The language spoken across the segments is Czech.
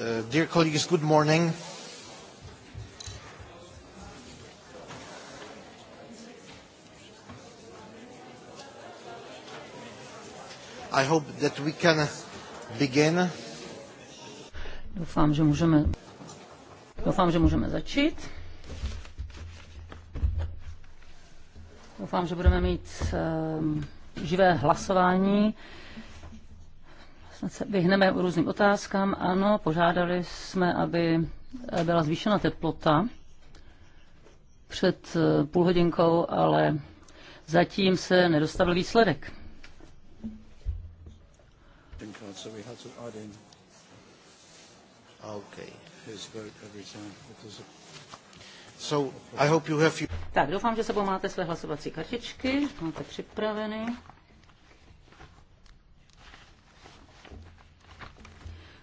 Uh, dear colleagues, good morning. I hope that we can begin. Doufám, že můžeme, doufám, že můžeme začít. Doufám, že budeme mít ehm, živé hlasování. Uh, snad se vyhneme různým otázkám. Ano, požádali jsme, aby byla zvýšena teplota před eh, půl hodinkou, ale zatím se nedostavil výsledek. Tak doufám, že sebou máte své hlasovací kartičky, máte připraveny.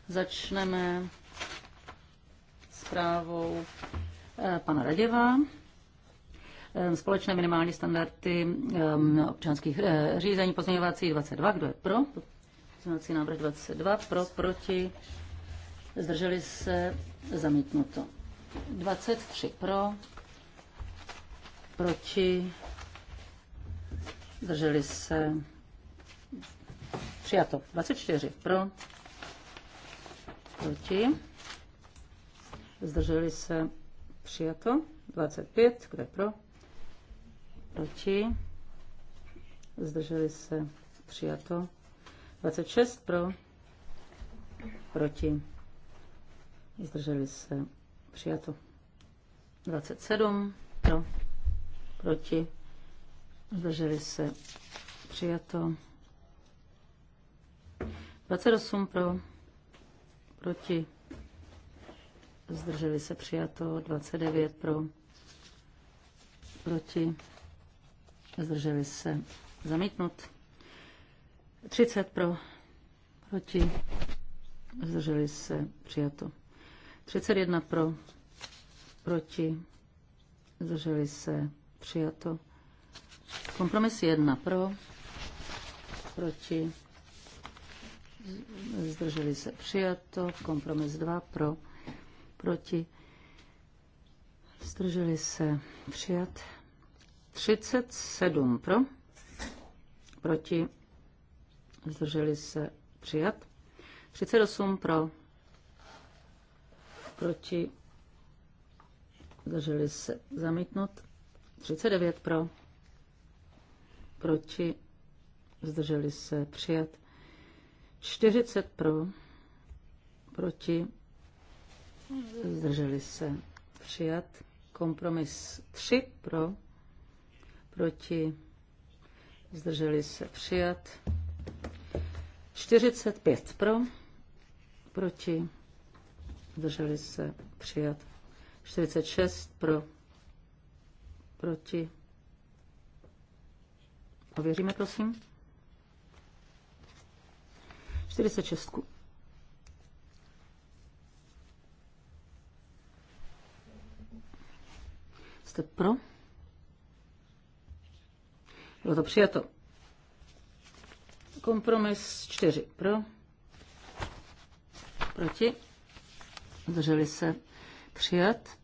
Začneme zprávou eh, pana Raděva. Eh, společné minimální standardy eh, občanských řízení, pozměňovací 22. Kdo je pro? Pozměňovací návrh 22. Pro, proti. Zdrželi se zamítnuto. 23 pro, proti, zdrželi se přijato. 24 pro, Proti? Zdrželi se? Přijato. 25. Kdo je pro? Proti? Zdrželi se? Přijato. 26 pro? Proti? Zdrželi se? Přijato. 27 pro? Proti? Zdrželi se? Přijato. 28 pro? proti, zdrželi se přijato, 29 pro, proti, zdrželi se zamítnut, 30 pro, proti, zdrželi se přijato, 31 pro, proti, zdrželi se přijato, kompromis 1 pro, proti, zdrželi se přijato, kompromis 2 pro, proti, zdrželi se přijat, 37 pro, proti, zdrželi se přijat, 38 pro, proti, zdrželi se zamítnut, 39 pro, proti, zdrželi se přijat, 40 pro, proti, zdrželi se přijat. Kompromis 3 pro, proti, zdrželi se přijat. 45 pro, proti, zdrželi se přijat. 46 pro, proti. Ověříme, prosím. 46. Jste pro? Bylo to přijato. Kompromis 4 pro. Proti. Zdrželi se přijat.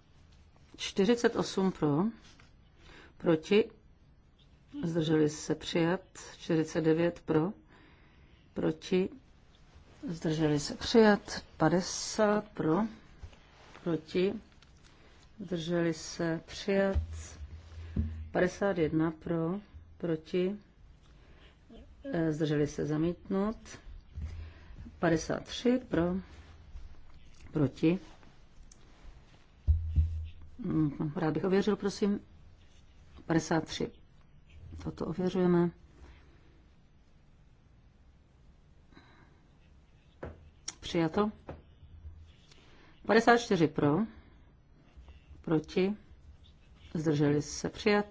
48 pro. Proti. Zdrželi se přijat. 49 pro. Proti. Zdrželi se přijat. 50 pro. Proti. Zdrželi se přijat. 51 pro. Proti. E, zdrželi se zamítnout. 53 pro. Proti. Mm, rád bych ověřil, prosím. 53. Toto ověřujeme. Přijato. 54 pro. Proti. Zdrželi se přijat.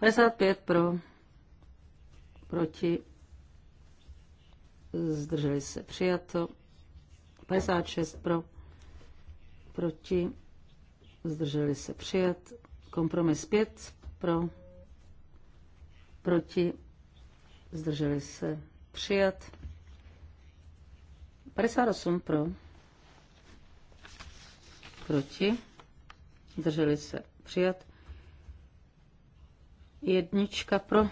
55 pro. Proti. Zdrželi se přijato. 56 pro. Proti. Zdrželi se přijat. Kompromis 5 pro. Proti. Zdrželi se přijat. 58 pro. Proti. Zdrželi se přijat. Jednička pro.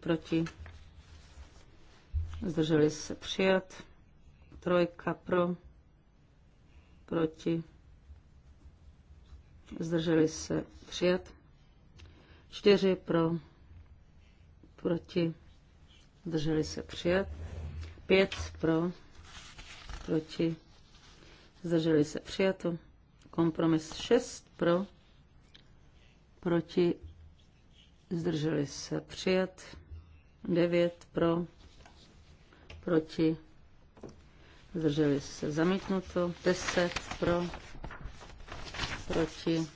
Proti. Zdrželi se přijat. Trojka pro. Proti. Zdrželi se přijat. Čtyři pro. Proti. Zdrželi se přijat. 5 pro, proti, zdrželi se přijato. Kompromis 6 pro, proti, zdrželi se přijat. 9 pro, proti, zdrželi se zamítnuto. 10 pro, proti.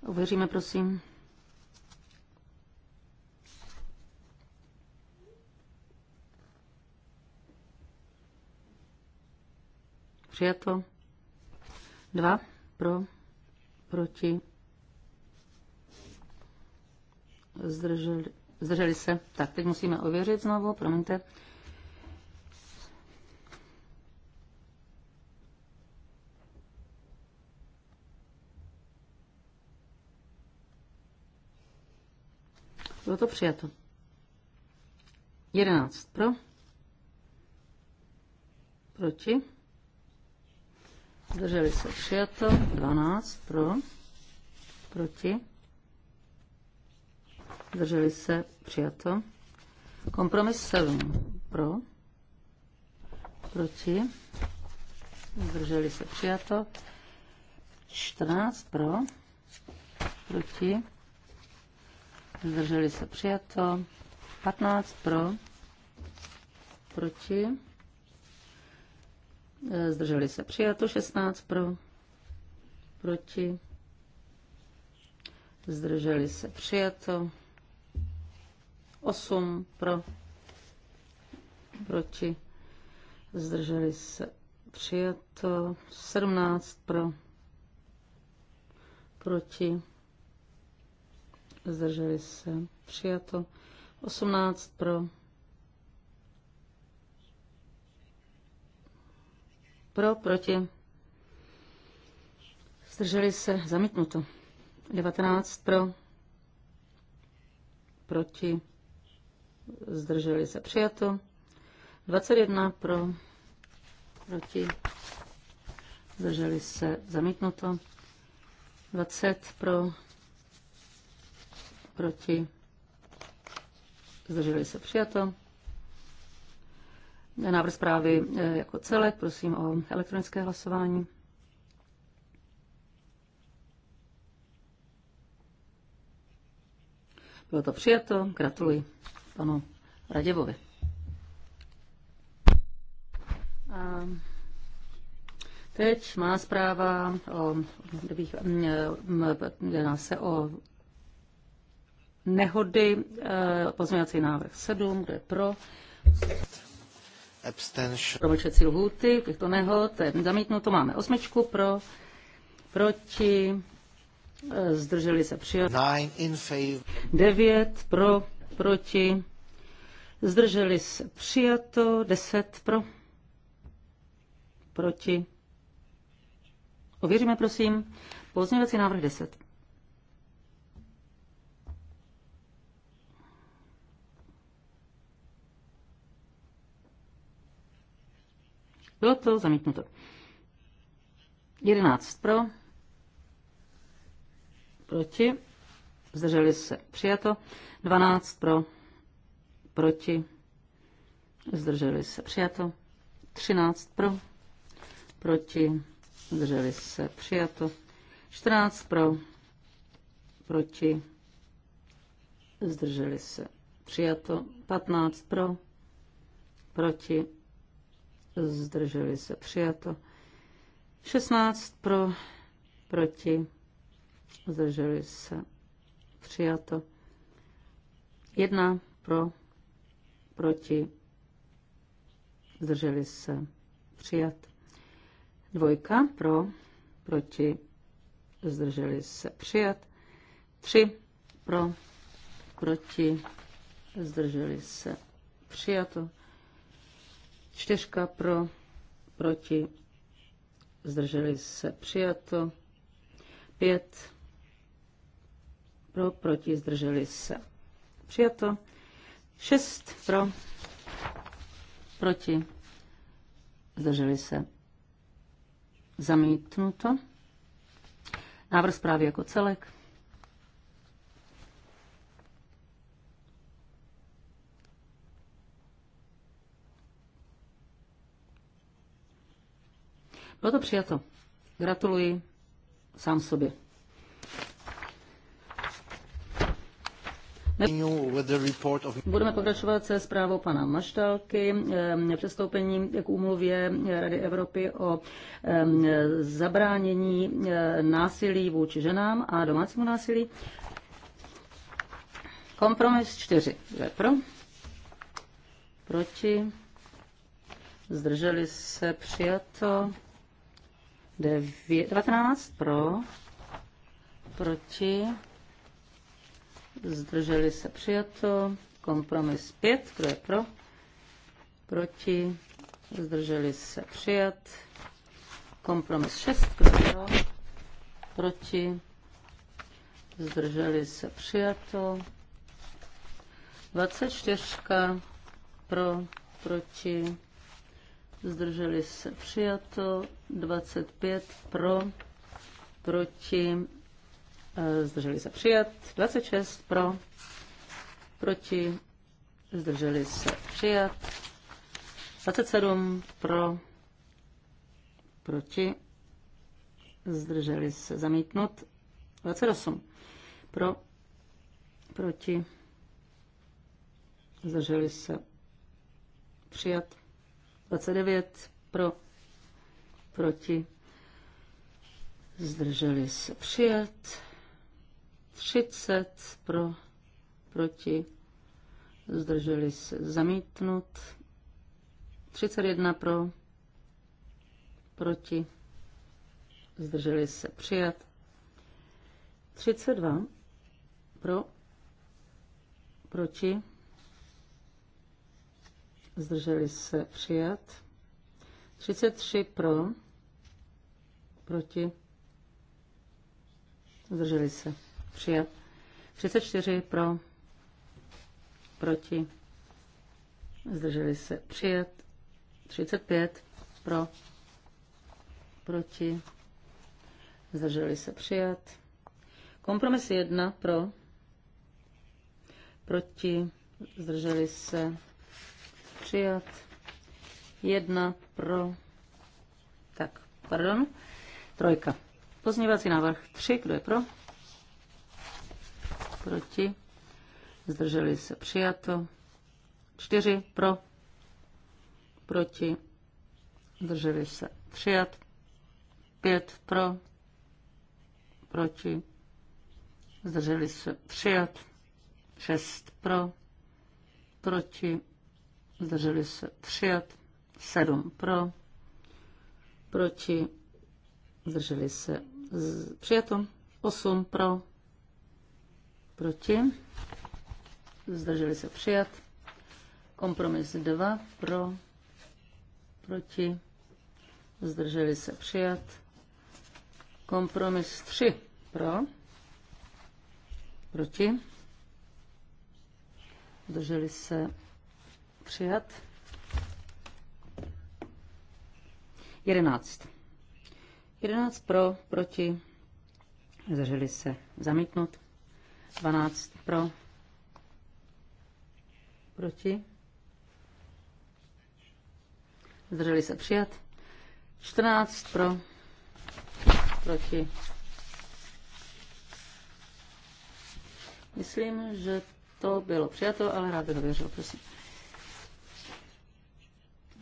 Uvěříme, prosím. Přijato. Dva pro, proti, zdrželi, zdrželi se. Tak, teď musíme ověřit znovu, promiňte. Bylo to přijato. 11 pro, proti. Zdrželi se přijato. 12 pro. Proti. Zdrželi se přijato. Kompromis 7 pro. Proti. Zdrželi se přijato. 14 pro. Proti. Zdrželi se přijato. 15 pro. Proti. Eh, zdrželi se přijato, 16 pro, proti, zdrželi se přijato, 8 pro, proti, zdrželi se přijato, 17 pro, proti, zdrželi se přijato, 18 pro, Pro, proti. Zdrželi se. Zamítnuto. 19 pro. Proti. Zdrželi se. Přijato. 21 pro. Proti. Zdrželi se. Zamítnuto. 20 pro. Proti. Zdrželi se. Přijato návrh zprávy eh, jako celek. Prosím o elektronické hlasování. Bylo to přijato. Gratuluji panu Raděvovi. A teď má zpráva o, kdybych, mm, eh, jedná se o nehody, eh, pozměňovací návrh 7, kde pro abstention. Promlčecí lhůty to neho, to je zamítnuto, máme osmičku pro, proti, e, zdrželi se přijat. Nine in favor. Devět pro, proti, zdrželi se přijato, deset pro, proti. Ověříme, prosím, pozměňovací návrh 10. Bylo to zamítnuto. 11 pro, proti, zdrželi se, přijato. 12 pro, proti, zdrželi se, přijato. 13 pro, proti, zdrželi se, přijato. 14 pro, proti, zdrželi se, přijato. 15 pro, proti, zdrželi se přijato. 16 pro, proti, zdrželi se přijato. 1 pro, proti, zdrželi se přijat. Dvojka pro, proti, zdrželi se přijat. Tři pro, proti, zdrželi se přijato. Čtyřka pro, proti, zdrželi se přijato. Pět pro, proti, zdrželi se přijato. Šest pro, proti, zdrželi se zamítnuto. Návrh zprávy jako celek. Bylo to přijato. Gratuluji sám sobě. Budeme pokračovat se zprávou pana Maštálky, ehm, přestoupením k úmluvě Rady Evropy o ehm, zabránění ehm, násilí vůči ženám a domácímu násilí. Kompromis 4. Je pro? Proti? Zdrželi se přijato. Devě, 19 pro, proti, zdrželi se přijato, kompromis 5, kdo je pro, proti, zdrželi se přijat, kompromis 6, kdo je pro, proti, zdrželi se přijato, 24 pro, proti, zdrželi se přijato, 25 eh, pro, proti, zdrželi se přijat, 26 pro, proti, zdrželi se přijat, 27 pro, proti, zdrželi se zamítnut, 28 pro, proti, zdrželi se přijat, 29 pro, proti, zdrželi se přijat, 30 pro, proti, zdrželi se zamítnut, 31 pro, proti, zdrželi se přijat, 32 pro, proti, zdrželi se přijat. 33 pro, proti, zdrželi se přijat. 34 pro, proti, zdrželi se přijat. 35 pro, proti, zdrželi se přijat. Kompromis 1 pro, proti, zdrželi se přijat. Jedna pro... Tak, pardon. Trojka. Pozměňovací návrh tři Kdo je pro? Proti. Zdrželi se přijato. čtyři pro. Proti. Zdrželi se přijat. pět pro. Proti. Zdrželi se přijat. šest pro. Proti zdrželi se přijat, 7 pro, proti, zdrželi se z, přijato, 8 pro, proti, zdrželi se přijat, kompromis 2 pro, proti, zdrželi se přijat, kompromis 3 pro, proti, zdrželi se Přijat. 11. 11 pro, proti, zdrželi se zamítnout. 12 pro, proti, zdrželi se přijat. 14 pro, proti. Myslím, že to bylo přijato, ale rád bych ho věřil, prosím.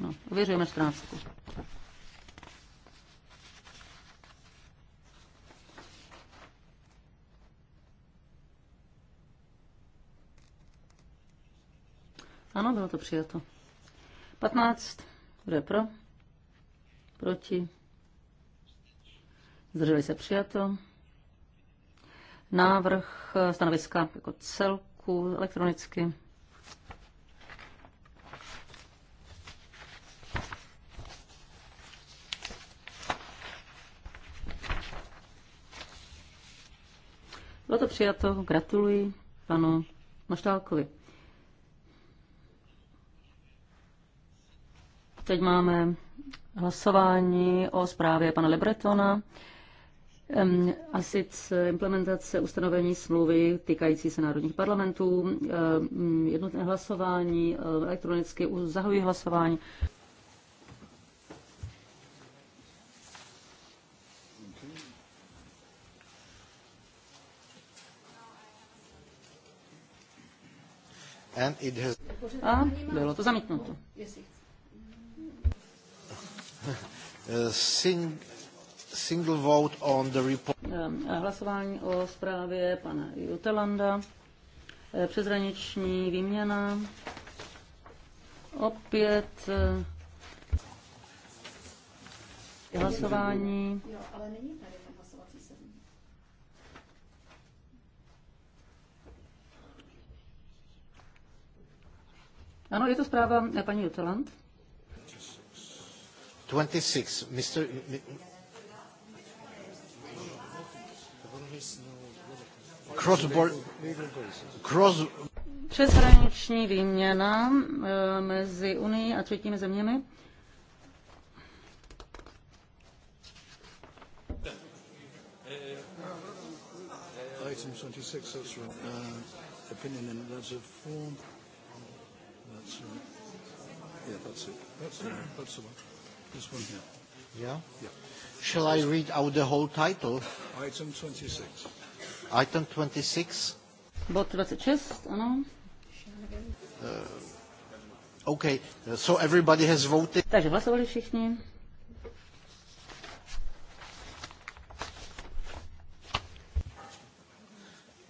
No, ověřujeme 14. Ano, bylo to přijato. 15. Kdo je pro? Proti? Zdrželi se přijato. Návrh stanoviska jako celku elektronicky. Bylo to přijato. Gratuluji panu Maštálkovi. Teď máme hlasování o zprávě pana Lebretona a sice implementace ustanovení smlouvy týkající se národních parlamentů, jednotné hlasování, elektronicky zahojí hlasování. A bylo to zamítnuto. Eh, single vote on the report. Eh, eh, hlasování o zprávě pana Jutelanda. Přezraniční výměna. Opět hlasování. Jo, ale není tady. Ano, je to zpráva eh, paní Jutelant. 26, Mr. Eh, cross, Přeshraniční výměna eh, mezi Unii a třetími zeměmi. Item 26, that's right. Uh, opinion in that's a form. That's Yeah, that's it. That's That's the one. This one here. Yeah? Yeah. Shall I read out the whole title? Item 26. Item 26? Bod 26, ano. Uh, OK, uh, so everybody has voted. Takže hlasovali všichni.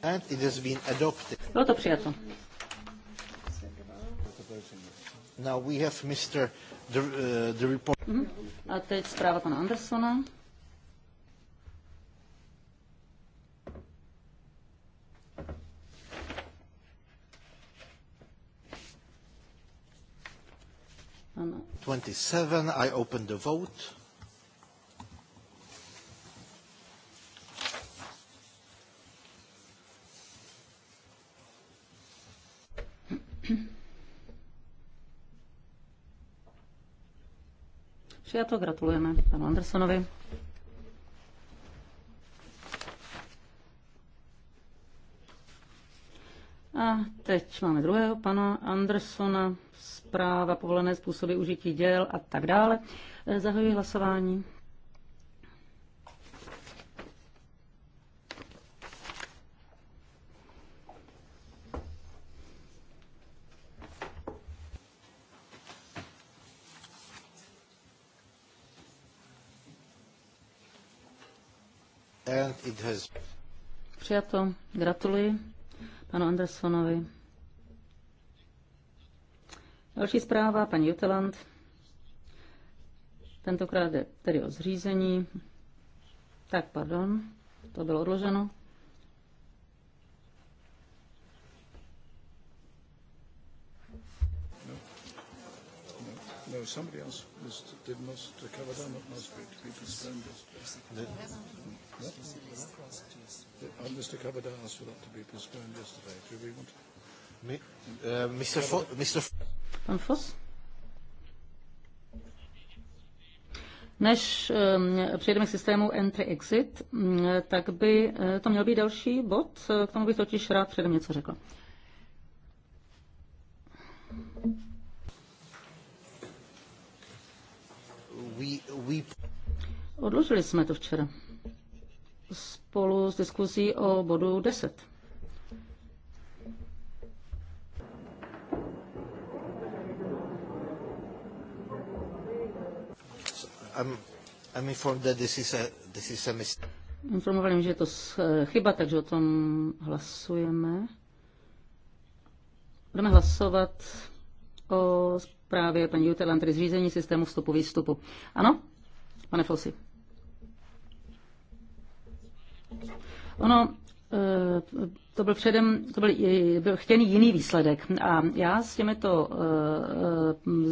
And it has been adopted. Bylo to přijato. Now we have Mr. The, uh, the report. Mhm. A teď zpráva pana Andersona. Ano. 27, I open the vote. Přijato, gratulujeme panu Andersonovi. A teď máme druhého pana Andersona, zpráva povolené způsoby užití děl a tak dále. Zahajuji hlasování. Přijato. Gratuluji panu Andersonovi. Další zpráva, paní Juteland. Tentokrát je tedy o zřízení. Tak, pardon, to bylo odloženo. No, somebody else missed, did must cover down that must be to be postponed. The, what? Uh, Mr. Coverdale asked for that to be postponed yesterday. Do we want? Me, uh, Mr. Fo- Mr. F- Než um, přejdeme k systému entry-exit, mm, tak by uh, to měl být další bod, eh, k tomu bych totiž rád předem něco řekla. Odložili jsme to včera spolu s diskuzí o bodu 10. I'm, I'm that this is a, this is a Informovali mě, že je to eh, chyba, takže o tom hlasujeme. Budeme hlasovat o zprávě paní Jutelan, tedy zřízení systému vstupu výstupu. Ano? Pane Fosi. Ono, eh, to byl předem, to byl, byl chtěný jiný výsledek. A já s těmito uh,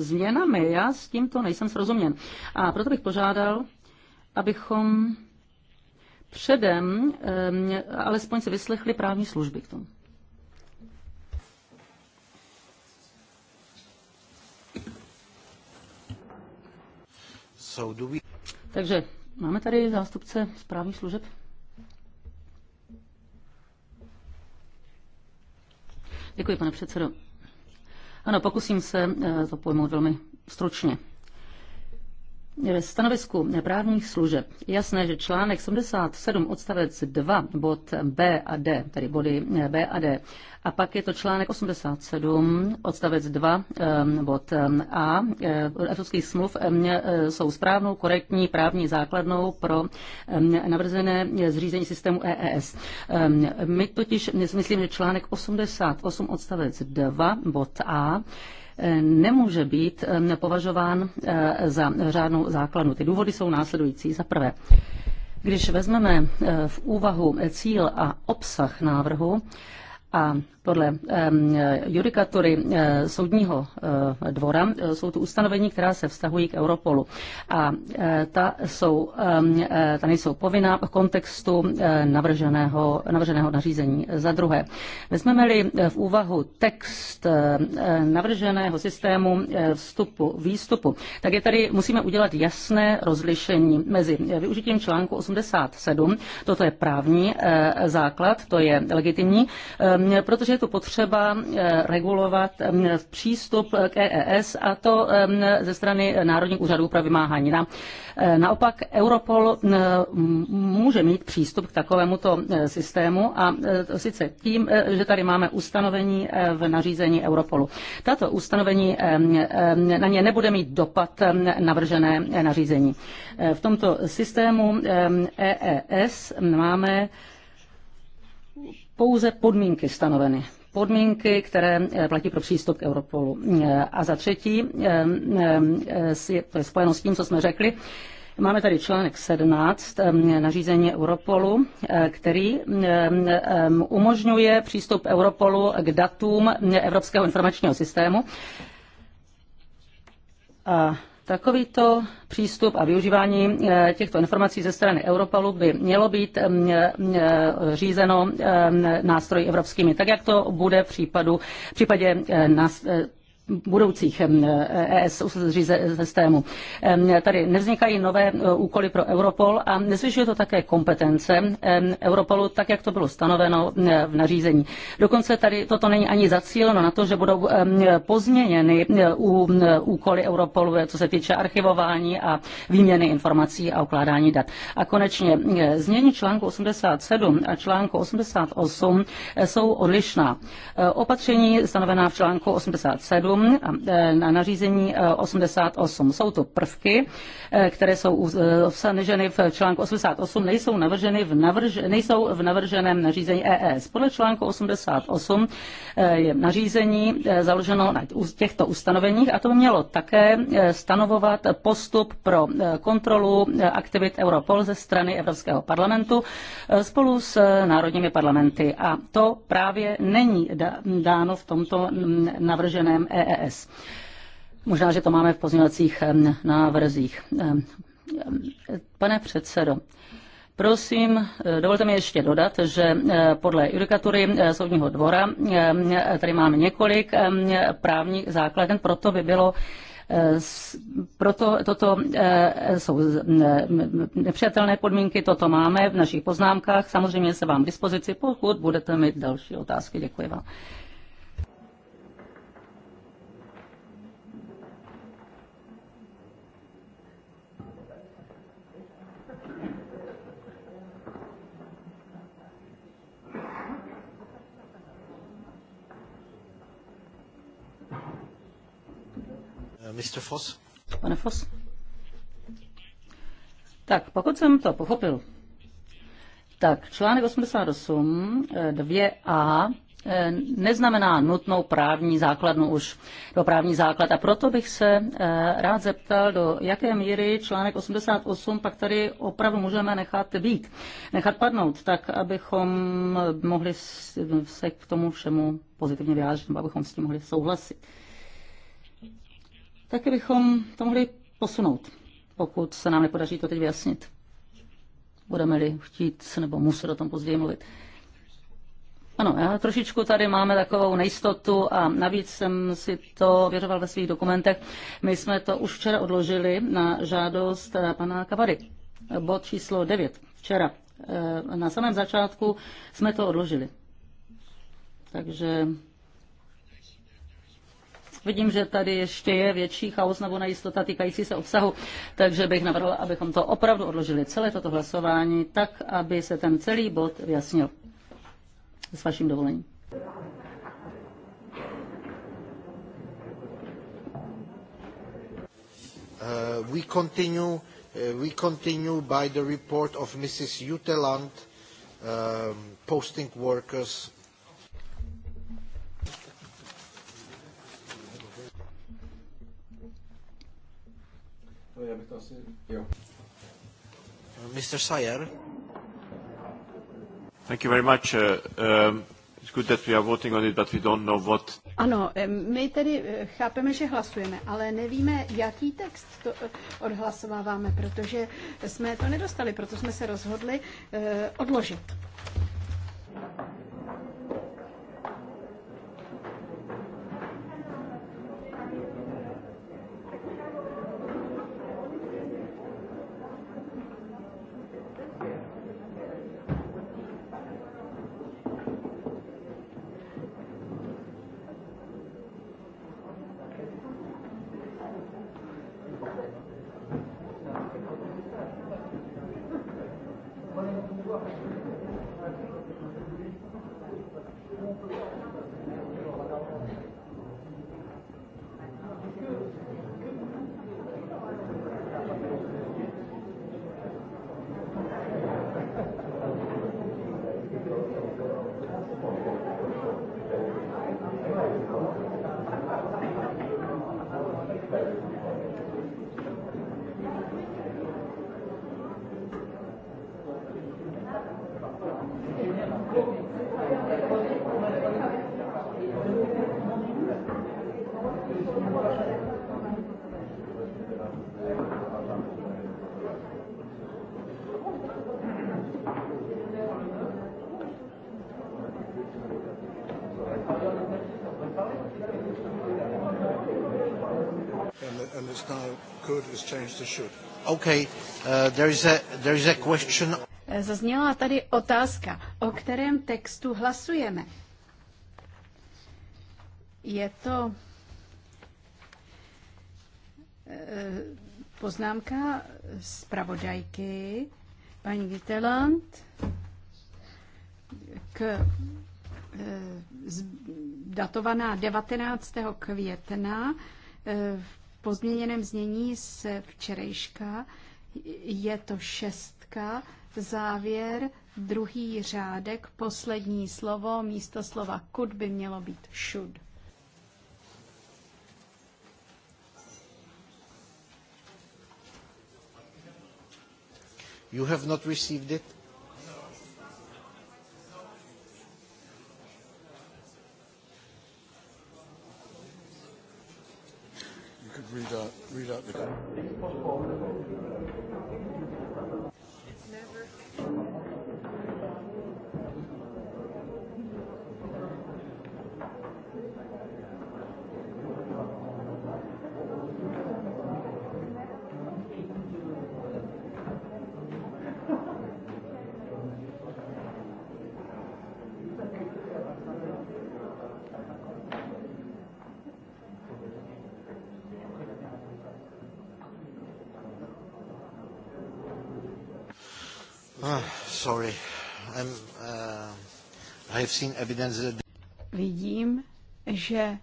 změnami, já s tímto nejsem srozuměn. A proto bych požádal, abychom předem um, alespoň si vyslechli právní služby k tomu. Takže máme tady zástupce správních služeb? Děkuji, pane předsedo. Ano, pokusím se to eh, pojmout velmi stručně. Eh, stanovisku právních služeb je jasné, že článek 77 odstavec 2 bod B a D, tedy body eh, B a D, a pak je to článek 87 odstavec 2 eh, bod A evropských smluv jsou správnou, korektní právní základnou pro navržené zřízení systému EES. My totiž myslím, že článek 88 odstavec 2 bod A nemůže být považován eh, za řádnou základnu. Ty důvody jsou následující. Za prvé, když vezmeme eh, v úvahu cíl a obsah návrhu a podle judikatury eh, soudního eh, dvora eh, jsou tu ustanovení, která se vztahují k Europolu. A ta, jsou, ta nejsou povinná v kontextu navrženého, navrženého nařízení. Za druhé, vezmeme-li v úvahu text navrženého systému vstupu, výstupu, tak je tady musíme udělat jasné rozlišení mezi využitím článku 87, toto je právní základ, to je legitimní, protože tu potřeba eh, regulovat mm, přístup k EES a to mm, ze strany Národních úřadů pro vymáhání. Eh, naopak Europol eh, může mít přístup k takovémuto systému a sice tím, že tady máme ustanovení v nařízení Europolu. Tato ustanovení na ně nebude mít dopad navržené nařízení. V tomto systému EES e máme pouze podmínky stanoveny podmínky, které eh, platí pro přístup k Europolu. Eh, a za třetí, eh, to je spojeno s tím, co jsme řekli, Máme tady článek 17 nařízení Europolu, který umožňuje přístup Europolu k datům Evropského informačního systému. A Takovýto přístup a využívání eh, těchto informací ze strany Europolu by mělo být eh, eh, řízeno nástroji evropskými, tak jak to bude v, případě v případě budoucích ES e systémů. Tady nevznikají nové e, úkoly pro Europol a nezvyšuje to také kompetence Europolu, tak jak to bylo stanoveno v nařízení. Dokonce tady toto není ani zacíleno na to, že budou pozměněny e, úkoly Europolu, co se týče archivování a výměny informací a ukládání dat. A konečně změny článku 87 a článku 88 jsou odlišná. Opatření stanovená v článku 87 E, na nařízení 88. E, jsou to prvky, e, které jsou obsaženy v článku 88, nejsou, navrženy v navrž, nejsou v navrženém nařízení ES. Podle článku 88 je nařízení založeno na těchto ustanoveních a to mělo také stanovovat postup pro kontrolu aktivit Europol ze strany Evropského parlamentu spolu s národními parlamenty. A to právě není dáno v tomto navrženém EES. Možná, že to máme v pozměňovacích návrzích. Pane předsedo, Prosím, e, dovolte mi ještě dodat, že e, podle judikatury e, Soudního dvora tady máme několik právních základen, proto by bylo proto toto jsou nepřijatelné podmínky, toto máme v našich poznámkách. Samozřejmě se vám k dispozici, pokud budete mít další otázky. Děkuji vám. Eh, Mr. Foss. Pane Foss. Tak, pokud jsem to pochopil, tak článek 88 2a eh, eh, neznamená nutnou právní základnu už do právní základ. A proto bych se rád zeptal, do jaké míry článek 88 pak tady opravdu můžeme nechat být, nechat padnout, tak abychom mohli se k tomu všemu pozitivně vyjádřit, abychom s tím mohli souhlasit tak bychom to mohli posunout, pokud se nám nepodaří to teď vyjasnit. Budeme-li chtít nebo muset o tom později mluvit. Ano, já trošičku tady máme takovou nejistotu a navíc jsem si to věřoval ve svých dokumentech. My jsme to už včera odložili na žádost eh, pana Kavary Bod číslo 9 včera. Eh, na samém začátku jsme to odložili. Takže vidím, že tady ještě je větší chaos nebo nejistota týkající se obsahu, takže bych navrhla, abychom to opravdu odložili celé toto hlasování, tak, aby se ten celý bod vyjasnil. S vaším dovolením. Uh, we continue uh, we continue by the report of Mrs. Juteland um, posting workers Já bych to asi... Jo. Mr. Sayer. Thank you very much. Uh, um, it's good that we are voting on it, but we don't know what... Ano, my tedy eh, chápeme, že hlasujeme, ale nevíme, jaký text to eh, odhlasováváme, protože jsme to nedostali, proto jsme se rozhodli uh, odložit. could is change to should. Okay, uh, there is a, there is a question. Zazněla tady otázka, o kterém textu hlasujeme. Je to eh, poznámka zpravodajky paní Gitteland k eh, datovaná 19. května v eh, pozměněném znění z včerejška. Je to šestka, závěr, druhý řádek, poslední slovo, místo slova "kud" by mělo být should. You have not received it? read out, read out the. Vidím, že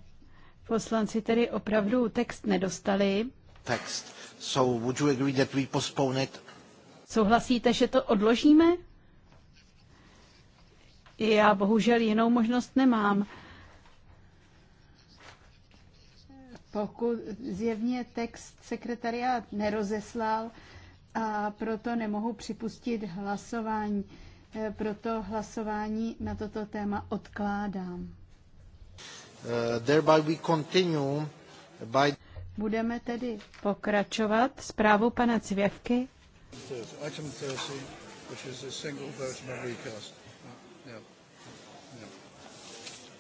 poslanci tedy opravdu text nedostali. Text. So would you agree that we postpone it? Souhlasíte, že to odložíme? Já bohužel jinou možnost nemám. Pokud zjevně text sekretariát nerozeslal, a proto nemohu připustit hlasování. E, proto hlasování na toto téma odkládám. E, Budeme tedy pokračovat zprávou pana Cvěvky.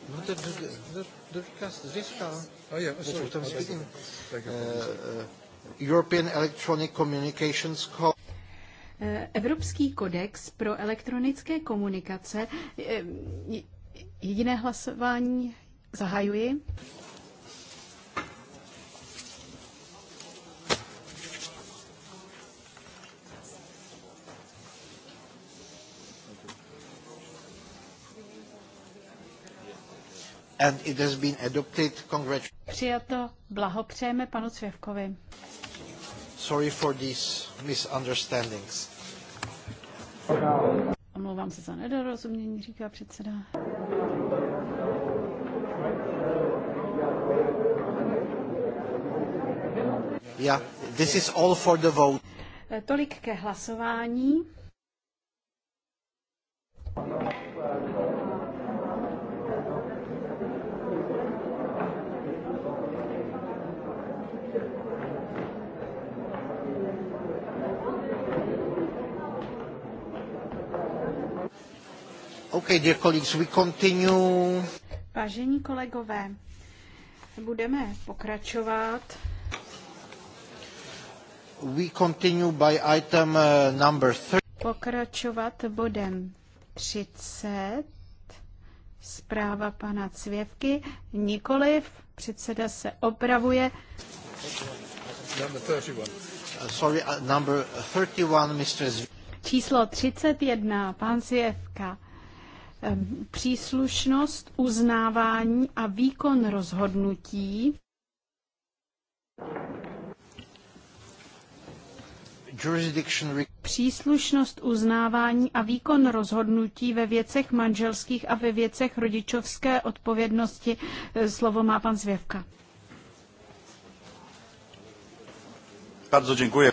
No, European Electronic Communications Code. Eh, Evropský kodex pro elektronické komunikace. Eh, jediné hlasování zahajuji. And it has been adopted. Přijato. Blahopřejeme panu Cvěvkovi. Sorry for these misunderstandings. Omlouvám se za nedorozumění, říká předseda. Yeah, this is all for the vote. Tolik ke hlasování. Okay, dear colleagues, we continue. Vážení kolegové, budeme pokračovat. We continue by item uh, number 30. Pokračovat bodem 30. Zpráva pana Cvěvky. Nikoliv, předseda se opravuje. Number uh, sorry, uh, number 31, Číslo 31, pan Cvěvka příslušnost, uznávání a výkon rozhodnutí. Příslušnost uznávání a výkon rozhodnutí ve věcech manželských a ve věcech rodičovské odpovědnosti. E, slovo má pan Zvěvka. Bardzo děkuji.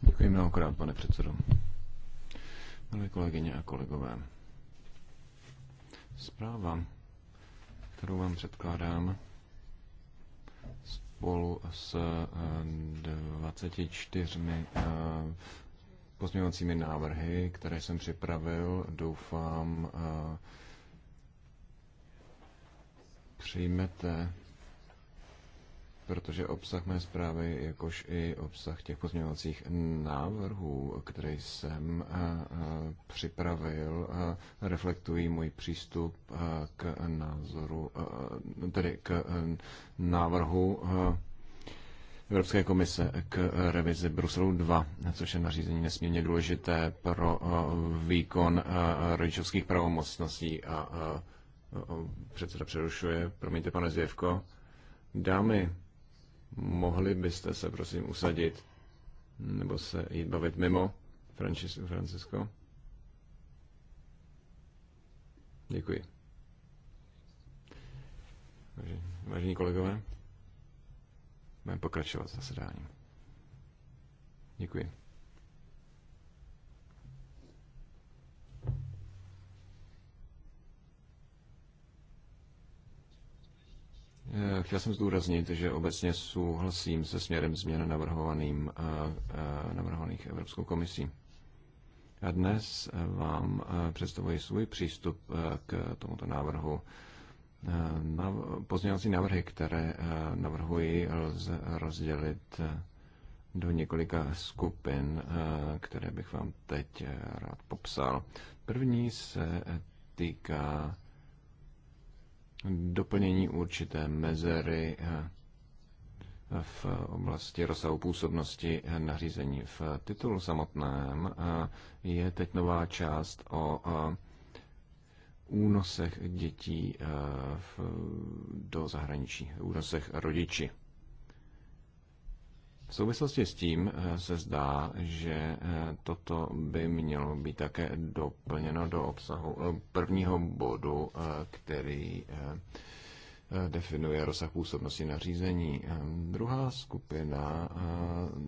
Děkuji mnohokrát, pane předsedo. Milé kolegyně a kolegové, Zpráva, kterou vám předkládám, spolu s 24 eh, eh, pozměňovacími návrhy, které jsem připravil, doufám, eh, přijmete protože obsah mé zprávy, jakož i obsah těch pozměňovacích návrhů, které jsem eh, eh, připravil, eh, reflektují můj přístup k názoru, tedy k návrhu Evropské komise k revizi Bruselu 2, což je nařízení nesmírně důležité pro výkon rodičovských pravomocností a předseda přerušuje, promiňte pane Zjevko, dámy, Mohli byste se prosím usadit nebo se jít bavit mimo, Francisco? Francisco? Děkuji. Vážení kolegové, budeme pokračovat zasedáním. Děkuji. Eh, chtěl jsem zdůraznit, že obecně souhlasím se směrem změn navrhovaným, eh, eh, navrhovaných Evropskou komisí. A dnes vám představuji svůj přístup k tomuto návrhu. Na pozměňovací návrhy, které navrhuji, lze rozdělit do několika skupin, které bych vám teď rád popsal. První se týká doplnění určité mezery eh, v oblasti rozsahu působnosti eh, nařízení. V titulu samotném eh, je teď nová část o únosech dětí do zahraničí, únosech rodiči. V souvislosti s tím eh, se zdá, že eh, toto by mělo být také doplněno do obsahu eh, prvního bodu, který definuje rozsah působnosti nařízení. Druhá skupina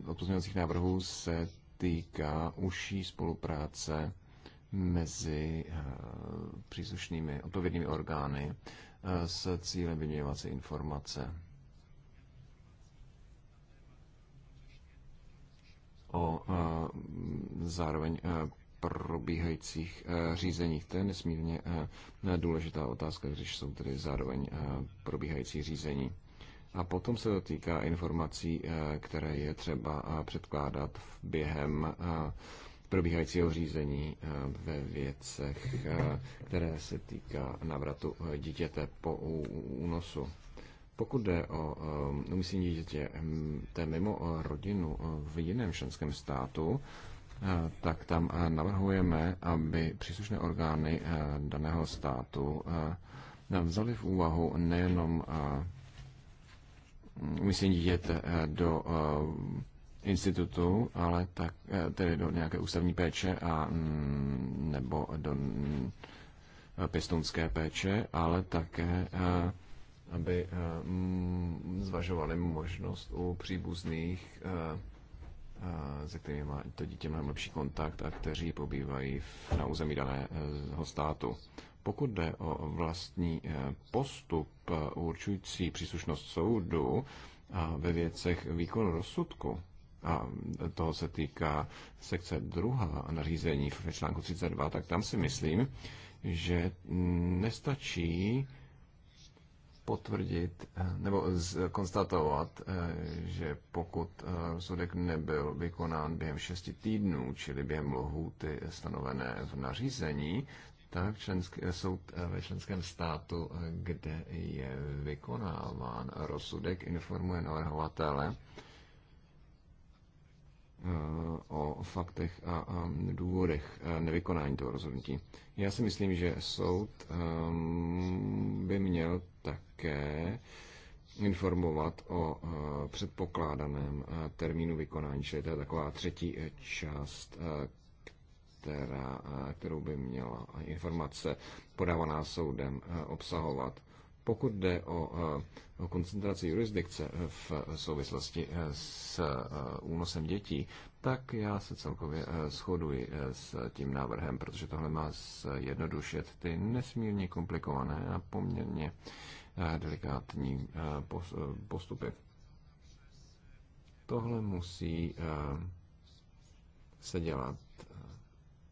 odpozměňovacích návrhů se týká užší spolupráce mezi příslušnými odpovědnými orgány s cílem vyměňovat se informace o e, zároveň e, probíhajících e, řízeních. To je nesmírně důležitá otázka, když jsou tedy zároveň probíhající řízení. A potom se to týká informací, které je třeba předkládat během probíhajícího řízení ve věcech, které se týká návratu dítěte po únosu. Pokud jde o eh, umístění dítěte mimo eh, rodinu eh, v jiném členském státu, tak tam navrhujeme, aby příslušné orgány daného státu vzali v úvahu nejenom umístění dítěte do institutu, ale tak, tedy do nějaké ústavní péče a mm, nebo do mm, pěstounské péče, ale také aby eh, mm, zvažovali možnost u příbuzných, eh, eh, se kterými má to dítě mnohem lepší kontakt a kteří pobývají na území daného státu. Pokud jde o vlastní postup určující příslušnost soudu a ve věcech výkonu rozsudku, a toho se týká sekce druhá nařízení v článku 32, tak tam si myslím, že nestačí potvrdit eh, nebo konstatovat, eh, že pokud eh, rozsudek nebyl vykonán během šesti týdnů, čili během lhůty stanovené v nařízení, tak členský, soud ve členském státu, kde je vykonáván rozsudek, informuje navrhovatele Eh, o faktech a důvodech eh, nevykonání toho rozhodnutí. Já si myslím, že soud ehm, by měl také informovat o eh, předpokládaném termínu vykonání, čili to je taková třetí část, která, kterou by měla informace podávaná soudem obsahovat. Pokud jde o, eh, o koncentraci jurisdikce eh, v souvislosti eh, s únosem dětí, tak já se celkově shoduji s tím návrhem, protože tohle má zjednodušit ty nesmírně komplikované a poměrně delikátní postupy. Tohle musí se dělat.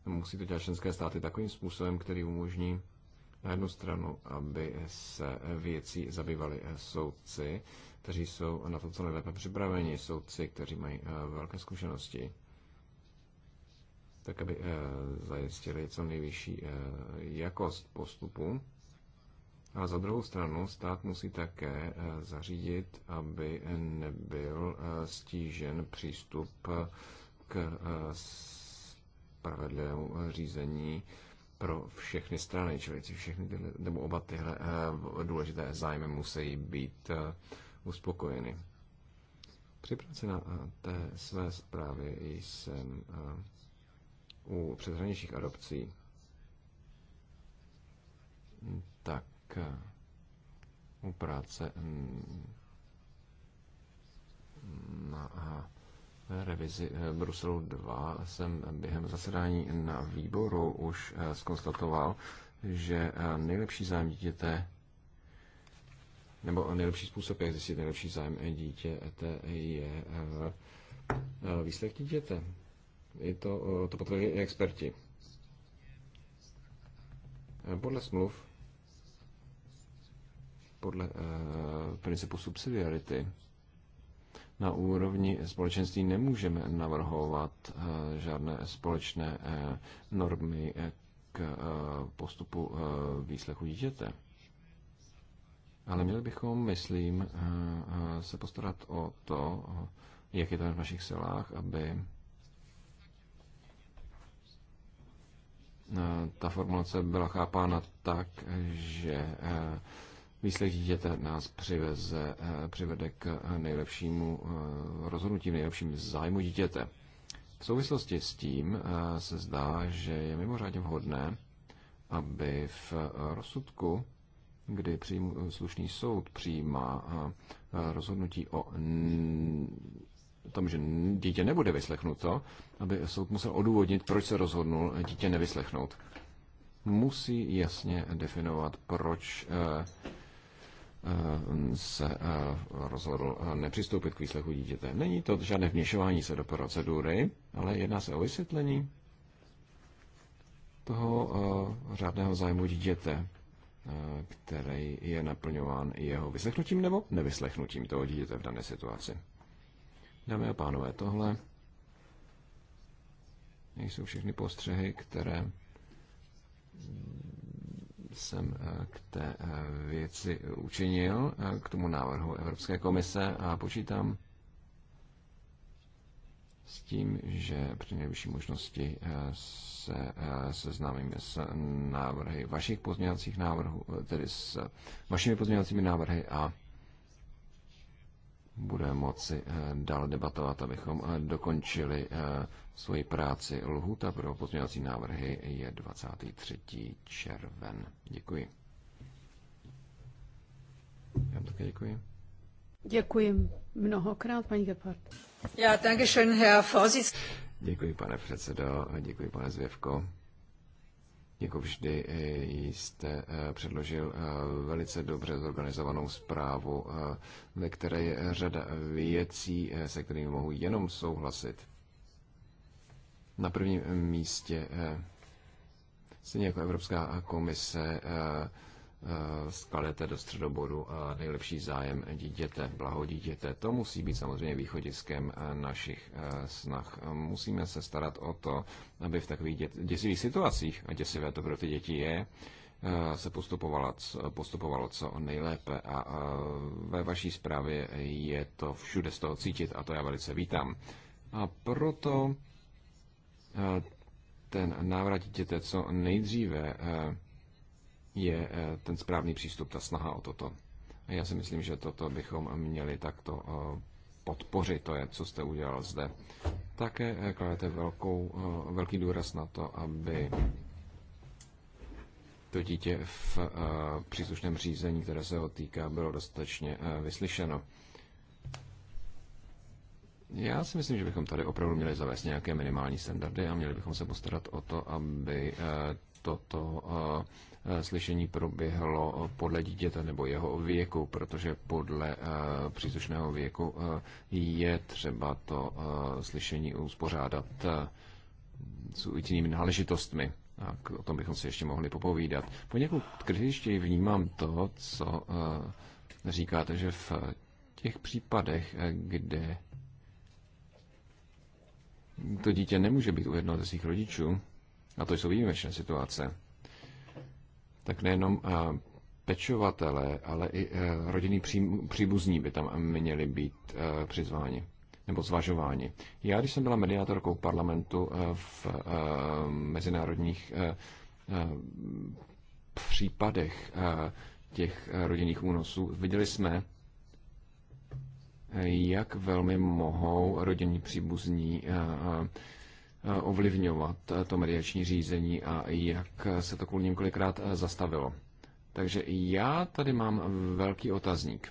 Musí to dělat členské státy takovým způsobem, který umožní na jednu stranu, aby se věcí zabývali soudci, kteří jsou na to co nejlépe připraveni, soudci, kteří mají eh, velké zkušenosti, tak aby eh, zajistili co nejvyšší eh, jakost postupu. A za druhou stranu stát musí také zařídit, aby nebyl stížen přístup k spravedlivému řízení pro všechny strany, čili všechny tyhle, nebo oba tyhle eh, důležité zájmy musí být eh, uspokojeny. Při práci na eh, té své zprávě jsem u předhraničních adopcí tak u práce mm, na revizi eh, Bruselu 2 jsem během zasedání na výboru už skonstatoval, eh, že eh, nejlepší zájem dítěte nebo nejlepší způsob, jak zjistit nejlepší zájem dítěte, je výsledky dítěte. I to, to potvrdili i experti. Podle smluv, podle principu subsidiarity, na úrovni společenství nemůžeme navrhovat eh, žádné společné eh, normy eh, k postupu výslechu dítěte. Ale měli bychom, myslím, se postarat o to, jak je to v našich silách, aby ta formulace byla chápána tak, že Výslech dítěte nás přiveze, eh, přivede k nejlepšímu eh, rozhodnutí, nejlepším zájmu dítěte. V souvislosti s tím eh, se zdá, že je mimořádně vhodné, aby v rozsudku, kdy přijmu, slušný soud přijímá rozhodnutí o tom, že dítě nebude vyslechnuto, aby soud musel odůvodnit, proč se rozhodnul dítě nevyslechnout. Musí jasně definovat, proč se eh, rozhodl eh, nepřistoupit k výslechu dítěte. Není to žádné vněšování se do procedury, ale jedná se o vysvětlení toho eh, řádného zájmu dítěte, který je naplňován jeho vyslechnutím nebo nevyslechnutím toho dítěte v dané situaci. Dámy a pánové, tohle jsou všechny postřehy, které jsem eh, k té eh, věci učinil, eh, k tomu návrhu Evropské komise a počítám s tím, že při nejvyšší možnosti se seznámím s návrhy vašich pozměňovacích návrhů, tedy s vašimi pozměňovacími návrhy a bude moci eh, dál debatovat, abychom eh, dokončili eh, svoji práci. Lhuta pro pozměňovací návrhy je 23. červen. Děkuji. Já také děkuji. Děkuji mnohokrát, paní Gepard. Já také schön, Herr Vorsitz. Děkuji, pane předsedo, děkuji, pane Zvěvko. Jako vždy eh, jste eh, předložil eh, velice dobře zorganizovanou zprávu, ve které je řada věcí, se kterými mohu jenom souhlasit. Na prvním místě, stejně jako Evropská komise, Eh, skalete do středobodu a nejlepší zájem dítěte, blaho dítěte. To musí být samozřejmě východiskem eh, našich eh, snah. Musíme se starat o to, aby v takových dět, děsivých situacích, a děsivé to pro ty děti je, se postupovalo, postupovalo co nejlépe a ve vaší zprávě je to všude z toho cítit a to já velice vítám. A proto ten návrat dítěte co nejdříve je eh, ten správný přístup, ta snaha o toto. Já si myslím, že toto bychom měli takto eh, podpořit, to je, co jste udělal zde. Také eh, kladete velkou, velký důraz na to, aby to dítě v příslušném řízení, které se ho týká, bylo dostatečně vyslyšeno. Já si myslím, že bychom tady opravdu měli zavést nějaké minimální standardy a měli bychom se postarat o to, aby toto Eh, slyšení proběhlo eh, podle dítěte nebo jeho věku, protože podle eh, příslušného věku je třeba to slyšení uspořádat s určitými náležitostmi. A o tom bychom si ještě mohli popovídat. Poněkud kritičtěji vnímám to, co říkáte, že v těch případech, kde to dítě nemůže být u jednoho ze svých rodičů, a to jsou výjimečné situace, tak nejenom eh, pečovatelé, ale i eh, rodinní příbuzní by tam měli být eh, přizváni nebo zvažování. Já, když jsem byla mediátorkou parlamentu v mezinárodních případech těch rodinných únosů, viděli jsme, jak velmi mohou rodinní příbuzní Eh, ovlivňovat eh, to mediační řízení a jak se to kvůli několikrát eh, zastavilo. Takže já tady mám velký otazník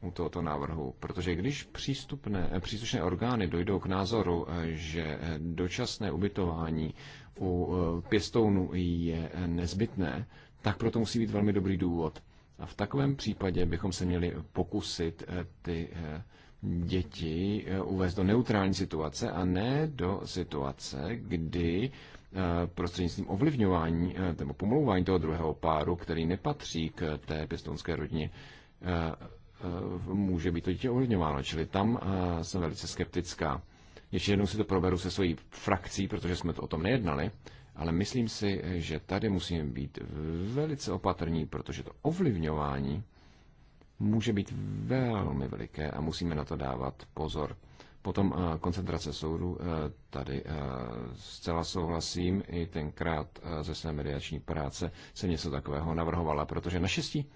u tohoto návrhu, protože když přístupné, příslušné orgány dojdou k názoru, že dočasné ubytování u pěstounu je nezbytné, tak proto musí být velmi dobrý důvod. A v takovém případě bychom se měli pokusit ty děti eh, uvést do neutrální situace a ne do situace, kdy eh, prostřednictvím ovlivňování eh, nebo pomlouvání toho druhého páru, který nepatří k té pěstounské rodině, může být to dítě ovlivňováno. Čili tam jsem velice skeptická. Ještě jednou si to proberu se svojí frakcí, protože jsme to o tom nejednali, ale myslím si, že tady musíme být velice opatrní, protože to ovlivňování může být velmi veliké a musíme na to dávat pozor. Potom eh, koncentrace soudu, eh, tady eh, zcela souhlasím, i tenkrát ze své mediační práce se něco takového navrhovala, protože naštěstí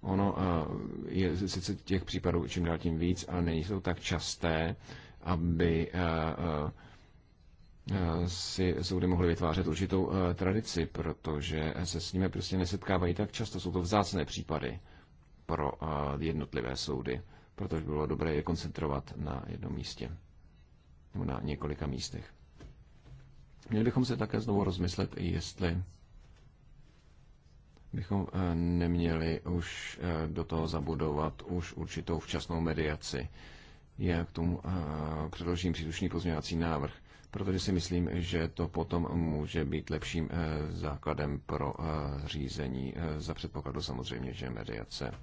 ono je sice těch případů čím dál tím víc, ale nejsou tak časté, aby si soudy mohly vytvářet určitou tradici, protože se s nimi prostě nesetkávají tak často, jsou to vzácné případy pro eh, jednotlivé soudy, protože bylo dobré je koncentrovat na jednom místě nebo na několika místech. Měli bychom se také znovu rozmyslet, jestli bychom eh, neměli už eh, do toho zabudovat už určitou včasnou mediaci. Já k tomu předložím příslušný pozměňovací návrh, protože si myslím, že to potom může být lepším základem pro řízení za předpokladu samozřejmě, že mediace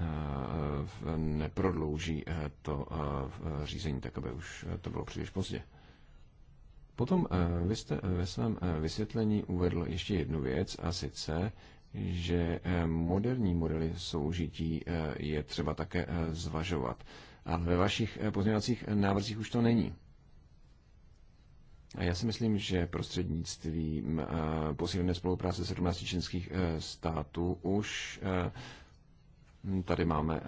Eh, neprodlouží eh, to eh, řízení tak, aby už to bylo příliš pozdě. Potom vy jste ve svém vysvětlení uvedl ještě jednu věc, a sice, že moderní modely soužití je třeba také zvažovat. A ve vašich pozměňovacích návrzích už to není. A já si myslím, že prostřednictvím posílené spolupráce 17 čínských států už Tady máme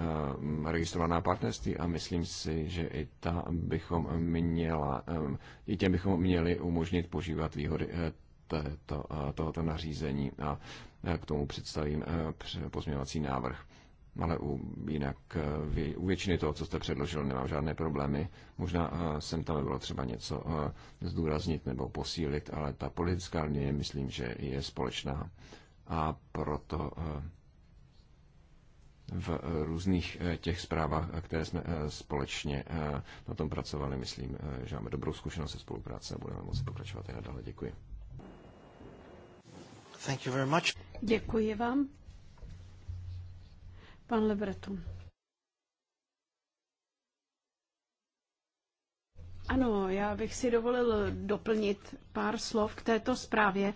eh, registrovaná partnerství a myslím si, že i ta bychom měla, eh, i těm bychom měli umožnit požívat výhody eh, této, tohoto nařízení a k tomu představím pozměňovací návrh. Ale u, jinak u většiny toho, co jste předložil, nemám žádné problémy. Možná jsem tam bylo třeba něco zdůraznit nebo posílit, ale ta politická linie myslím, že je společná a proto v eh, různých eh, těch zprávách, eh, které jsme společně na tom pracovali. Myslím, že máme dobrou zkušenost se spolupráce a budeme moci pokračovat i nadále. Děkuji. Thank you very much. Děkuji vám. Pan Lebreton. Ano, já bych si dovolil doplnit pár slov k této zprávě,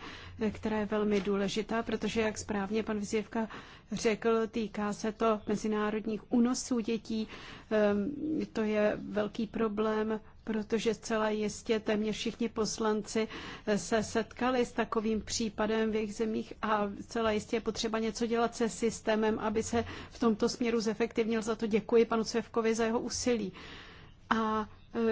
která je velmi důležitá, protože, jak správně pan Vizěvka řekl, týká se to mezinárodních unosů dětí. Ehm, to je velký problém, protože zcela jistě téměř všichni poslanci se setkali s takovým případem v jejich zemích a zcela jistě je potřeba něco dělat se systémem, aby se v tomto směru zefektivnil. Za to děkuji panu Cevkovi za jeho úsilí. A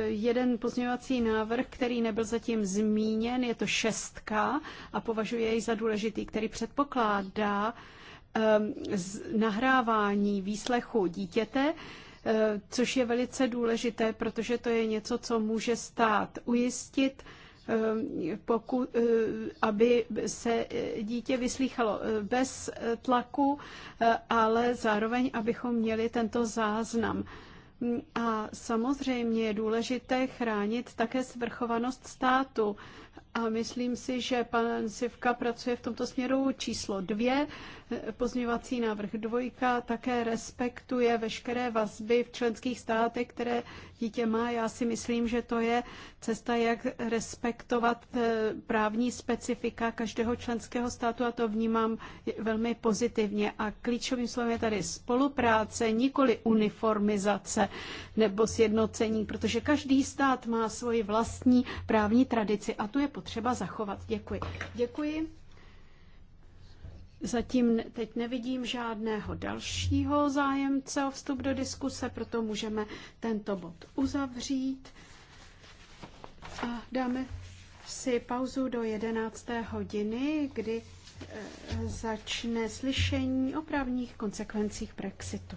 jeden pozměňovací návrh, který nebyl zatím zmíněn, je to šestka a považuji jej za důležitý, který předpokládá ehm, nahrávání výslechu dítěte, eh, což je velice důležité, protože to je něco, co může stát ujistit, ehm, pokud, eh, aby se eh, dítě vyslýchalo bez tlaku, ale zároveň, abychom měli tento záznam. A samozřejmě je důležité chránit také svrchovanost státu. A myslím si, že pan Sivka pracuje v tomto směru číslo dvě Pozměňovací návrh dvojka také respektuje veškeré vazby v členských státech, které dítě má. Já si myslím, že to je cesta, jak respektovat eh, právní specifika každého členského státu a to vnímám velmi pozitivně. A klíčovým slovem je tady spolupráce, nikoli uniformizace nebo sjednocení, protože každý stát má svoji vlastní právní tradici a tu je potřeba zachovat. Děkuji. Děkuji. Zatím teď nevidím žádného dalšího zájemce o vstup do diskuse, proto můžeme tento bod uzavřít. A dáme si pauzu do 11. hodiny, kdy eh, začne slyšení o právních konsekvencích Brexitu.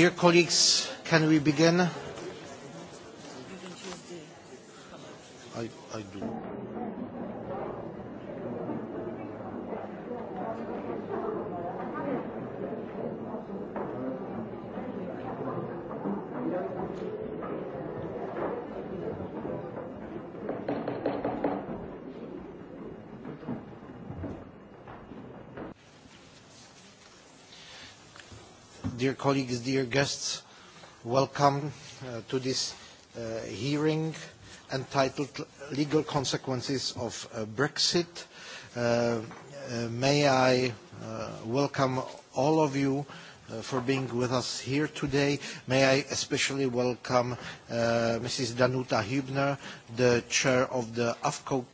Dear colleagues, can we begin? Dear colleagues, dear guests, welcome uh, to this uh, hearing entitled Legal Consequences of uh, Brexit. Uh, uh, may I uh, welcome all of you uh, for being with us here today. May I especially welcome uh, Mrs. Danuta Hübner, the chair of the AFCO.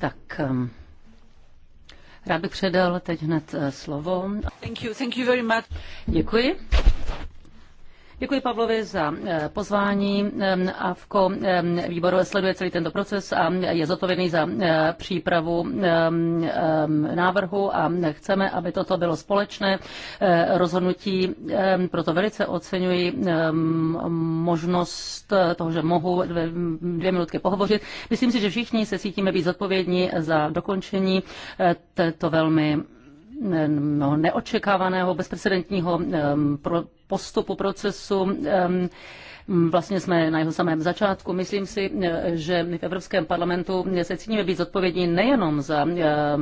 Tak, um, Rád bych předal teď hned eh, slovo. Thank you, thank you very much. Děkuji. Děkuji Pavlovi za eh, pozvání. Eh, AVKO eh, výboru sleduje celý tento proces a je zodpovědný za přípravu návrhu a chceme, aby toto bylo společné rozhodnutí. Proto velice oceňuji možnost toho, že mohu dvě minutky pohovořit. Myslím si, že všichni se cítíme být zodpovědní za dokončení této velmi neočekávaného bezprecedentního postupu procesu Mm, vlastně jsme na jeho samém začátku. Myslím si, eh, že my v Evropském parlamentu eh, se cítíme být zodpovědní nejenom za eh,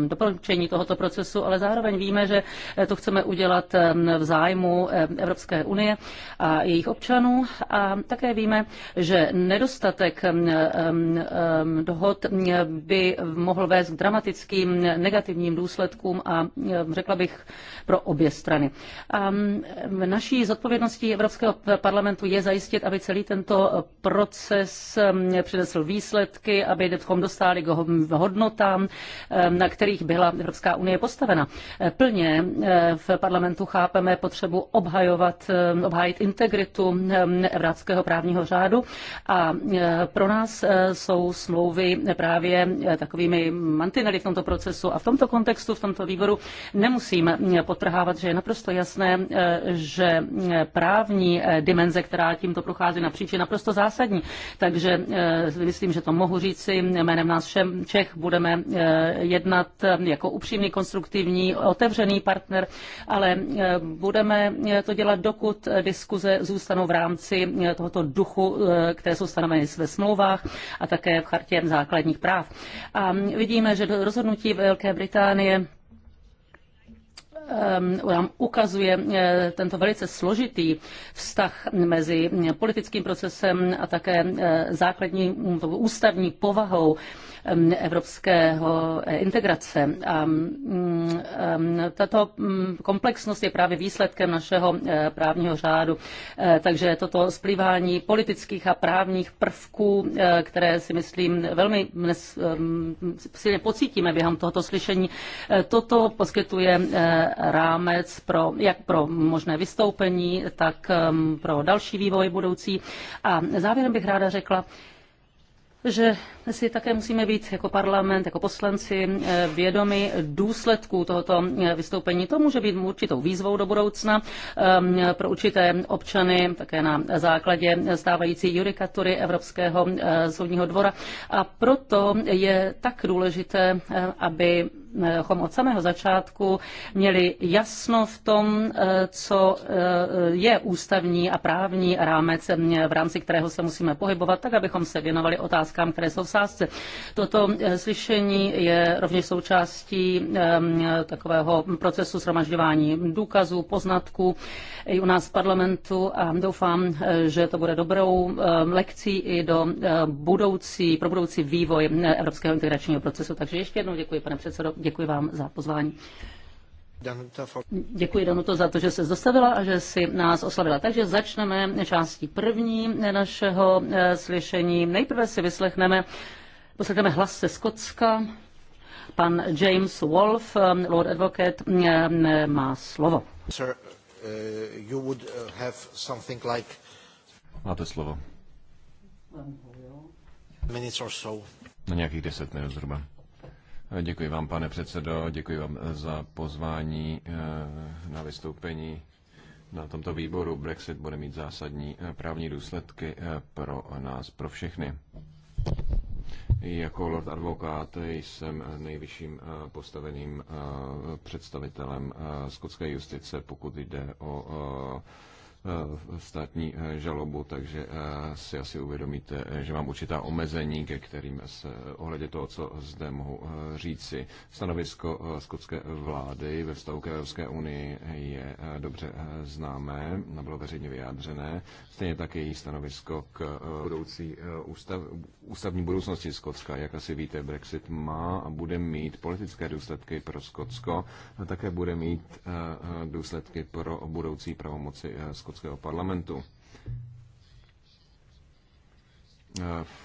doporučení tohoto procesu, ale zároveň víme, že to chceme udělat v zájmu Evropské unie a jejich občanů. A také víme, že nedostatek dohod by mohl vést k dramatickým negativním důsledkům a řekla bych pro obě strany. A mm, naší zodpovědností Evropského parlamentu je zajistit, aby celý tento proces um, přinesl výsledky, aby abychom dostali k hodnotám, um, na kterých byla Evropská unie postavena. Eh, plně eh, v parlamentu chápeme potřebu obhajovat, eh, obhájit integritu evropského právního řádu a pro nás jsou smlouvy právě takovými mantinely v tomto procesu a v tomto kontextu, v tomto výboru nemusím potrhávat, že je naprosto jasné, že právní dimenze, která tímto dochází napříč je naprosto zásadní. Takže eh, myslím, že to mohu říci jménem nás všem Čech budeme eh, jednat eh, jako upřímný, konstruktivní, otevřený partner, ale budeme to dělat, dokud diskuze zůstanou v rámci tohoto duchu, které jsou stanoveny ve smlouvách a také v chartě základních práv. A mm, vidíme, že rozhodnutí Velké Británie nám ukazuje eh, tento velice složitý vztah mezi eh, politickým procesem a také eh, základní hm, ústavní povahou Um, evropského eh, integrace. A mm, um, tato mm, komplexnost je právě výsledkem našeho eh, právního řádu. Eh, takže toto splývání politických a právních prvků, které si myslím velmi um, silně pocítíme během tohoto slyšení, toto poskytuje rámec pro, jak pro možné vystoupení, tak pro další vývoj budoucí. A závěrem bych ráda řekla, že si také musíme být jako parlament, jako poslanci eh, vědomi důsledků tohoto eh, vystoupení. To může být určitou výzvou do budoucna eh, pro určité občany, také na základě stávající judikatury Evropského soudního dvora. A proto je tak důležité, aby od samého začátku měli jasno v tom, co je ústavní a právní rámec, v rámci kterého se musíme pohybovat, tak abychom se věnovali otázkám, které jsou v sázce. Toto eh, slyšení je rovněž součástí eh, takového procesu shromažďování důkazů, poznatků i u nás v parlamentu a doufám, eh, že to bude dobrou lekcí i do budoucí, pro budoucí vývoj evropského integračního procesu. Takže ještě jednou děkuji, pane předsedo, děkuji vám za pozvání. Děkuji Danuto za to, že se zastavila a že si nás oslavila. Takže začneme částí první našeho eh, slyšení. Nejprve si vyslechneme, poslechneme hlas ze Skotska. Pan James Wolf, eh, Lord Advocate, eh, má slovo. Sir, you would have something like... Máte slovo. Minutes or so. Na nějakých deset minut zhruba. Děkuji vám, pane předsedo, děkuji vám za pozvání eh, na vystoupení na tomto výboru. Brexit bude mít zásadní eh, právní důsledky eh, pro nás, pro všechny. Jako lord advokát jsem nejvyšším postaveným představitelem skotské justice, pokud jde o Eh, státní eh, žalobu, takže eh, si asi uvědomíte, že mám určitá omezení, ke kterým se ohledě toho, co zde mohu říci. Stanovisko skotské vlády ve vztahu k Evropské unii je dobře známé, bylo veřejně vyjádřené. Stejně tak její stanovisko k budoucí ústav, ústavní budoucnosti Skotska. Jak asi víte, Brexit má a bude mít politické důsledky pro Skotsko, a také bude mít důsledky pro budoucí pravomoci Skotska skotského parlamentu.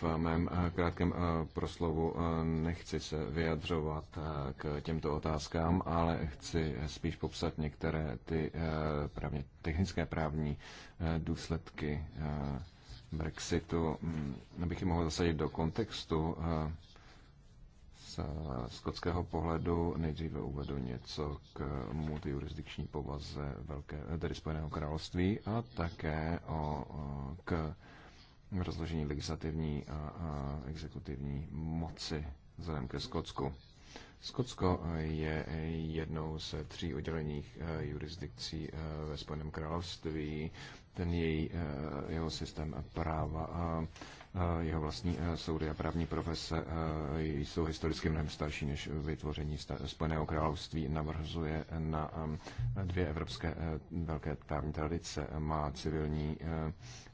V mém krátkém eh, proslovu eh, nechci se vyjadřovat eh, k těmto otázkám, ale chci spíš popsat některé ty právně, technické právní důsledky Brexitu, hm, abych je mohl zasadit do kontextu z skotského pohledu nejdříve uvedu něco k multijurisdikční povaze Velké, tedy Spojeného království a také o, k rozložení legislativní a, a exekutivní moci vzhledem ke Skotsku. Skotsko je jednou ze tří oddělených e, jurisdikcí e, ve Spojeném království. Ten její, e, jeho systém práva Eh, jeho vlastní eh, soudy a právní profese eh, jsou historicky mnohem starší než vytvoření Spojeného království. navrhuje na dvě evropské velké právní tradice. Má civilní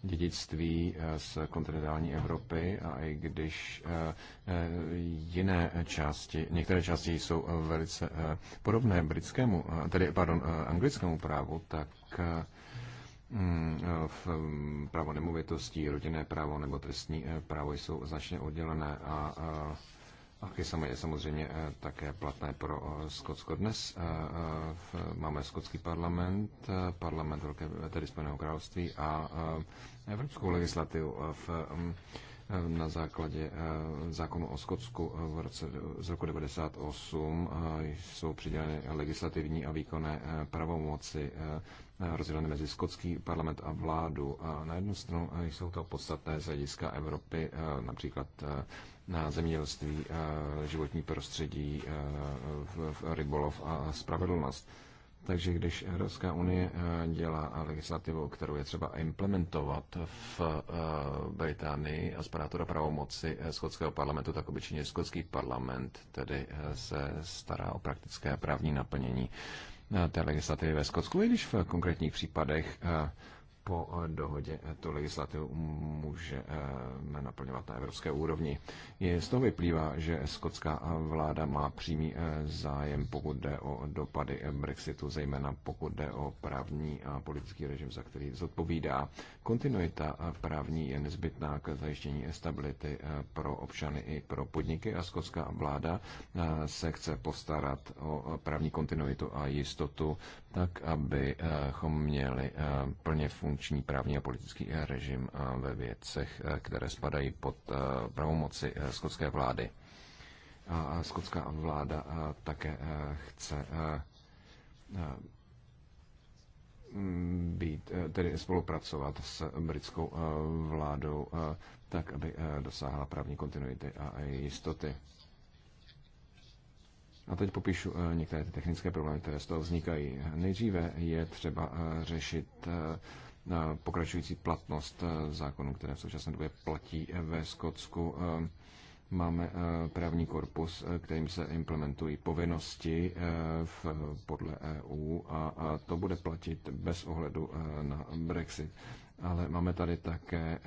dědictví z kontinentální Evropy a i když jiné části, některé části jsou velice podobné britskému, tedy pardon, anglickému právu, tak Mm, eh, v mm, právo nemovitostí, rodinné právo nebo trestní eh, právo jsou značně oddělené a eh, Achy je samozřejmě také platné pro Skotsko. Dnes máme skotský parlament, parlament Velké, tedy Spojeného království a evropskou legislativu v mm, na základě eh, zákonu o Skotsku eh, v roce, z roku 1998 eh, jsou přiděleny legislativní a výkonné pravomoci rozděleny mezi skotský parlament a vládu. A na jednu stranu jsou to podstatné z hlediska Evropy, například na zemědělství, životní prostředí, rybolov a spravedlnost. Takže když Evropská unie eh, dělá legislativu, kterou je třeba implementovat v eh, Británii a spadá to do pravomoci eh, skotského parlamentu, tak obyčejně skotský parlament tedy se stará o praktické právní naplnění té legislativy ve Skotsku, i když v konkrétních případech po eh, dohodě eh, tu legislativu můžeme naplňovat na evropské úrovni. Je z toho vyplývá, že skotská eh, vláda má přímý zájem, pokud jde o dopady Brexitu, zejména pokud jde o právní a politický režim, za který zodpovídá kontinuita právní je nezbytná k zajištění stability eh, pro občany i pro podniky a skotská vláda eh, se chce postarat o právní kontinuitu a jistotu tak, abychom eh, měli plně funkční právní a politický režim ve věcech, které spadají pod pravomoci skotské vlády. A skotská vláda také chce být, eh, tedy spolupracovat s britskou eh, vládou eh, tak, aby dosáhla právní kontinuity a jistoty. A teď popíšu některé ty technické problémy, které z toho vznikají. Nejdříve je třeba řešit pokračující platnost zákonů, které v současné době platí ve Skotsku Máme eh, právní korpus, eh, kterým se implementují povinnosti eh, v, podle EU a, a to bude platit bez ohledu na Brexit. Ale máme tady také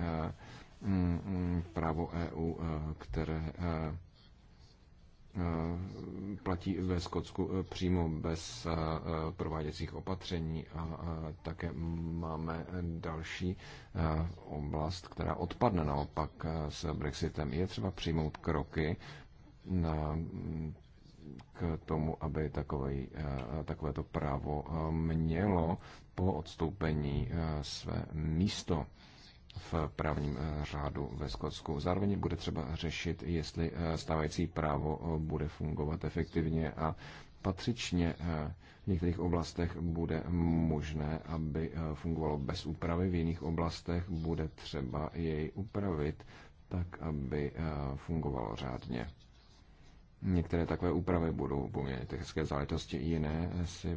mm, mm, právo EU, které Eh, platí ve Skotsku eh, přímo bez eh, prováděcích opatření a také máme další oblast, která odpadne naopak s Brexitem. Je třeba přijmout kroky na k tomu, aby takové, takovéto právo mělo po odstoupení své místo v právním eh, řádu ve Skotsku. Zároveň bude třeba řešit, jestli eh, stávající právo eh, bude fungovat efektivně a patřičně v některých oblastech bude možné, aby fungovalo bez úpravy, v jiných oblastech bude třeba jej upravit tak, aby fungovalo řádně. Některé takové úpravy budou poměrně technické záležitosti, jiné si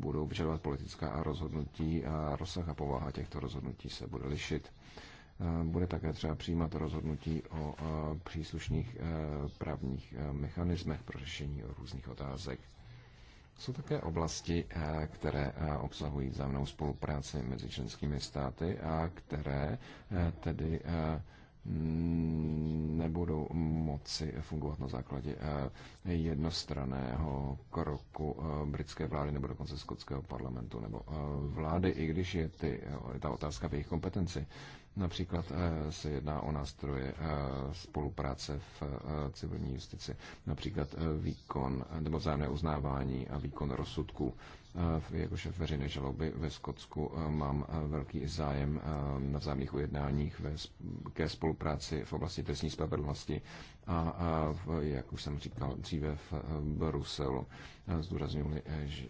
budou vyžadovat politická rozhodnutí a rozsah a povaha těchto rozhodnutí se bude lišit. Eh, bude také třeba přijímat rozhodnutí o eh, příslušných eh, právních mechanismech pro řešení různých otázek. Jsou také oblasti, které obsahují vzájemnou spolupráci mezi členskými státy a které tedy Mm, nebudou moci fungovat na základě eh, jednostraného kroku eh, britské vlády nebo dokonce skotského parlamentu nebo eh, vlády, i když je ty, ta otázka v jejich kompetenci. Například se jedná o nástroje spolupráce v civilní justici, například výkon nebo vzájemné uznávání a výkon rozsudků Eh, jakož šéf veřejné žaloby ve Skotsku eh, mám eh, velký zájem na vzájemných ujednáních ve, ke spolupráci v oblasti trestní spravedlnosti a, a v, jak už jsem říkal dříve v Bruselu.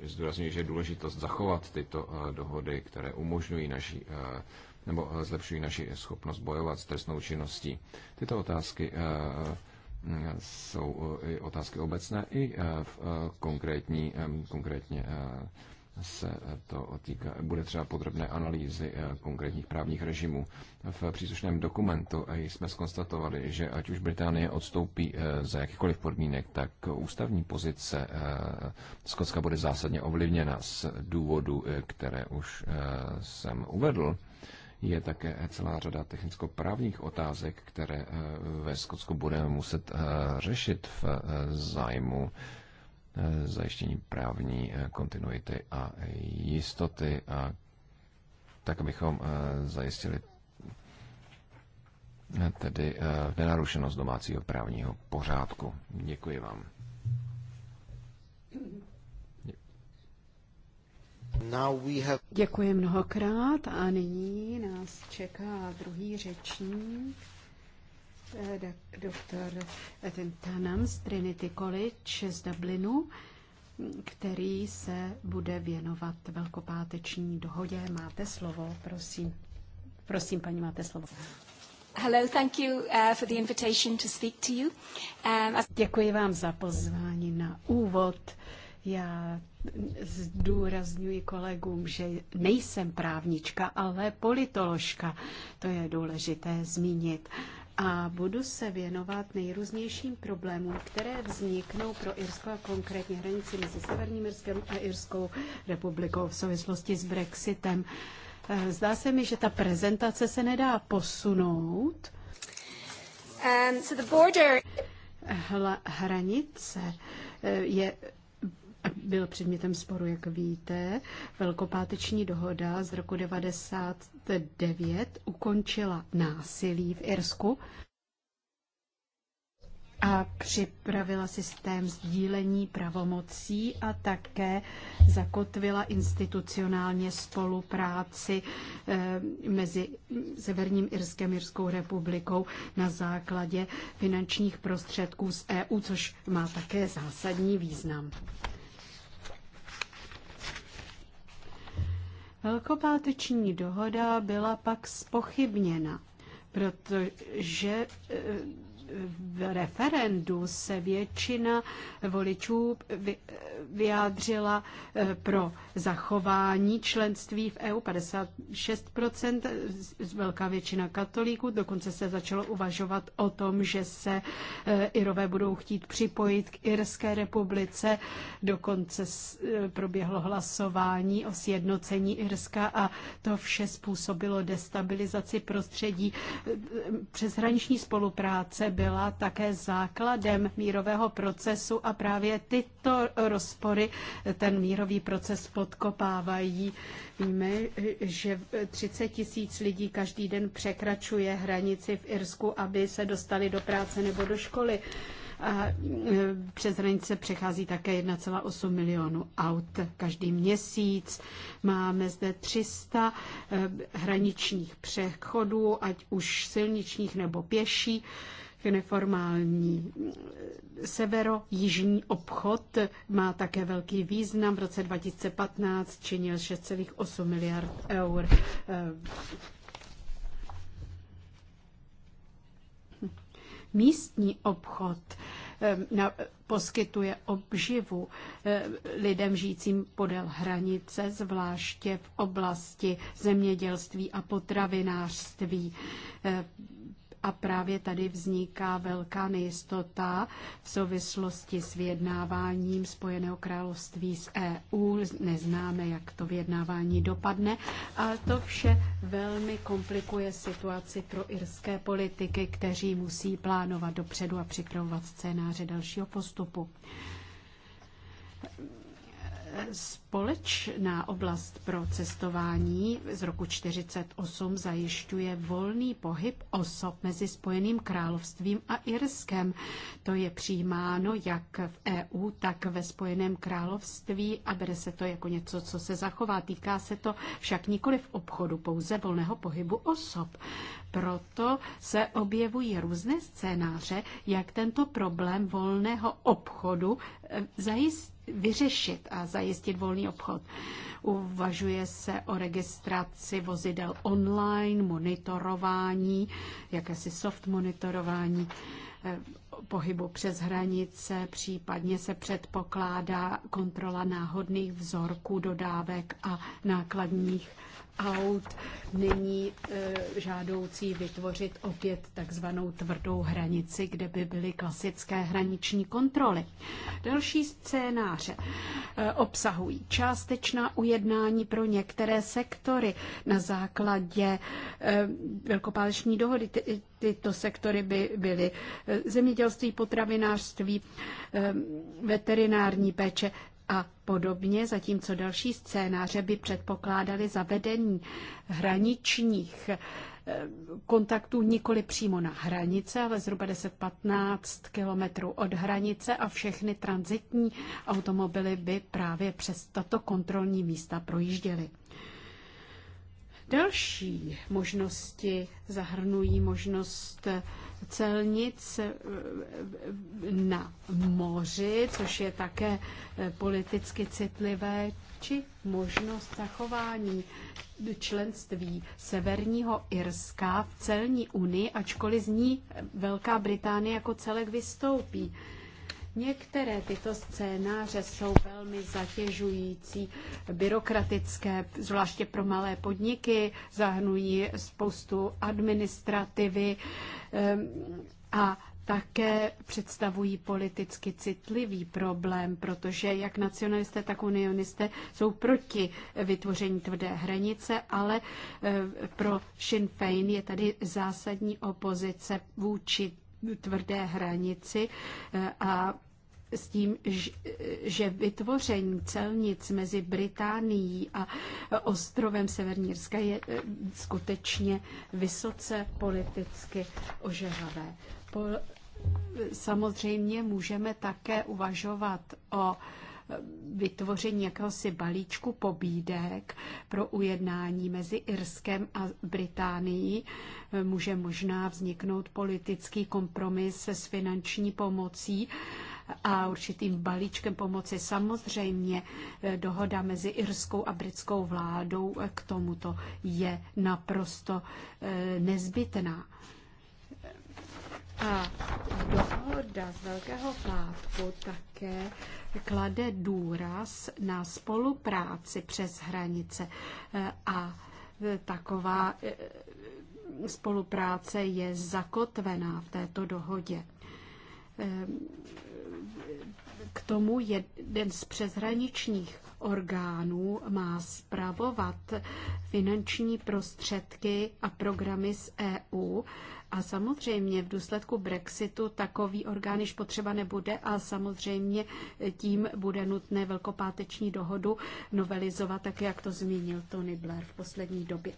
zdůraznuju, že je důležitost zachovat tyto dohody, které umožňují naši nebo zlepšují naši schopnost bojovat s trestnou činností. Tyto otázky jsou eh, i otázky obecné, i eh, v eh, konkrétní, konkrétně se to týká, bude třeba podrobné analýzy konkrétních právních režimů. V příslušném dokumentu jsme skonstatovali, že ať už Británie odstoupí za jakýkoliv podmínek, tak ústavní pozice Skotska bude zásadně ovlivněna z důvodu, které už jsem uvedl je také celá řada technicko-právních otázek, které eh, ve Skotsku budeme muset eh, řešit v eh, zájmu zajištění právní kontinuity a jistoty a tak, abychom zajistili tedy nenarušenost domácího právního pořádku. Děkuji vám. Děkuji mnohokrát a nyní nás čeká druhý řečník, eh, doktor Tanam z Trinity College z Dublinu, který se bude věnovat velkopáteční dohodě. Máte slovo, prosím. Prosím, paní, máte slovo. Hello, thank you uh, for the invitation to speak to you. Um, Děkuji vám za pozvání na úvod. Já zdůrazňuji kolegům, že nejsem právnička, ale politoložka. To je důležité zmínit. A budu se věnovat nejrůznějším problémům, které vzniknou pro Irsko a konkrétně hranici mezi Severním Irskem a Irskou republikou v souvislosti s Brexitem. Eh, zdá se mi, že ta prezentace se nedá posunout. Um, so the border... Hla, hranice eh, je byl předmětem sporu, jak víte. Velkopáteční dohoda z roku 1999 ukončila násilí v Irsku a připravila systém sdílení pravomocí a také zakotvila institucionálně spolupráci eh, mezi Severním Irskem a Irskou republikou na základě finančních prostředků z EU, což má také zásadní význam. Velkopáteční dohoda byla pak spochybněna, protože eh, v referendu se většina voličů vyjádřila eh, pro zachování členství v EU, 56%, velká většina katolíků, dokonce se začalo uvažovat o tom, že se eh, Irové budou chtít připojit k Irské republice, dokonce eh, proběhlo hlasování o sjednocení Irska a to vše způsobilo destabilizaci prostředí. Přeshraniční spolupráce byla také základem mírového procesu a právě tyto rozpory ten mírový proces podkopávají. Víme, že 30 tisíc lidí každý den překračuje hranici v Irsku, aby se dostali do práce nebo do školy. A e, přes hranice přechází také 1,8 milionu aut každý měsíc. Máme zde 300 e, hraničních přechodů, ať už silničních nebo pěší k neformální. Severo-jižní obchod má také velký význam. V roce 2015 činil 6,8 miliard eur. Místní obchod poskytuje obživu lidem žijícím podél hranice, zvláště v oblasti zemědělství a potravinářství a právě tady vzniká velká nejistota v souvislosti s vyjednáváním Spojeného království s EU. Neznáme, jak to vyjednávání dopadne. A to vše velmi komplikuje situaci pro irské politiky, kteří musí plánovat dopředu a připravovat scénáře dalšího postupu společná oblast pro cestování z roku 48 zajišťuje volný pohyb osob mezi Spojeným královstvím a Irskem. To je přijímáno jak v EU, tak ve Spojeném království a bere se to jako něco, co se zachová. Týká se to však nikoli v obchodu, pouze volného pohybu osob. Proto se objevují různé scénáře, jak tento problém volného obchodu eh, zajist, vyřešit a zajistit volný obchod. Uvažuje se o registraci vozidel online, monitorování, jakési soft monitorování eh, pohybu přes hranice, případně se předpokládá kontrola náhodných vzorků dodávek a nákladních aut není e, žádoucí vytvořit opět takzvanou tvrdou hranici, kde by byly klasické hraniční kontroly. Další scénáře e, obsahují částečná ujednání pro některé sektory na základě e, velkopáleční dohody. Ty, tyto sektory by byly e, zemědělství, potravinářství, e, veterinární péče, a podobně, zatímco další scénáře by předpokládali zavedení hraničních eh, kontaktů nikoli přímo na hranice, ale zhruba 10-15 kilometrů od hranice a všechny transitní automobily by právě přes tato kontrolní místa projížděly. Další možnosti zahrnují možnost celnic eh, na moři, což je také eh, politicky citlivé, či možnost zachování členství Severního Irska v celní unii, ačkoliv z ní Velká Británie jako celek vystoupí. Některé tyto scénáře jsou velmi zatěžující, byrokratické, zvláště pro malé podniky, zahrnují spoustu administrativy ehm, a také představují politicky citlivý problém, protože jak nacionalisté, tak unionisté jsou proti vytvoření tvrdé hranice, ale eh, pro Sinn Féin je tady zásadní opozice vůči tvrdé hranici eh, a s tím, že vytvoření celnic mezi Británií a ostrovem Severnířska je eh, skutečně vysoce politicky ožehavé. Eh, samozřejmě můžeme také uvažovat o vytvoření jakéhosi balíčku pobídek pro ujednání mezi Irskem a Británií. Může možná vzniknout politický kompromis s finanční pomocí a určitým balíčkem pomoci. Samozřejmě eh, dohoda mezi irskou a britskou vládou eh, k tomuto je naprosto eh, nezbytná. A dohoda z Velkého pátku také klade důraz na spolupráci přes hranice e, a e, taková e, spolupráce je zakotvená v této dohodě. K tomu jeden z přeshraničních orgánů má spravovat finanční prostředky a programy z EU a samozřejmě v důsledku Brexitu takový orgán již potřeba nebude a samozřejmě tím bude nutné velkopáteční dohodu novelizovat, tak jak to zmínil Tony Blair v poslední době.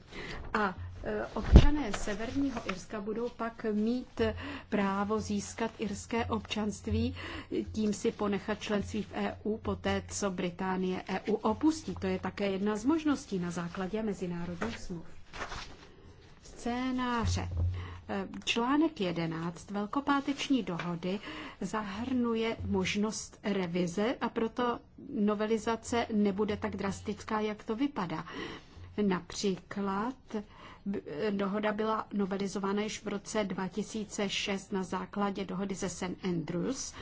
A e, občané Severního Irska budou pak mít právo získat irské občanství, tím si ponechat členství v EU poté, co Británie EU opustí. To je také jedna z možností na základě mezinárodních smluv. Scénáře Článek 11 Velkopáteční dohody zahrnuje možnost revize a proto novelizace nebude tak drastická, jak to vypadá. Například eh, dohoda byla novelizována již v roce 2006 na základě dohody ze St. Andrews.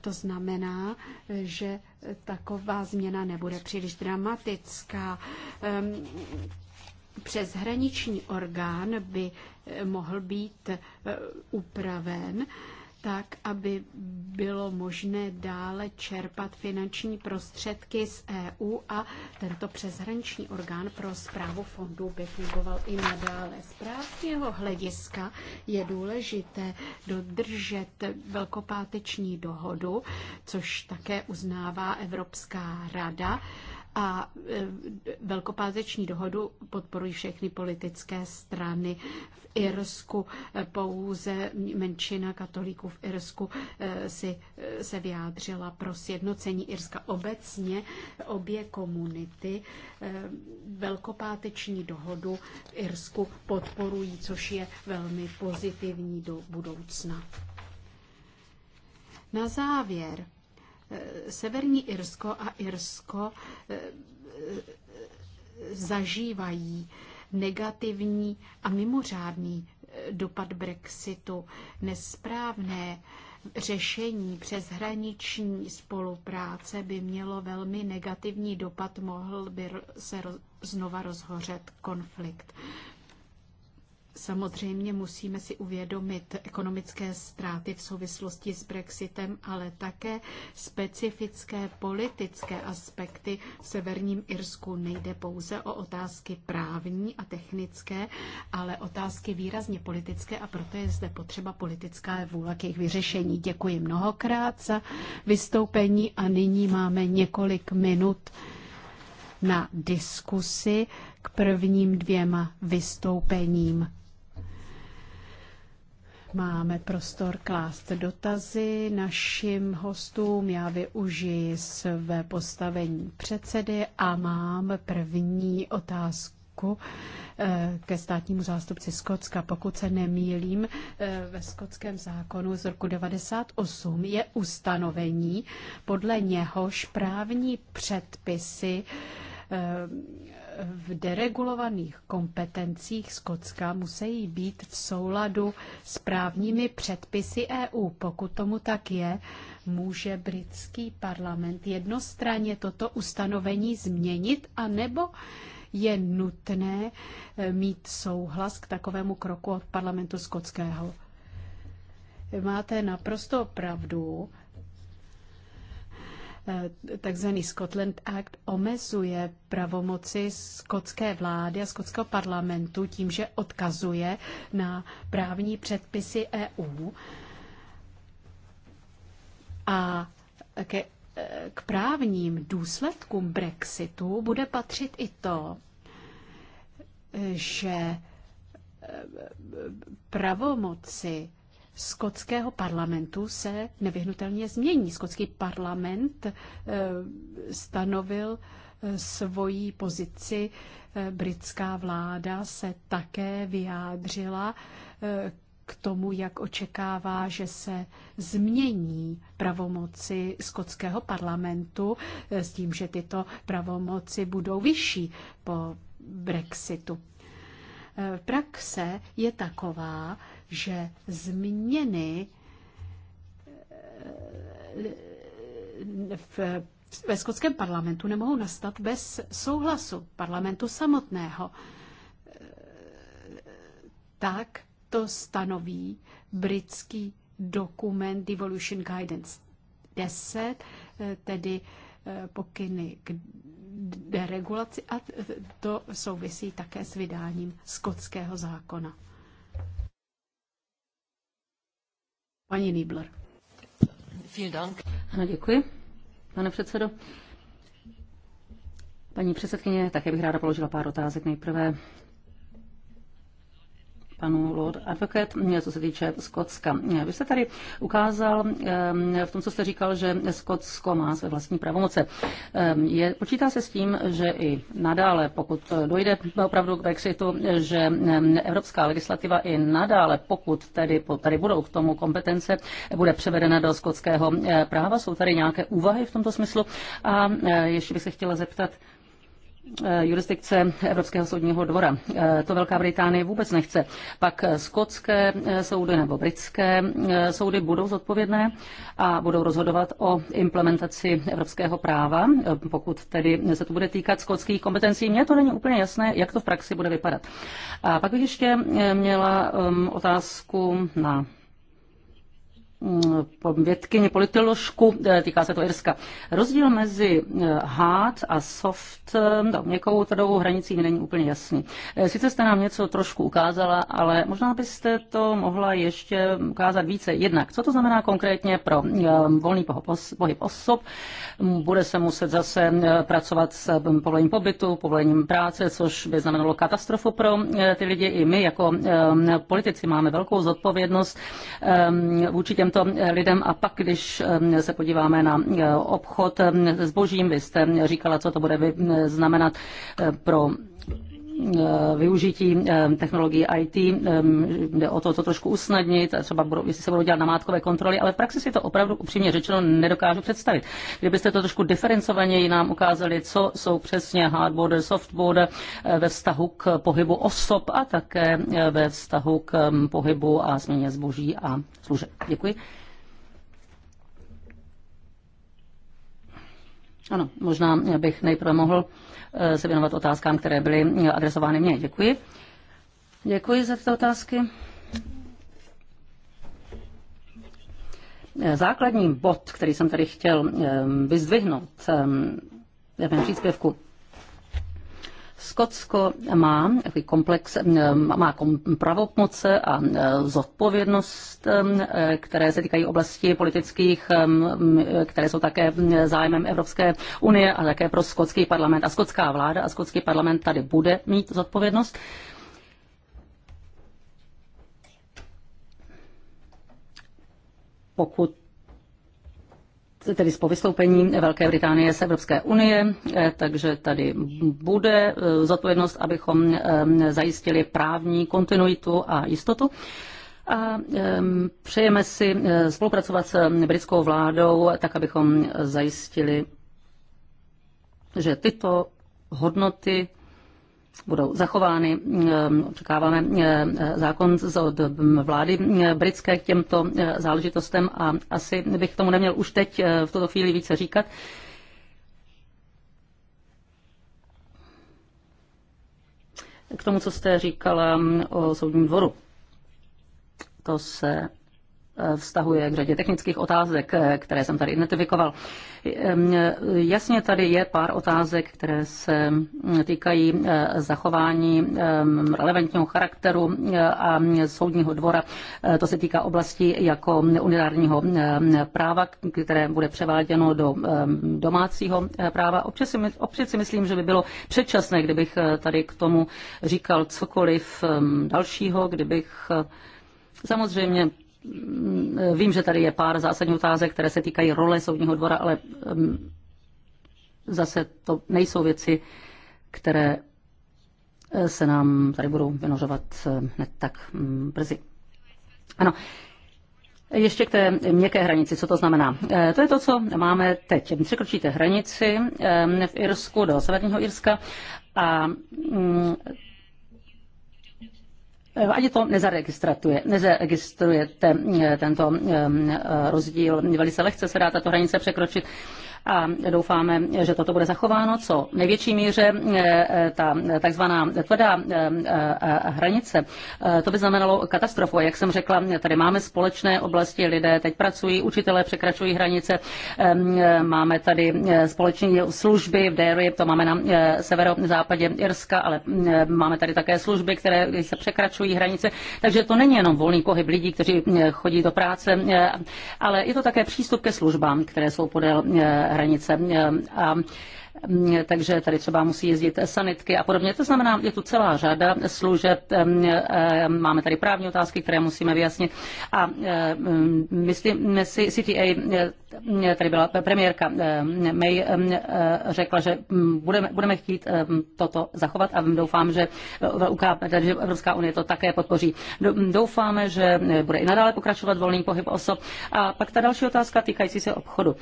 To znamená, že taková změna nebude příliš dramatická. Ehm, přeshraniční orgán by eh, mohl být eh, upraven tak, aby bylo možné dále čerpat finanční prostředky z EU a tento přeshraniční orgán pro zprávu fondů by fungoval i nadále. Z právního hlediska je důležité dodržet velkopáteční dohodu, což také uznává Evropská rada a e, velkopáteční dohodu podporují všechny politické strany. V Irsku e, pouze menšina katolíků v Irsku e, si se vyjádřila pro sjednocení Irska. Obecně obě komunity velkopáteční dohodu v Irsku podporují, což je velmi pozitivní do budoucna. Na závěr Eh, Severní Irsko a Irsko eh, zažívají negativní a mimořádný eh, dopad Brexitu, nesprávné řešení přeshraniční spolupráce by mělo velmi negativní dopad, mohl by se roz, znova rozhořet konflikt. Samozřejmě musíme si uvědomit ekonomické ztráty v souvislosti s Brexitem, ale také specifické politické aspekty v Severním Irsku. Nejde pouze o otázky právní a technické, ale otázky výrazně politické a proto je zde potřeba politická vůle k jejich vyřešení. Děkuji mnohokrát za vystoupení a nyní máme několik minut na diskusi k prvním dvěma vystoupením Máme prostor klást dotazy našim hostům. Já využiji své postavení předsedy a mám první otázku eh, ke státnímu zástupci Skotska. Pokud se nemýlím, eh, ve skotském zákonu z roku 98 je ustanovení, podle něhož právní předpisy eh, v deregulovaných kompetencích Skotska musí být v souladu s právními předpisy EU. Pokud tomu tak je, může britský parlament jednostranně toto ustanovení změnit, a nebo je nutné e, mít souhlas k takovému kroku od parlamentu skotského. Máte naprosto pravdu. Eh, takzvaný Scotland Act omezuje pravomoci skotské vlády a skotského parlamentu tím, že odkazuje na právní předpisy EU a ke, eh, k právním důsledkům Brexitu bude patřit i to, eh, že pravomoci skotského parlamentu se nevyhnutelně změní. Skotský parlament eh, stanovil eh, svoji pozici. Eh, britská vláda se také vyjádřila k tomu, jak očekává, že se změní pravomoci skotského parlamentu s tím, že tyto pravomoci budou vyšší po Brexitu. Praxe je taková, že změny eh, v, ve skotském parlamentu nemohou nastat bez souhlasu parlamentu samotného. Eh, tak to stanoví britský dokument Devolution Guidance 10, eh, tedy pokyny k deregulaci a to souvisí také s vydáním skotského zákona. Paní Nýbler. Ano, děkuji, pane předsedo. Paní předsedkyně, také bych ráda položila pár otázek. Nejprve panu Lord Advocate, co se týče Skotska. Vy jste tady ukázal v tom, co jste říkal, že Skotsko má své vlastní pravomoce. Je, počítá se s tím, že i nadále, pokud dojde opravdu k Brexitu, že evropská legislativa i nadále, pokud tedy, tady budou k tomu kompetence, bude převedena do skotského eh, práva. Jsou tady nějaké úvahy v tomto smyslu? A eh, ještě bych se chtěla zeptat, Eh, jurisdikce Evropského soudního dvora. Eh, to Velká Británie vůbec nechce. Pak eh, skotské soudy nebo britské soudy budou zodpovědné a budou rozhodovat o implementaci evropského práva, pokud tedy se to bude týkat skotských kompetencí. Mně to není úplně jasné, jak to v praxi bude vypadat. A pak bych ještě měla ehm, otázku na Mm, vědkyně politoložku, eh, týká se to Irska. Rozdíl mezi eh, hard a soft, tak eh, no, měkkou tvrdou hranicí mi není úplně jasný. Sice jste nám něco trošku ukázala, ale možná byste to mohla ještě ukázat více. Jednak, co to znamená konkrétně pro volný pohyb osob? Mm, bude se muset zase pracovat s povolením pobytu, povolením práce, což by znamenalo katastrofu pro ty lidi. I my jako politici máme velkou zodpovědnost vůči těm těmto lidem. A pak, když se podíváme na e, obchod s božím, vy jste říkala, co to bude znamenat e, pro Eh, využití eh, technologií IT, eh, jde o to, to trošku usnadnit, třeba budou, jestli se budou dělat namátkové kontroly, ale v praxi si to opravdu upřímně řečeno nedokážu představit. Kdybyste to trošku diferencovaněji nám ukázali, co jsou přesně hardboard, softboard ve vztahu k pohybu osob a také ve vztahu k pohybu a změně zboží a služeb. Děkuji. Ano, možná bych nejprve mohl Eh, se věnovat otázkám, které byly eh, adresovány mně. Děkuji. Děkuji za tyto otázky. Eh, základní bod, který jsem tady chtěl vyzdvihnout ve mém příspěvku, Skotsko má takový komplex, eh, má pravomoce a eh, zodpovědnost, eh, které se týkají oblasti politických, které jsou také zájmem Evropské unie a také pro skotský parlament. A skotská vláda a skotský parlament tady bude mít zodpovědnost. Pokud tedy po vystoupení Velké Británie z Evropské unie, eh, takže tady bude eh, zodpovědnost, abychom eh, zajistili právní kontinuitu a jistotu a přejeme si spolupracovat s britskou vládou, tak abychom zajistili, že tyto hodnoty budou zachovány. Ehm, očekáváme ehm, zákon od ehm, vlády britské k těmto záležitostem a asi bych tomu neměl už teď v tuto chvíli více říkat. K tomu, co jste říkala o soudním dvoru. To se vztahuje k řadě technických otázek, které jsem tady identifikoval. Ehm, jasně tady je pár otázek, které se týkají eh, zachování ehm, relevantního charakteru eh, a soudního dvora. Eh, to se týká oblasti jako unitárního ehm, práva, které bude převáděno do domácího práva. Občas si, občas si myslím, že by bylo předčasné, kdybych tady k tomu říkal cokoliv dalšího, kdybych Samozřejmě vím, že tady je pár zásadních otázek, které se týkají role soudního dvora, ale zase to nejsou věci, které eh, se nám tady budou vynořovat eh, hned tak mm, brzy. Ano, ještě k té měkké hranici, co to znamená? Eh, to je to, co máme teď. Překročíte hranici v Irsku do severního Irska a mm, Eh, ani to nezaregistruje, nezaregistrujete eh, tento eh, rozdíl. Velice lehce se dá tato hranice překročit a doufáme, že toto bude zachováno. Co největší míře eh, eh, ta takzvaná tvrdá eh, hranice, to by znamenalo katastrofu. Jak jsem řekla, tady máme společné oblasti, lidé teď pracují, učitelé překračují hranice, máme tady společné služby v Derry, to máme na severozápadě Irska, ale mm, máme tady také služby, které se překračují hranice, takže to není jenom volný pohyb lidí, kteří chodí do práce, ale je to také přístup ke službám, které jsou podél hranice. A takže tady třeba musí jezdit sanitky a podobně. To znamená, je tu celá řada služeb, máme tady právní otázky, které musíme vyjasnit a myslíme si, CTA tady byla premiérka eh, May, eh, eh, řekla, že mm, budeme, budeme chtít toto zachovat a doufám, že, že Evropská unie to také podpoří. Doufáme, že bude i nadále pokračovat volný pohyb osob. A pak ta další otázka týkající se obchodu.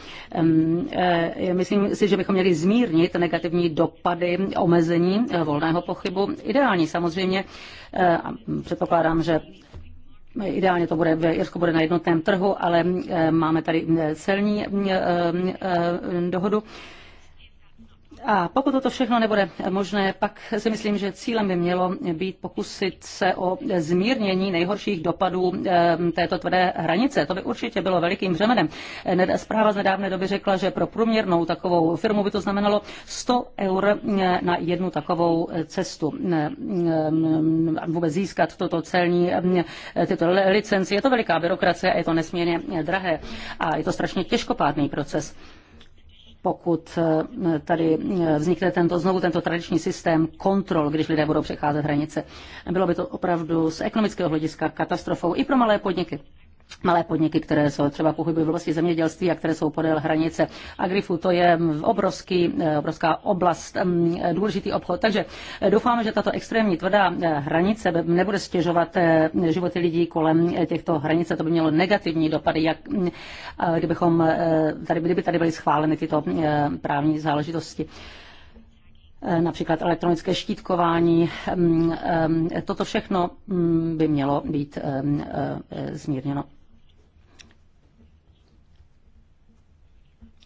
Myslím si, že bychom měli zmírnit negativní dopady omezení volného pochybu. Ideální samozřejmě, předpokládám, že Ideálně to bude, Jirsko bude na jednotném trhu, ale eh, máme tady eh, celní eh, dohodu. A pokud toto všechno nebude možné, pak si myslím, že cílem by mělo být pokusit se o zmírnění nejhorších dopadů eh, této tvrdé hranice. To by určitě bylo velikým břemenem. Eh, zpráva z nedávné doby řekla, že pro průměrnou takovou firmu by to znamenalo 100 eur eh, na jednu takovou cestu. Mm, vůbec získat toto celní, mm, tyto licenci. Je to veliká byrokracie a je to nesmírně drahé. A je to strašně těžkopádný proces pokud eh, tady eh, vznikne tento, znovu tento tradiční systém kontrol, když lidé budou přecházet hranice. Bylo by to opravdu z ekonomického hlediska katastrofou i pro malé podniky malé podniky, které jsou třeba pohybují v oblasti zemědělství a které jsou podél hranice Agrifu. To je obrovský, eh, obrovská oblast, mm, eh, důležitý obchod. Takže eh, doufáme, že tato extrémní tvrdá hranice nebude stěžovat životy lidí kolem těchto hranice. To by mělo negativní dopady, jak mm, kdybychom, tady, kdyby tady byly schváleny tyto právní záležitosti například elektronické štítkování. Mm, toto všechno by mělo být zmírněno.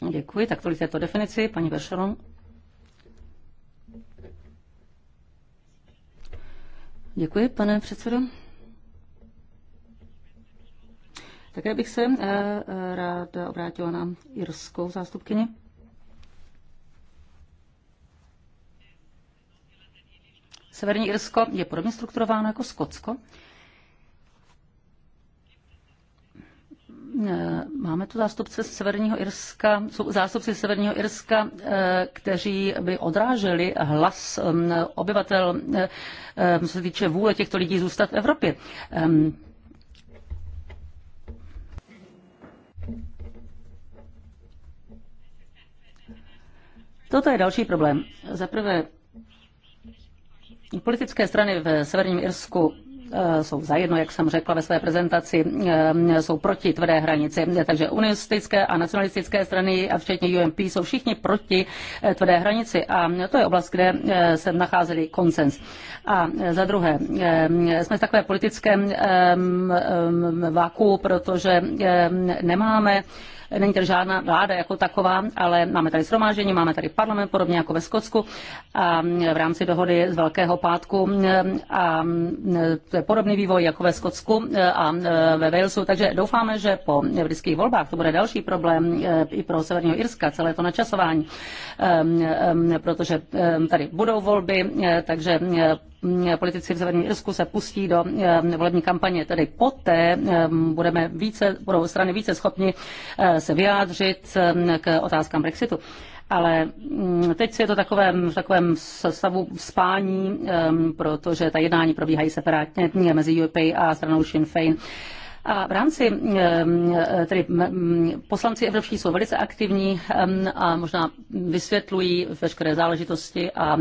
Děkuji. Tak tolik této definici. Paní Beršeron. Děkuji, pane předsedo. Také bych se eh, eh, ráda obrátila na jirskou zástupkyni. Severní Irsko je podobně strukturováno jako Skotsko. Eh, máme tu zástupce Severního Irska, jsou zástupci Severního Irska, eh, kteří by odráželi hlas eh, obyvatel, co se týče vůle těchto lidí zůstat v Evropě. Ehm, Toto je další problém. Za prvé, politické strany v Severním Irsku Eh, jsou zajedno, jak jsem řekla ve své prezentaci, eh, jsou proti tvrdé hranici. Takže unionistické a nacionalistické strany a včetně UMP jsou všichni proti eh, tvrdé hranici a to je oblast, kde se nacházeli konsens. A za druhé, jsme v takové politickém váku, protože nemáme Není tady žádná vláda jako taková, ale máme tady shromáždění, máme tady parlament, podobně jako ve Skotsku a v rámci dohody z Velkého pátku a to je podobný vývoj jako ve Skotsku a ve Walesu, takže doufáme, že po britských volbách to bude další problém e, i pro Severního Irska, celé to načasování, e, e, protože tady budou volby, takže Eh, politici v Severním Irsku se pustí do eh, volební kampaně. Tedy poté eh, budeme více, budou strany více schopni se vyjádřit k otázkám Brexitu. Ale mm, teď je to takovém, v takovém stavu spání, protože ta jednání probíhají separátně mezi UP a stranou Sinn Féin. A v rámci, tedy poslanci evropští jsou velice aktivní a možná vysvětlují veškeré záležitosti a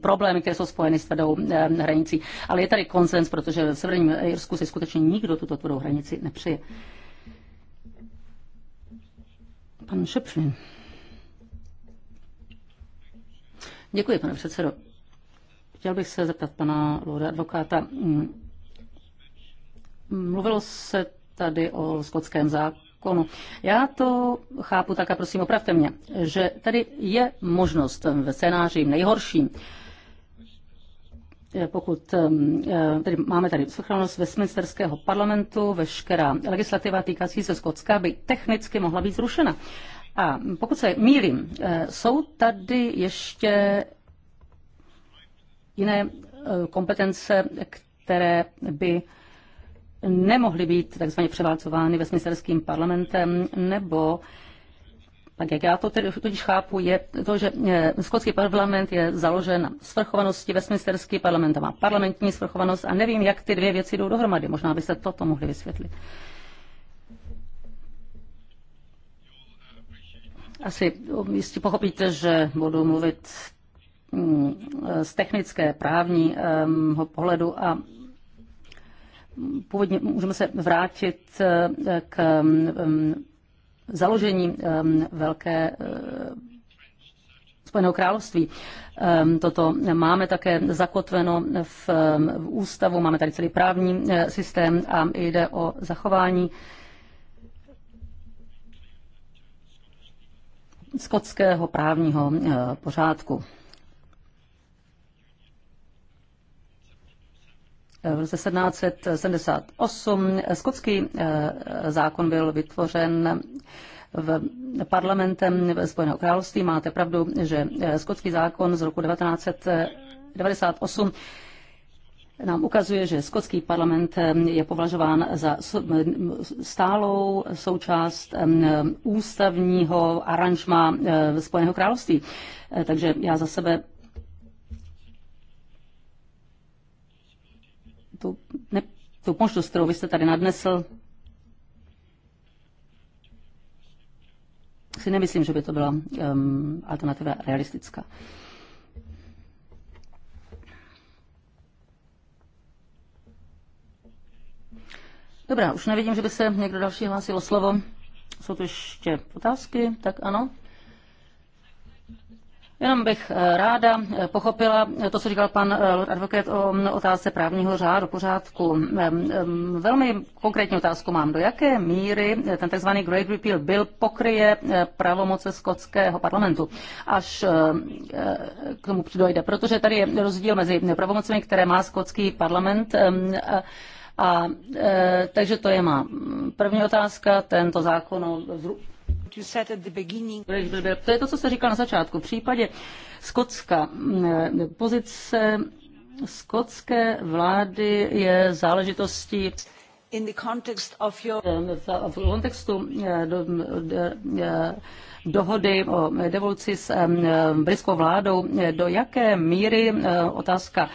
problémy, které jsou spojeny s tvrdou hranicí. Ale je tady konsens, protože v Severním Irsku si skutečně nikdo tuto tvrdou hranici nepřije. Pan Šepflin. Děkuji, pane předsedo. Chtěl bych se zeptat pana Lorda advokáta, Mluvilo se tady o skotském zákonu. Já to chápu tak a prosím opravte mě, že tady je možnost ve scénáři nejhorším, eh, pokud ehm, eh, tedy máme tady svrchovanost Westminsterského parlamentu, veškerá legislativa týkající se Skotska by technicky mohla být zrušena. A pokud se mílim, eh, jsou tady ještě jiné kompetence, které by nemohly být takzvaně převálcovány vesmisterským parlamentem, nebo tak jak já to tedy tudíž chápu, je to, že eh, skotský parlament je založen na svrchovanosti, vesmisterský parlament má parlamentní svrchovanost a nevím, jak ty dvě věci jdou dohromady. Možná byste toto mohli vysvětlit. Asi jistě pochopíte, že budu mluvit mm, z technické právního eh, pohledu a původně můžeme se vrátit eh, k mm, mm, založení mm, velké eh, Spojeného království. Ehm, toto máme také zakotveno v ústavu, máme tady celý právní eh, systém a jde o zachování skotského právního pořádku. Eh, v roce 1778 skotský eh, zákon byl vytvořen v parlamentem Spojeného království. Máte pravdu, že eh, skotský zákon z roku 1998 nám ukazuje, že skotský parlament je považován za stálou součást ústavního aranžma Spojeného království. Takže já za sebe tu, ne, tu možnost, kterou vy jste tady nadnesl, si nemyslím, že by to byla um, alternativa realistická. Dobrá, už nevidím, že by se někdo další hlásil o slovo. Jsou tu ještě otázky? Tak ano. Jenom bych eh, ráda eh, pochopila to, co říkal pan eh, advokát o mm, otázce právního řádu pořádku. Velmi konkrétní otázku mám. Do jaké míry ten tzv. Great Repeal byl pokryje pravomoce skotského parlamentu, až k tomu dojde? Protože tady je rozdíl mezi pravomocemi, které má skotský parlament a, takže to je má první otázka, tento zákon o to je to, co jste říkal na začátku. V případě Skotska eh, pozice skotské vlády je záležitostí in the context of your... Eh, v kontextu eh, dohody o devoluci s britskou vládou, do jaké míry otázka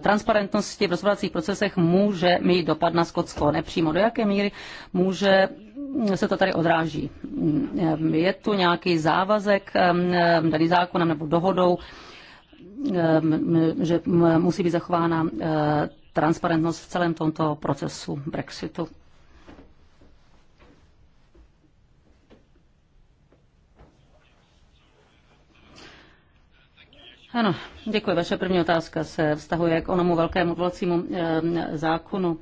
transparentnosti v rozhodovacích procesech může mít dopad na Skotsko, nepřímo, do jaké míry může se to tady odráží. Je tu nějaký závazek daný zákonem nebo dohodou, že musí být zachována eh, transparentnost v celém tomto procesu Brexitu. Ano, děkuji. Vaše první otázka se vztahuje k onomu velkému volacímu zákonu.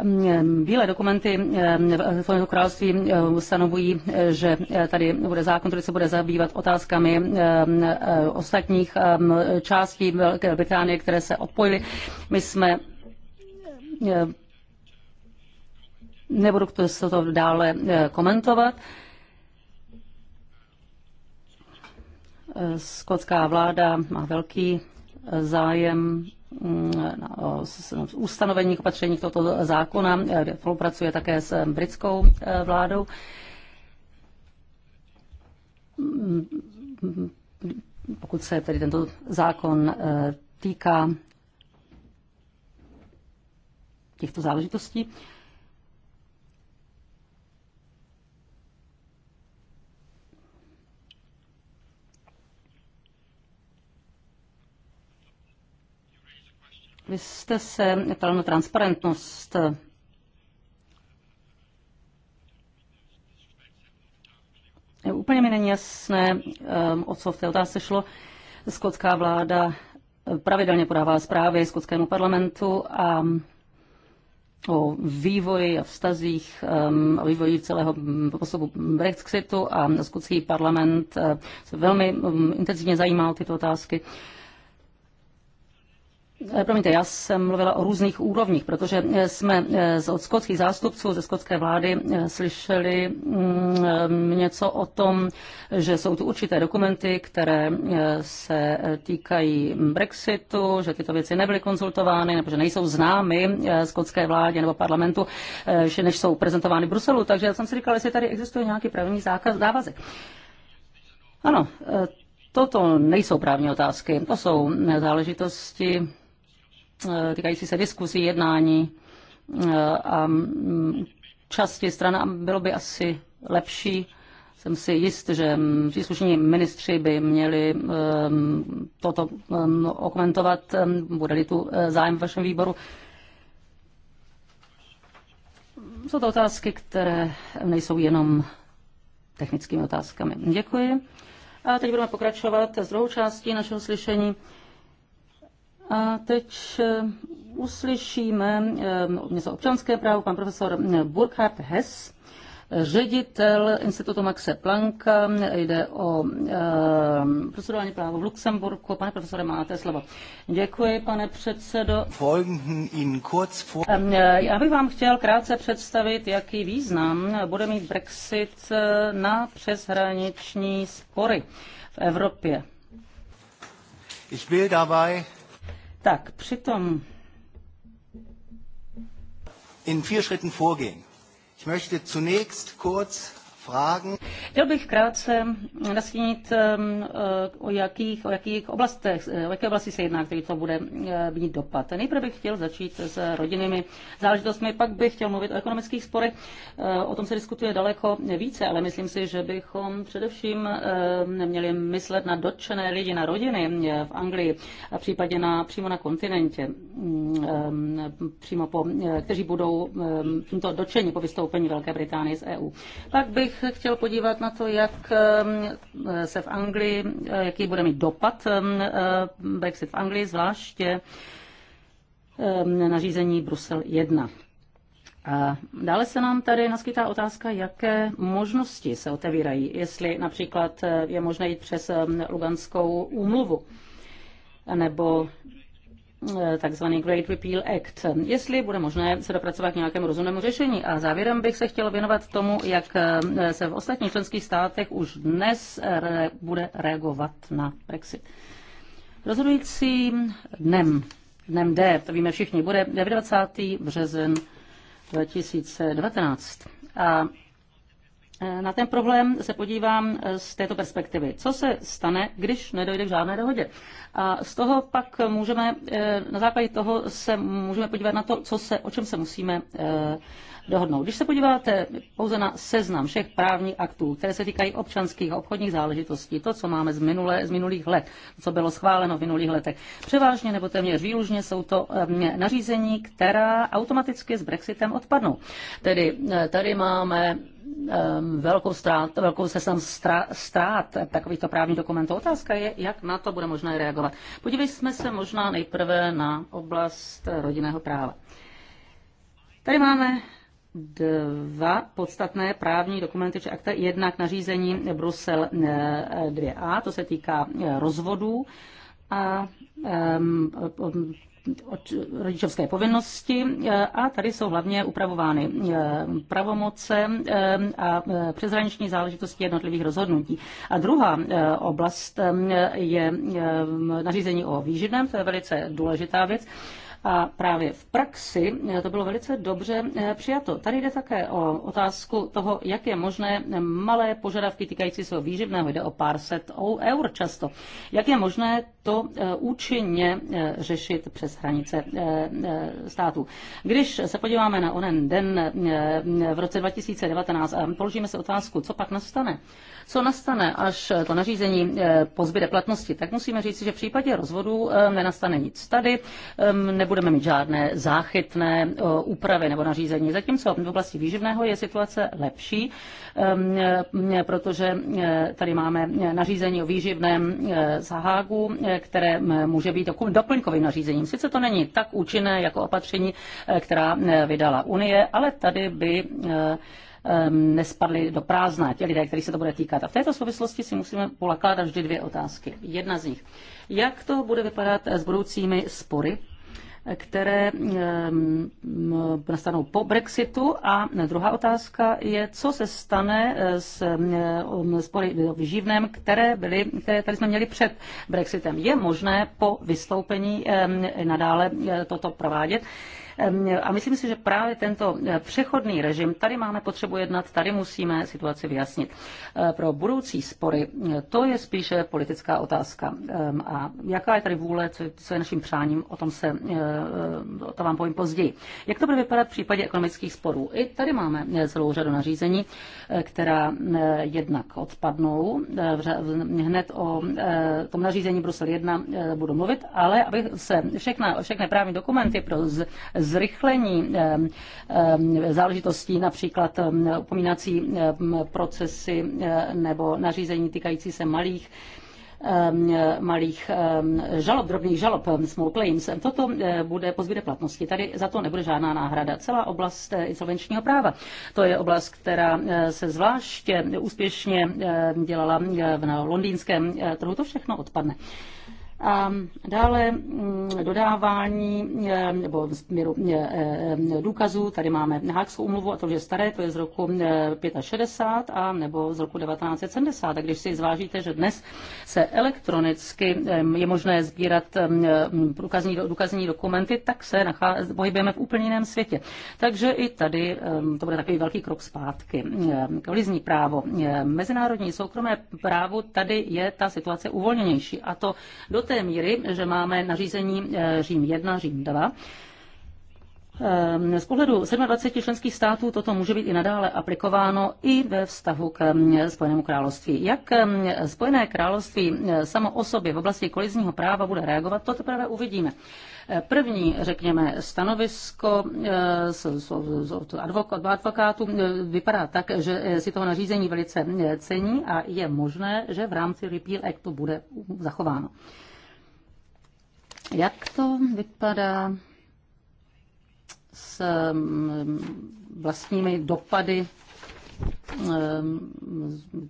Ehm, bílé dokumenty ehm, Spojeného království ehm, stanovují, eh, že eh, tady bude zákon, který se bude zabývat otázkami eh, ostatních částí Velké Británie, které se odpojily. My jsme nebudu to, se to dále komentovat. Skotská vláda má velký zájem ustanovení k opatření k tohoto zákona, eh, kde spolupracuje také s eh, britskou eh, vládou pokud se tedy tento zákon týká těchto záležitostí. Vy jste se ptal na transparentnost. Úplně mi není jasné, um, o co v té otázce šlo. Skotská vláda pravidelně podává zprávy skotskému parlamentu a um, o vývoji a vztazích, um, o vývoji celého osobu Brexitu a skotský parlament uh, se velmi intenzivně zajímal tyto otázky. Eh, promiňte, já jsem mluvila o různých úrovních, protože eh, jsme eh, od skotských zástupců, ze skotské vlády slyšeli mm, něco o tom, že jsou tu určité dokumenty, které se týkají Brexitu, že tyto věci nebyly konzultovány, nebo že nejsou známy skotské vládě nebo parlamentu, než jsou prezentovány v Bruselu. Takže já jsem si říkala, jestli tady existuje nějaký právní zákaz, závazek. Ano, Toto nejsou právní otázky, to jsou záležitosti Eh, týkající se diskuzí, jednání eh, a mm, části strana bylo by asi lepší. Jsem si jist, že mm, příslušní ministři by měli eh, toto mm, okomentovat, bude-li tu zájem v vašem výboru. Jsou to otázky, které nejsou jenom technickými otázkami. Děkuji. A teď budeme pokračovat s druhou částí našeho slyšení. A teď eh, uslyšíme eh, něco občanské právo, pan profesor Burkhard Hess, ředitel Institutu Maxe Plancka, jde o e, procedurální právo v Luxemburku. Pane profesore, máte slovo. Děkuji, pane předsedo. Já bych vám chtěl krátce představit, jaký význam bude mít Brexit na přeshraniční spory v Evropě. Ich will dabei tak přitom in vier Schritten vorgehen. Ich möchte zunächst kurz Chtěl bych krátce nastínit, ehm, eh, o jakých, o jakých oblastech, eh, o jaké oblasti se jedná, který to bude eh, mít dopad. Nejprve bych chtěl začít s rodinnými záležitostmi, pak bych chtěl mluvit o ekonomických sporech. O tom se diskutuje daleko více, ale myslím si, že bychom především neměli ehm, myslet na dotčené lidi, na rodiny v Anglii a případně na, přímo na kontinentě, mm, ehm, přímo po, kteří budou tímto dotčeni po vystoupení Velké Británie z EU. Pak bych bych chtěl podívat na to, jak ehm, se v Anglii, eh, jaký bude mít dopad ehm, eh, Brexit v Anglii, zvláště ehm, nařízení Brusel 1. A dále se nám tady naskytá otázka, jaké možnosti se otevírají, jestli například eh, je možné jít přes Luganskou úmluvu, nebo Eh, takzvaný Great Repeal Act, jestli bude možné se dopracovat k nějakému rozumnému řešení. A závěrem bych se chtěl věnovat tomu, jak eh, se v ostatních členských státech už dnes re- bude reagovat na Brexit. Rozhodujícím dnem, dnem D, to víme všichni, bude 29. březen 2019. A Eh, na ten problém se podívám eh, z této perspektivy. Co se stane, když nedojde k žádné dohodě? A z toho pak můžeme, eh, na základě toho se můžeme podívat na to, co se, o čem se musíme dohodnout. Když se podíváte pouze na seznam všech právních aktů, které se týkají občanských a obchodních záležitostí, to, co máme z, minulé, z minulých let, co bylo schváleno v minulých letech, převážně nebo téměř výlužně jsou to nařízení, která automaticky s Brexitem odpadnou. Tedy tady máme Um, velkou, ztrát, velkou sám ztrát takovýchto právních dokumentů. Otázka je, jak na to bude možné reagovat. Podívejme jsme se možná nejprve na oblast rodinného práva. Tady máme dva podstatné právní dokumenty či akta. Jednak nařízení Brusel 2a, eh, to se týká eh, rozvodů a um, rodičovské povinnosti eh, a tady jsou hlavně upravovány eh, pravomoce eh, a přeshraniční záležitosti jednotlivých rozhodnutí. A druhá oblast je nařízení o výživném, to je velice důležitá věc. A právě v praxi eh, to bylo velice dobře eh, přijato. Tady jde také o otázku toho, jak je možné malé požadavky týkající se výživného, jde o pár set eur často, jak je možné to eh, účinně řešit přes hranice států. Když se podíváme na onen den v roce 2019 a položíme se otázku, co pak nastane, co nastane, až to nařízení pozbyde platnosti, tak musíme říct, že v případě rozvodu nenastane nic tady, nebo nebudeme mít žádné záchytné eh, úpravy nebo nařízení. Zatímco v oblasti výživného je situace lepší, ehm, eh, protože eh, tady máme nařízení o výživném zahágu, které může být doplňkovým nařízením. Sice to není tak účinné jako opatření, která vydala Unie, ale tady by ehm, nespadly do prázdna, ti lidé, kterých se to bude týkat. A v této souvislosti si musíme polakládat vždy dvě otázky. Jedna z nich. Jak to bude vypadat s budoucími spory které ehm, nastanou po Brexitu. A druhá otázka je, co se stane s ehm, spory v živném, které, byly, které tady jsme měli před Brexitem. Je možné po vystoupení ehm, nadále eh, toto provádět? A myslím si, že právě tento eh, přechodný režim, tady máme potřebu jednat, tady musíme situaci vyjasnit. Eh, pro budoucí spory eh, to je spíše politická otázka. Ehm, a jaká je tady vůle, co je naším přáním, o tom se, o to vám povím později. Jak to bude vypadat v případě ekonomických sporů? I tady máme celou řadu nařízení, která jednak odpadnou. Hned o tom nařízení Brusel 1 budu mluvit, ale aby se všechna, všechny právní dokumenty pro z, z zrychlení eh, eh, záležitostí, například eh, upomínací procesy nebo nařízení týkající se malých malých žalob, drobných žalob, small claims. Toto bude pozbyde platnosti. Tady za to nebude žádná náhrada. Celá oblast insolvenčního práva. To je oblast, která se zvláště úspěšně dělala na londýnském trhu. To všechno odpadne. A dále mm, dodávání eh, nebo směru eh, eh, důkazů, tady máme Hákskou umluvu, a to je staré, to je z roku 65 a nebo z roku 1970. A když si zvážíte, že dnes se elektronicky je možné sbírat důkazní, mm, důkazní dokumenty, tak se nachází, pohybujeme v úplně jiném světě. Takže i tady to bude takový velký krok zpátky. Kolizní právo. Mezinárodní soukromé právo, tady je ta situace uvolněnější. A to do té míry, že máme nařízení eh, Řím 1, Řím 2, ehm, z pohledu 27 členských států toto může být i nadále aplikováno i ve vztahu k mm, Spojenému království. Jak mm, Spojené království eh, samo o sobě v oblasti kolizního práva bude reagovat, to teprve uvidíme. Eh, první, řekněme, stanovisko od advokátu vypadá tak, že si toho nařízení velice cení a je možné, že v rámci Repeal Actu bude zachováno. Jak to vypadá s mm, vlastními dopady Eh,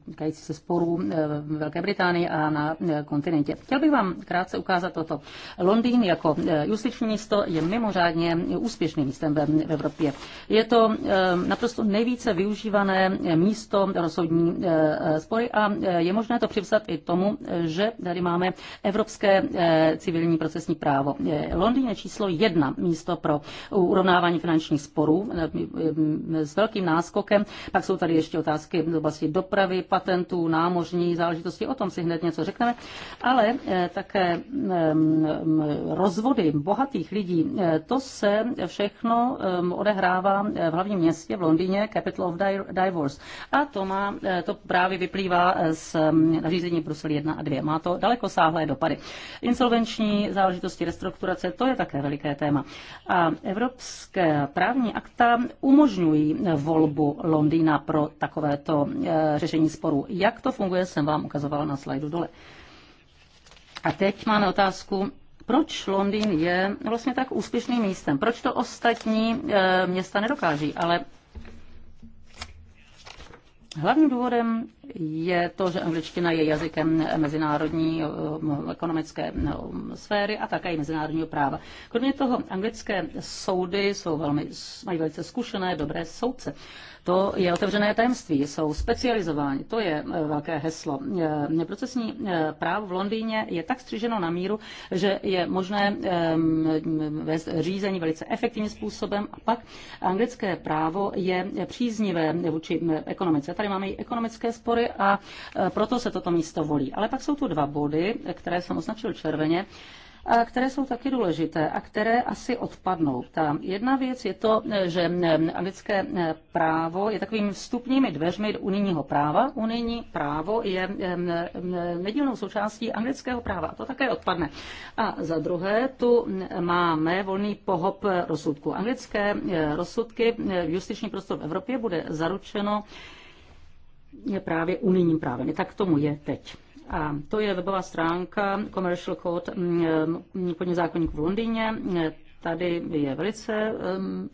týkající se sporů v eh, Velké Británii a na eh, kontinentě. Chtěl bych vám krátce ukázat toto. Londýn jako justiční město je mimořádně úspěšným místem v Evropě. Je to naprosto nejvíce využívané místo rozhodní spory a je možné to přivzat i tomu, že tady máme evropské civilní procesní právo. Londýn je číslo jedna místo pro urovnávání finančních sporů s velkým náskokem. Pak jsou tady ještě ještě otázky v oblasti dopravy, patentů, námořní záležitosti, o tom si hned něco řekneme, ale eh, také rozvody bohatých lidí, eh, to se všechno odehrává eh, v hlavním městě v Londýně, Capital of Divorce. A to, má, to právě vyplývá z nařízení Brusel 1 a 2. Má to daleko sáhlé dopady. Insolvenční záležitosti, restrukturace, to je také veliké téma. A evropské právní akta umožňují volbu Londýna pro takovéto eh, řešení sporů. Jak to funguje, jsem vám ukazovala na slajdu dole. A teď máme otázku, proč Londýn je vlastně tak úspěšným místem? Proč to ostatní eh, města nedokáží? Ale Hlavním důvodem je to, že angličtina je jazykem mezinárodní eh, ekonomické sféry a také i mezinárodního práva. Kromě toho anglické soudy jsou velmi, mají velice zkušené, dobré soudce. To je otevřené tajemství, jsou specializováni, to je eh, velké heslo. Eh, procesní eh, právo v Londýně je tak střiženo na míru, že je možné ehm, vést řízení velice efektivním způsobem a pak anglické právo je příznivé vůči ekonomice. Tady máme i ekonomické spory a proto se toto místo volí. Ale pak jsou tu dva body, které jsem označil červeně které jsou taky důležité a které asi odpadnou. Ta jedna věc je to, že anglické právo je takovým vstupními dveřmi do unijního práva. Unijní právo je nedílnou součástí anglického práva a to také odpadne. A za druhé, tu máme volný pohop rozsudku. Anglické eh, rozsudky v justiční prostor v Evropě bude zaručeno je právě unijním právem. I tak tomu je teď. A to je webová stránka Commercial Code mm, mm, podně zákonník v Londýně. Tady je velice um,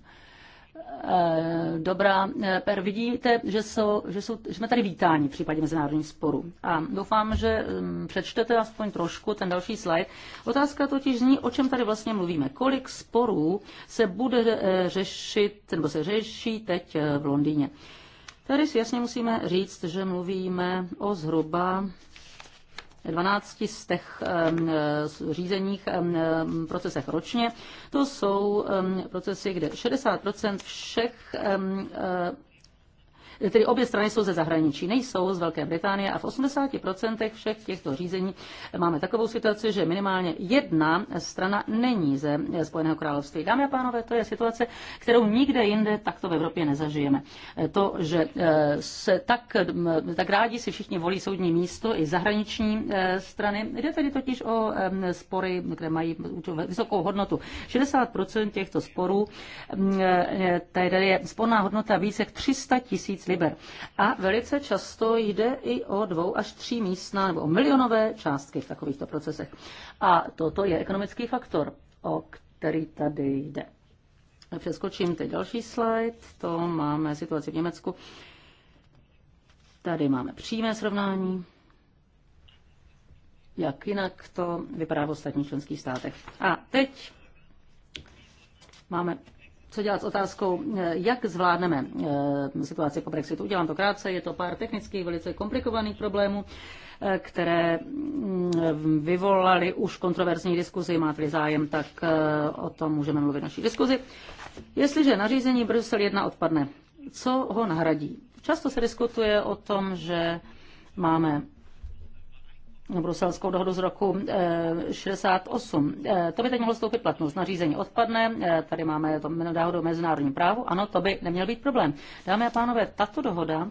dobrá. Eh, per, vidíte, že, jsou, že, jsou, že jsme tady vítáni v případě mezinárodních sporů. A doufám, že přečtete aspoň trošku ten další slide. Otázka totiž zní, o čem tady vlastně mluvíme. Kolik sporů se bude eh, řešit, nebo se řeší teď v Londýně? Tady si jasně musíme říct, že mluvíme o zhruba 12 z těch řízeních procesech ročně. To jsou procesy, kde 60 všech tedy obě strany jsou ze zahraničí, nejsou z Velké Británie a v 80% všech těchto řízení máme takovou situaci, že minimálně jedna strana není ze Spojeného království. Dámy a pánové, to je situace, kterou nikde jinde takto v Evropě nezažijeme. To, že eh, se tak, eh, tak rádi si všichni volí soudní místo i zahraniční eh, strany, jde tedy totiž o spory, které mají vysokou hodnotu. 60% těchto sporů, mm, tady je sporná hodnota více jak 300 tisíc liber. A velice často jde i o dvou až tří místná nebo o milionové částky v takovýchto procesech. A toto je ekonomický faktor, o který tady jde. Přeskočím teď další slide, to máme situaci v Německu. Tady máme přímé srovnání, jak jinak to vypadá v ostatních členských státech. A teď máme co dělat s otázkou, jak zvládneme eh, situaci po Brexitu. Udělám to krátce, je to pár technických, velice komplikovaných problémů eh, které mm, vyvolaly už kontroverzní diskuzi, máte zájem, tak eh, o tom můžeme mluvit v naší diskuzi. Jestliže nařízení Brusel 1 odpadne, co ho nahradí? Často se diskutuje o tom, že máme bruselskou dohodu z roku 68. Eh, eh, to by teď mohlo stoupit platnost. Nařízení odpadne, eh, tady máme to dohodu o mezinárodním právu, ano, to by neměl být problém. Dámy a pánové, tato dohoda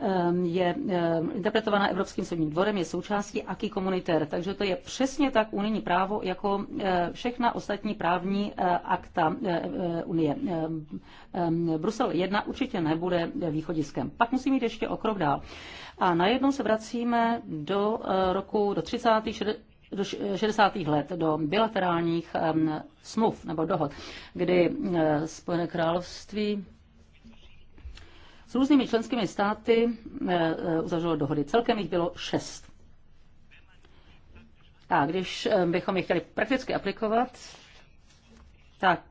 Ehm, je ehm, interpretována Evropským soudním dvorem, je součástí aký komunitér. Takže to je přesně tak unijní právo jako eh, všechna ostatní právní eh, akta eh, Unie. Ehm, Brusel 1 určitě nebude východiskem. Pak musím jít ještě o krok dál. A najednou se vracíme do roku, do 30. 60. let do bilaterálních smluv nebo dohod, kdy Spojené království s různými členskými státy eh, eh, uzavřelo dohody. Celkem jich bylo šest. A když eh, bychom je chtěli prakticky aplikovat, tak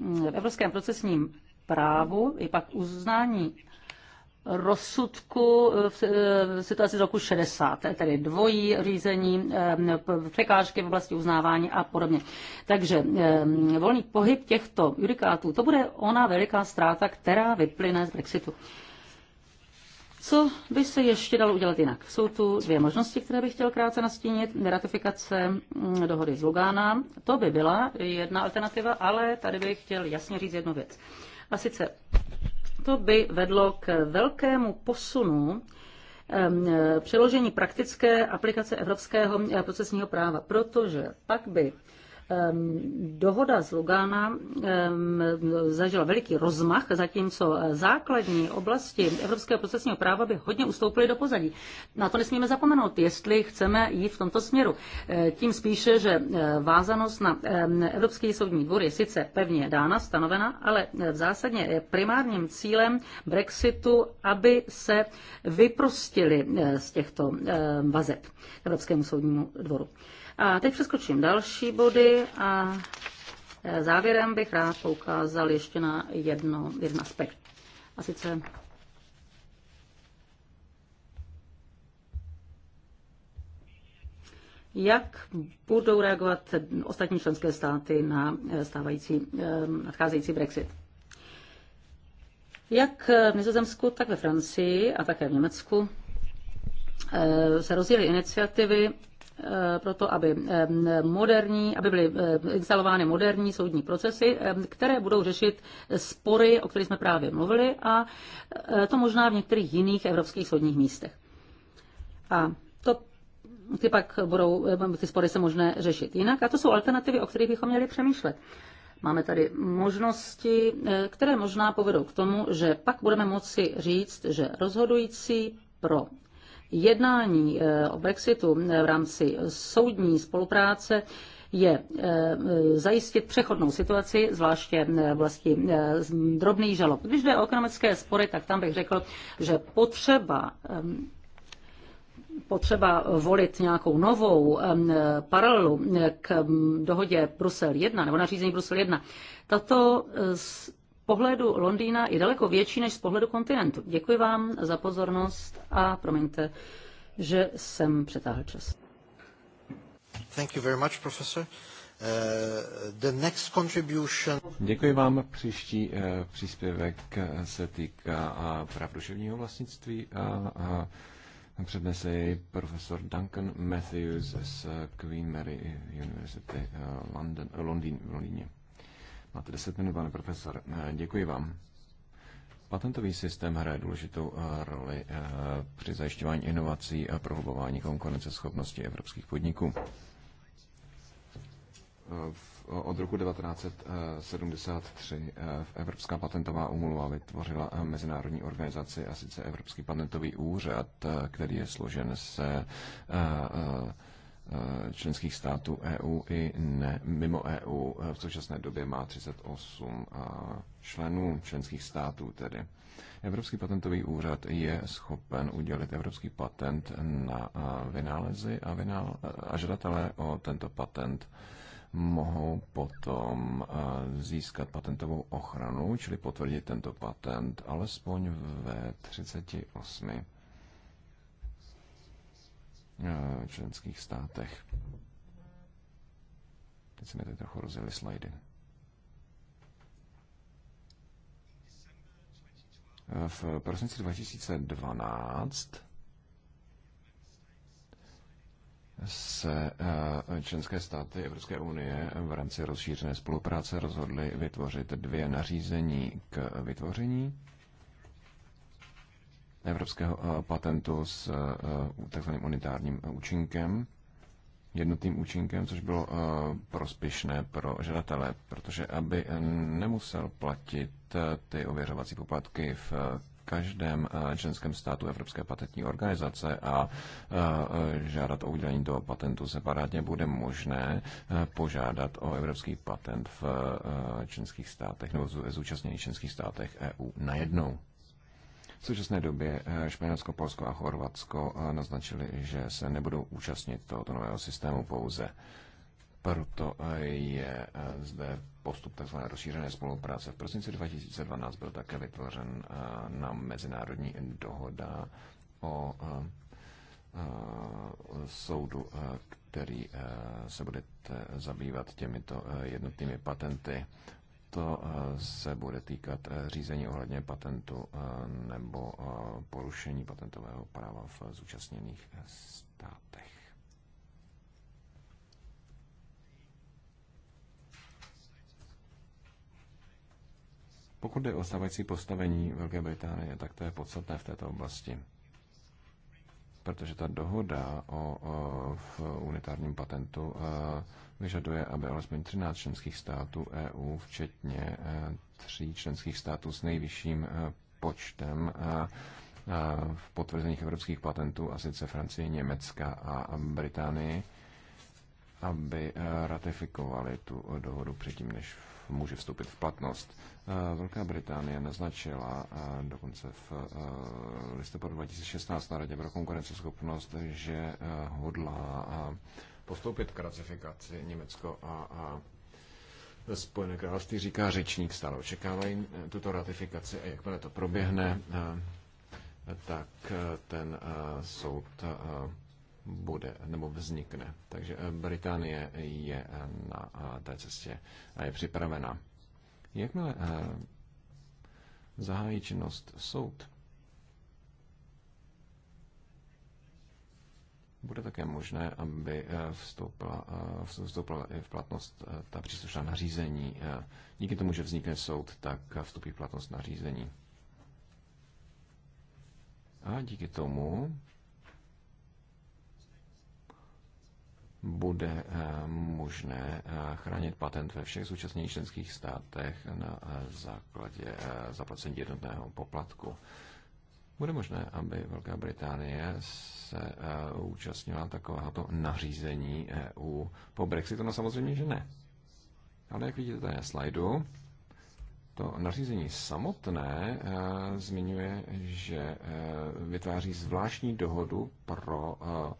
v evropském procesním právu je pak uznání rozsudku eh, eh, v situaci z roku 60, tedy dvojí řízení, eh, překážky v oblasti uznávání a podobně. Takže volný pohyb těchto judikátů, to bude ona veliká ztráta, která vyplyne z Brexitu. Co by se ještě dalo udělat jinak? Jsou tu dvě možnosti, které bych chtěl krátce nastínit. Ratifikace mm, dohody z Lugána, to by byla jedna alternativa, ale tady bych chtěl jasně říct jednu věc. A sice to by vedlo k velkému posunu eh, přeložení praktické aplikace evropského eh, procesního práva, protože pak by dohoda z Lugána zažila veliký rozmach, zatímco eh, základní oblasti evropského procesního práva by hodně ustoupily do pozadí. Na to nesmíme zapomenout, jestli chceme jít v tomto směru. Eh, tím spíše, že eh, vázanost na Evropský soudní dvůr je sice pevně dána, stanovena, ale v zásadně je primárním cílem Brexitu, aby se vyprostili z těchto vazeb Evropskému soudnímu dvoru. A teď přeskočím další body a e, závěrem bych rád poukázal ještě na jedno, jeden aspekt. A sice Jak budou reagovat ostatní členské státy na e, stávající, e, nadcházející Brexit? Jak v Nizozemsku, tak ve Francii a také v Německu se rozjeli iniciativy Eh, proto, aby eh, moderní, aby byly eh, instalovány moderní soudní procesy, které budou řešit spory, o kterých jsme právě mluvili, a to možná v některých jiných evropských soudních místech. A to ty pak budou, ty spory se možné řešit jinak. A to jsou alternativy, o kterých bychom měli přemýšlet. Máme tady možnosti, které možná povedou k tomu, že pak budeme moci říct, že rozhodující pro jednání eh, o Brexitu eh, v rámci soudní spolupráce je eh, zajistit přechodnou situaci, zvláště vlastně drobný žalob. Když jde o ekonomické spory, tak tam bych řekl, že potřeba potřeba volit nějakou novou paralelu k hm, dohodě Brusel 1 nebo nařízení Brusel 1, tato pohledu Londýna je daleko větší než z pohledu kontinentu. Děkuji vám za pozornost a promiňte, že jsem přetáhl čas. Thank you very much, professor. Uh, the next contribution... Děkuji vám. Příští uh, příspěvek uh, se týká uh, pravduševního vlastnictví a uh, přednese jej profesor Duncan Matthews z uh, Queen Mary University uh, London, uh, Londýn, v Londýně. Máte 10 minut, pane profesor. Eh, děkuji vám. Patentový systém hraje důležitou eh, roli eh, při zajišťování inovací a prohlubování konkurenceschopnosti evropských podniků. Od roku 1973 Evropská patentová umluva vytvořila mezinárodní organizaci a sice Evropský patentový úřad, který je složen se Eh, členských států EU i ne, mimo EU eh, v současné době má 38 eh, členů členských států tedy. Evropský patentový úřad je schopen udělit evropský patent na vynálezy a, vynál, a žadatelé o tento patent mohou potom získat patentovou ochranu, čili potvrdit tento patent alespoň ve 38 Eh, členských státech. Teď jsme tady trochu rozjeli slajdy. Eh, v prosinci 2012 se eh, členské státy Evropské unie v rámci rozšířené spolupráce rozhodly vytvořit dvě nařízení k vytvoření evropského eh, patentu s eh, eh, takzvaným unitárním účinkem, jednotným účinkem, což bylo prospěšné pro žadatele, protože aby nemusel platit ty ověřovací poplatky v každém členském státu Evropské patentní organizace a žádat o udělení toho patentu separátně bude možné požádat o evropský patent v členských státech nebo zúčastněných členských státech EU najednou. V současné době eh, Španělsko, Polsko a Chorvatsko eh, naznačili, že se nebudou účastnit tohoto nového systému pouze. Proto eh, je zde postup tzv. rozšířené spolupráce. V prosinci 2012 byl také vytvořen na mezinárodní dohoda o soudu, který se bude zabývat těmito jednotnými patenty to eh, se bude týkat eh, řízení ohledně patentu eh, nebo porušení patentového práva v zúčastněných státech. Pokud jde o stávající postavení Velké Británie, tak to je podstatné v této oblasti. Protože ta dohoda o, o v unitárním patentu vyžaduje, aby alespoň 13 členských států EU, včetně eh, tří členských států s nejvyšším eh, počtem eh, v potvrzených evropských patentů, a sice Francie, Německa a Británii, aby ratifikovali tu dohodu předtím, než může vstoupit v platnost. Velká Británie naznačila dokonce v listopadu 2016 na Radě pro konkurenceschopnost, že hodlá postoupit k ratifikaci Německo a, a Spojené království, říká řečník, stále očekávají tuto ratifikaci a jakmile to proběhne, eh, tak eh, ten eh, soud bude nebo vznikne. Takže Británie je na té cestě a je připravena. Jakmile zahájí činnost soud, bude také možné, aby eh, vstoupila, eh, vstoupila i v platnost eh, ta příslušná nařízení. Díky tomu, že vznikne soud, tak vstupí v platnost nařízení. A díky tomu bude možné chránit patent ve všech současných členských státech na základě zaplacení jednotného poplatku. Bude možné, aby Velká Británie se uh, účastnila takovéhoto nařízení EU po Brexitu? No samozřejmě, že ne. Ale jak vidíte tady na slajdu, to nařízení samotné uh, zmiňuje, že uh, vytváří zvláštní dohodu pro uh,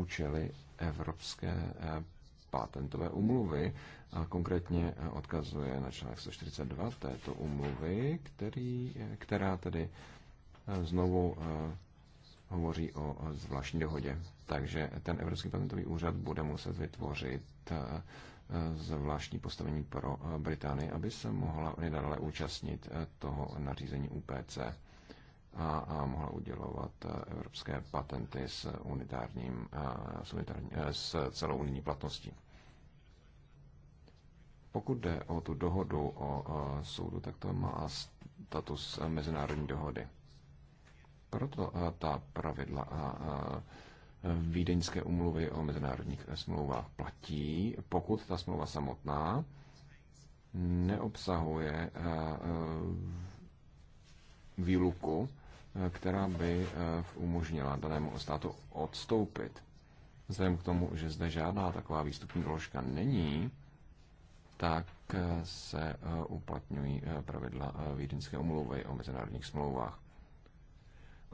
účely Evropské uh, patentové umluvy a konkrétně odkazuje na článek 142 této umluvy, který, která tedy znovu eh, hovoří o eh, zvláštní dohodě. Takže ten Evropský patentový úřad bude muset vytvořit eh, zvláštní postavení pro Británii, aby se mohla nadále účastnit toho nařízení UPC a, mohla udělovat evropské patenty s, unitárním, s, unitární, s celou unijní platností. Pokud jde o tu dohodu o soudu, tak to má status mezinárodní dohody proto eh, ta pravidla a eh, eh, výdeňské umluvy o mezinárodních smlouvách platí, pokud ta smlouva samotná neobsahuje výluku, která by umožnila danému státu odstoupit. Vzhledem k tomu, že zde žádná taková výstupní doložka není, tak se uplatňují pravidla Vídeňské umluvy o mezinárodních smlouvách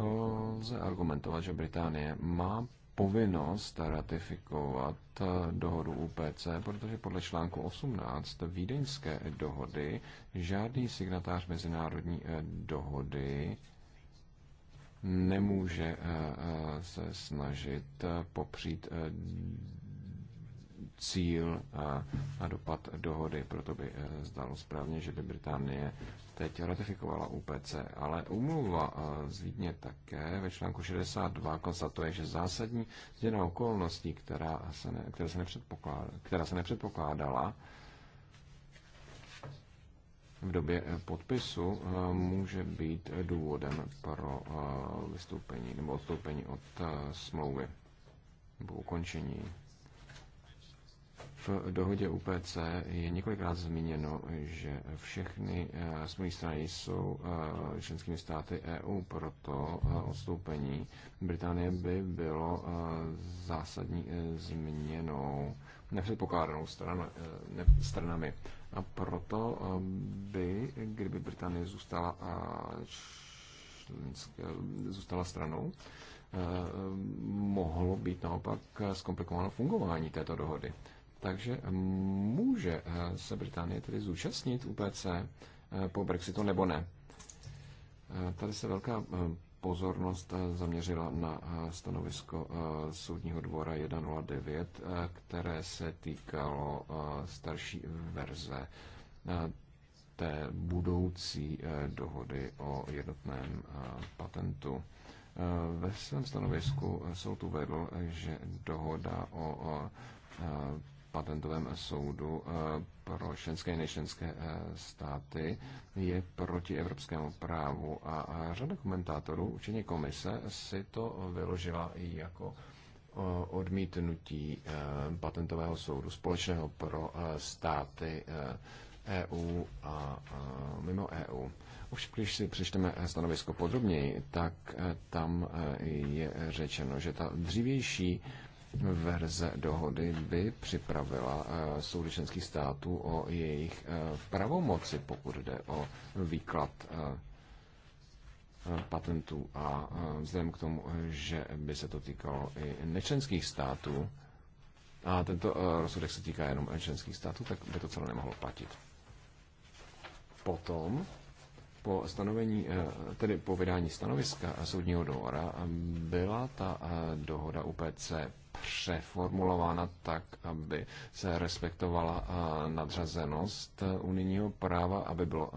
lze argumentovat, že Británie má povinnost ratifikovat eh, dohodu UPC, protože podle článku 18 Vídeňské dohody žádný signatář mezinárodní eh, dohody nemůže eh, se snažit popřít cíl a, a dopad dohody. Proto by eh, zdalo správně, že by Británie teď ratifikovala UPC, ale umluva eh, z Vídně také ve článku 62 konstatuje, že zásadní změna okolností, která se, ne, která se, nepředpokládala, která se nepředpokládala v době eh, podpisu, může být důvodem pro vystoupení nebo odstoupení od smlouvy nebo ukončení v dohodě UPC je několikrát zmíněno, že všechny smluvní eh, strany jsou eh, členskými státy EU, proto eh, odstoupení Británie by bylo zásadní změnou nepředpokládanou stranami. A proto by, kdyby Británie zůstala, zůstala stranou, mohlo být naopak zkomplikováno fungování této dohody. Takže může eh, se Británie tedy zúčastnit UPC eh, po Brexitu nebo ne? Eh, tady se velká pozornost zaměřila na stanovisko Soudního dvora 109, které se týkalo starší verze té budoucí dohody o jednotném patentu. Ve svém stanovisku soud uvedl, že dohoda o patentovém soudu eh, pro členské i eh, státy je proti evropskému právu a řada komentátorů, včetně komise, si to vyložila i jako eh, odmítnutí patentového soudu společného pro státy EU e a mimo EU. Už když si přečteme stanovisko podrobněji, tak tam je řečeno, že ta dřívější verze dohody by připravila eh, soudy členských států o jejich eh, pravomoci, pokud jde o výklad eh, patentů a vzhledem k tomu, že by se to týkalo i nečenských států, a tento rozsudek se týká jenom členských států, tak by to celé nemohlo platit. Potom, po stanovení, tedy po vydání stanoviska soudního dvora, byla ta dohoda UPC přeformulována tak, aby se respektovala nadřazenost e, unijního práva, aby bylo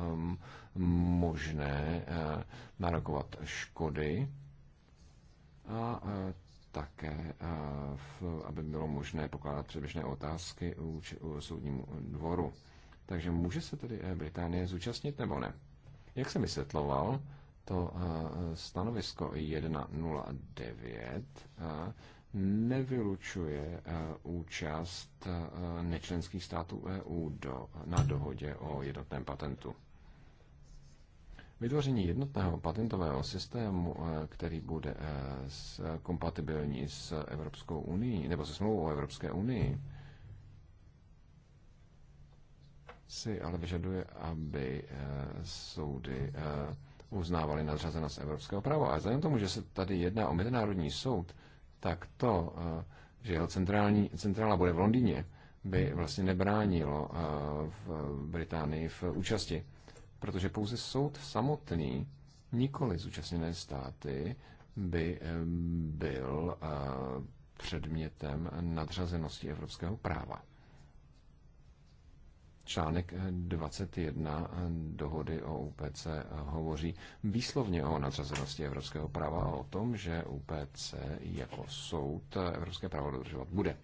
možné e, narokovat škody a e, také, aby bylo možné pokládat předběžné otázky u soudnímu dvoru. Takže může se tedy Británie zúčastnit nebo ne? Jak jsem vysvětloval, to stanovisko 109 nevylučuje eh, účast eh, nečlenských států EU do, na dohodě o jednotném patentu. Vytvoření jednotného patentového systému, eh, který bude kompatibilní s Evropskou unii nebo se smlouvou o Evropské unii, si ale vyžaduje, aby soudy uznávaly nadřazenost evropského práva. A vzhledem tomu, že se tady jedná o mezinárodní soud, tak to, eh, že jeho centrální, centrála bude v Londýně, by vlastně nebránilo eh, v Británii v účasti. Protože pouze soud samotný, nikoli zúčastněné státy, by eh, byl předmětem nadřazenosti evropského práva. Článek 21 dohody o UPC hovoří výslovně o nadřazenosti evropského práva a o tom, že UPC jako soud evropské právo dodržovat bude.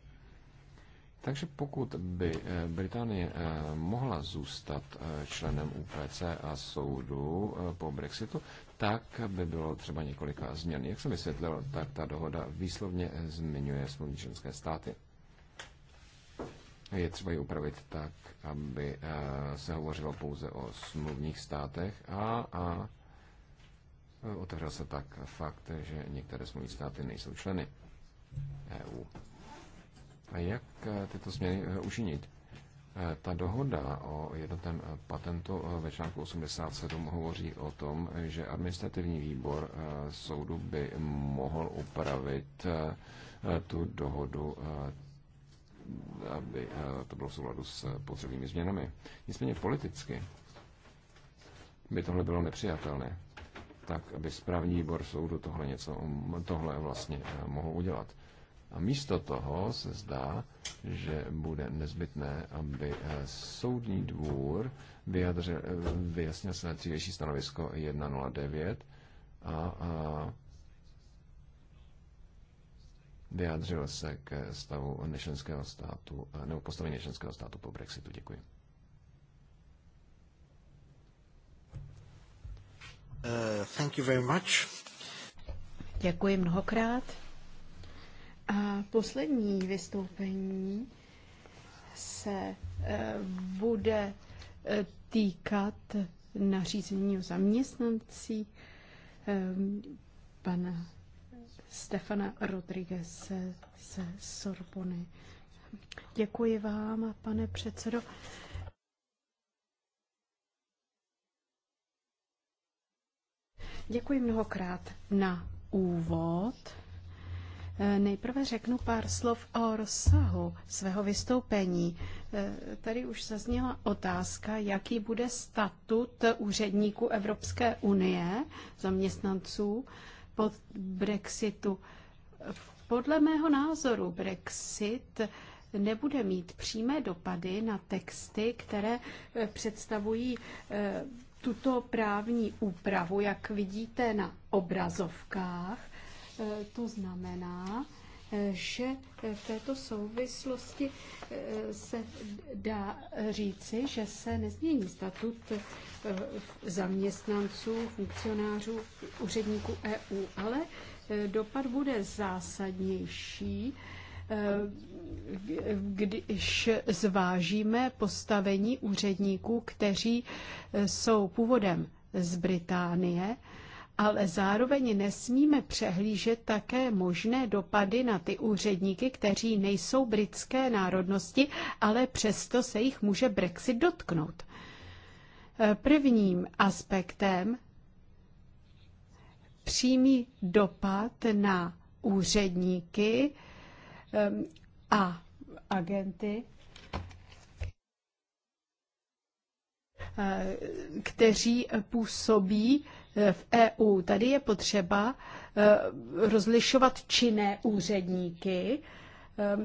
Takže pokud by eh, Británie eh, mohla zůstat eh, členem UPC a soudu po Brexitu, tak by bylo třeba několika změn. Jak jsem vysvětlil, tak ta dohoda výslovně zmiňuje smluvní členské státy. Je třeba ji upravit tak, aby eh, se hovořilo pouze o smluvních státech a, a eh, otevřel se tak fakt, že některé smluvní státy nejsou členy EU. A jak eh, tyto směny učinit? Ta dohoda o jednotném patentu ve článku 87 hovoří o tom, že administrativní výbor soudu by mohl upravit tu dohodu aby eh, to bylo v souladu s eh, potřebnými změnami. Nicméně politicky by tohle bylo nepřijatelné, tak aby správní výbor soudu tohle, něco, tohle vlastně eh, mohl udělat. A místo toho se zdá, že bude nezbytné, aby soudní dvůr vyjasnil své dřívější stanovisko 109 a, a vyjádřil se k stavu nešenského státu, nebo postavení nešenského státu po Brexitu. Děkuji. Uh, thank you very much. Děkuji mnohokrát. A poslední vystoupení se eh, bude eh, týkat nařízení o zaměstnancích eh, pana Stefana Rodriguez ze Sorbony. Děkuji vám, pane předsedo. Děkuji mnohokrát na úvod. Eh, nejprve řeknu pár slov o rozsahu svého vystoupení. Eh, tady už zazněla otázka, jaký bude statut úředníků Evropské unie, zaměstnanců po Brexitu. Podle mého názoru Brexit nebude mít přímé dopady na texty, které eh, představují eh, tuto právní úpravu, jak vidíte na obrazovkách. Eh, to znamená, že v této souvislosti eh, se dá říci, že se nezmění statut eh, zaměstnanců, funkcionářů, úředníků EU, ale eh, dopad bude zásadnější, když zvážíme postavení úředníků, kteří jsou původem z Británie, ale zároveň nesmíme přehlížet také možné dopady na ty úředníky, kteří nejsou britské národnosti, ale přesto se jich může Brexit dotknout. E, prvním aspektem přímý dopad na úředníky a agenty, e, kteří působí Eh, v EU. Tady je potřeba eh, rozlišovat činné úředníky eh,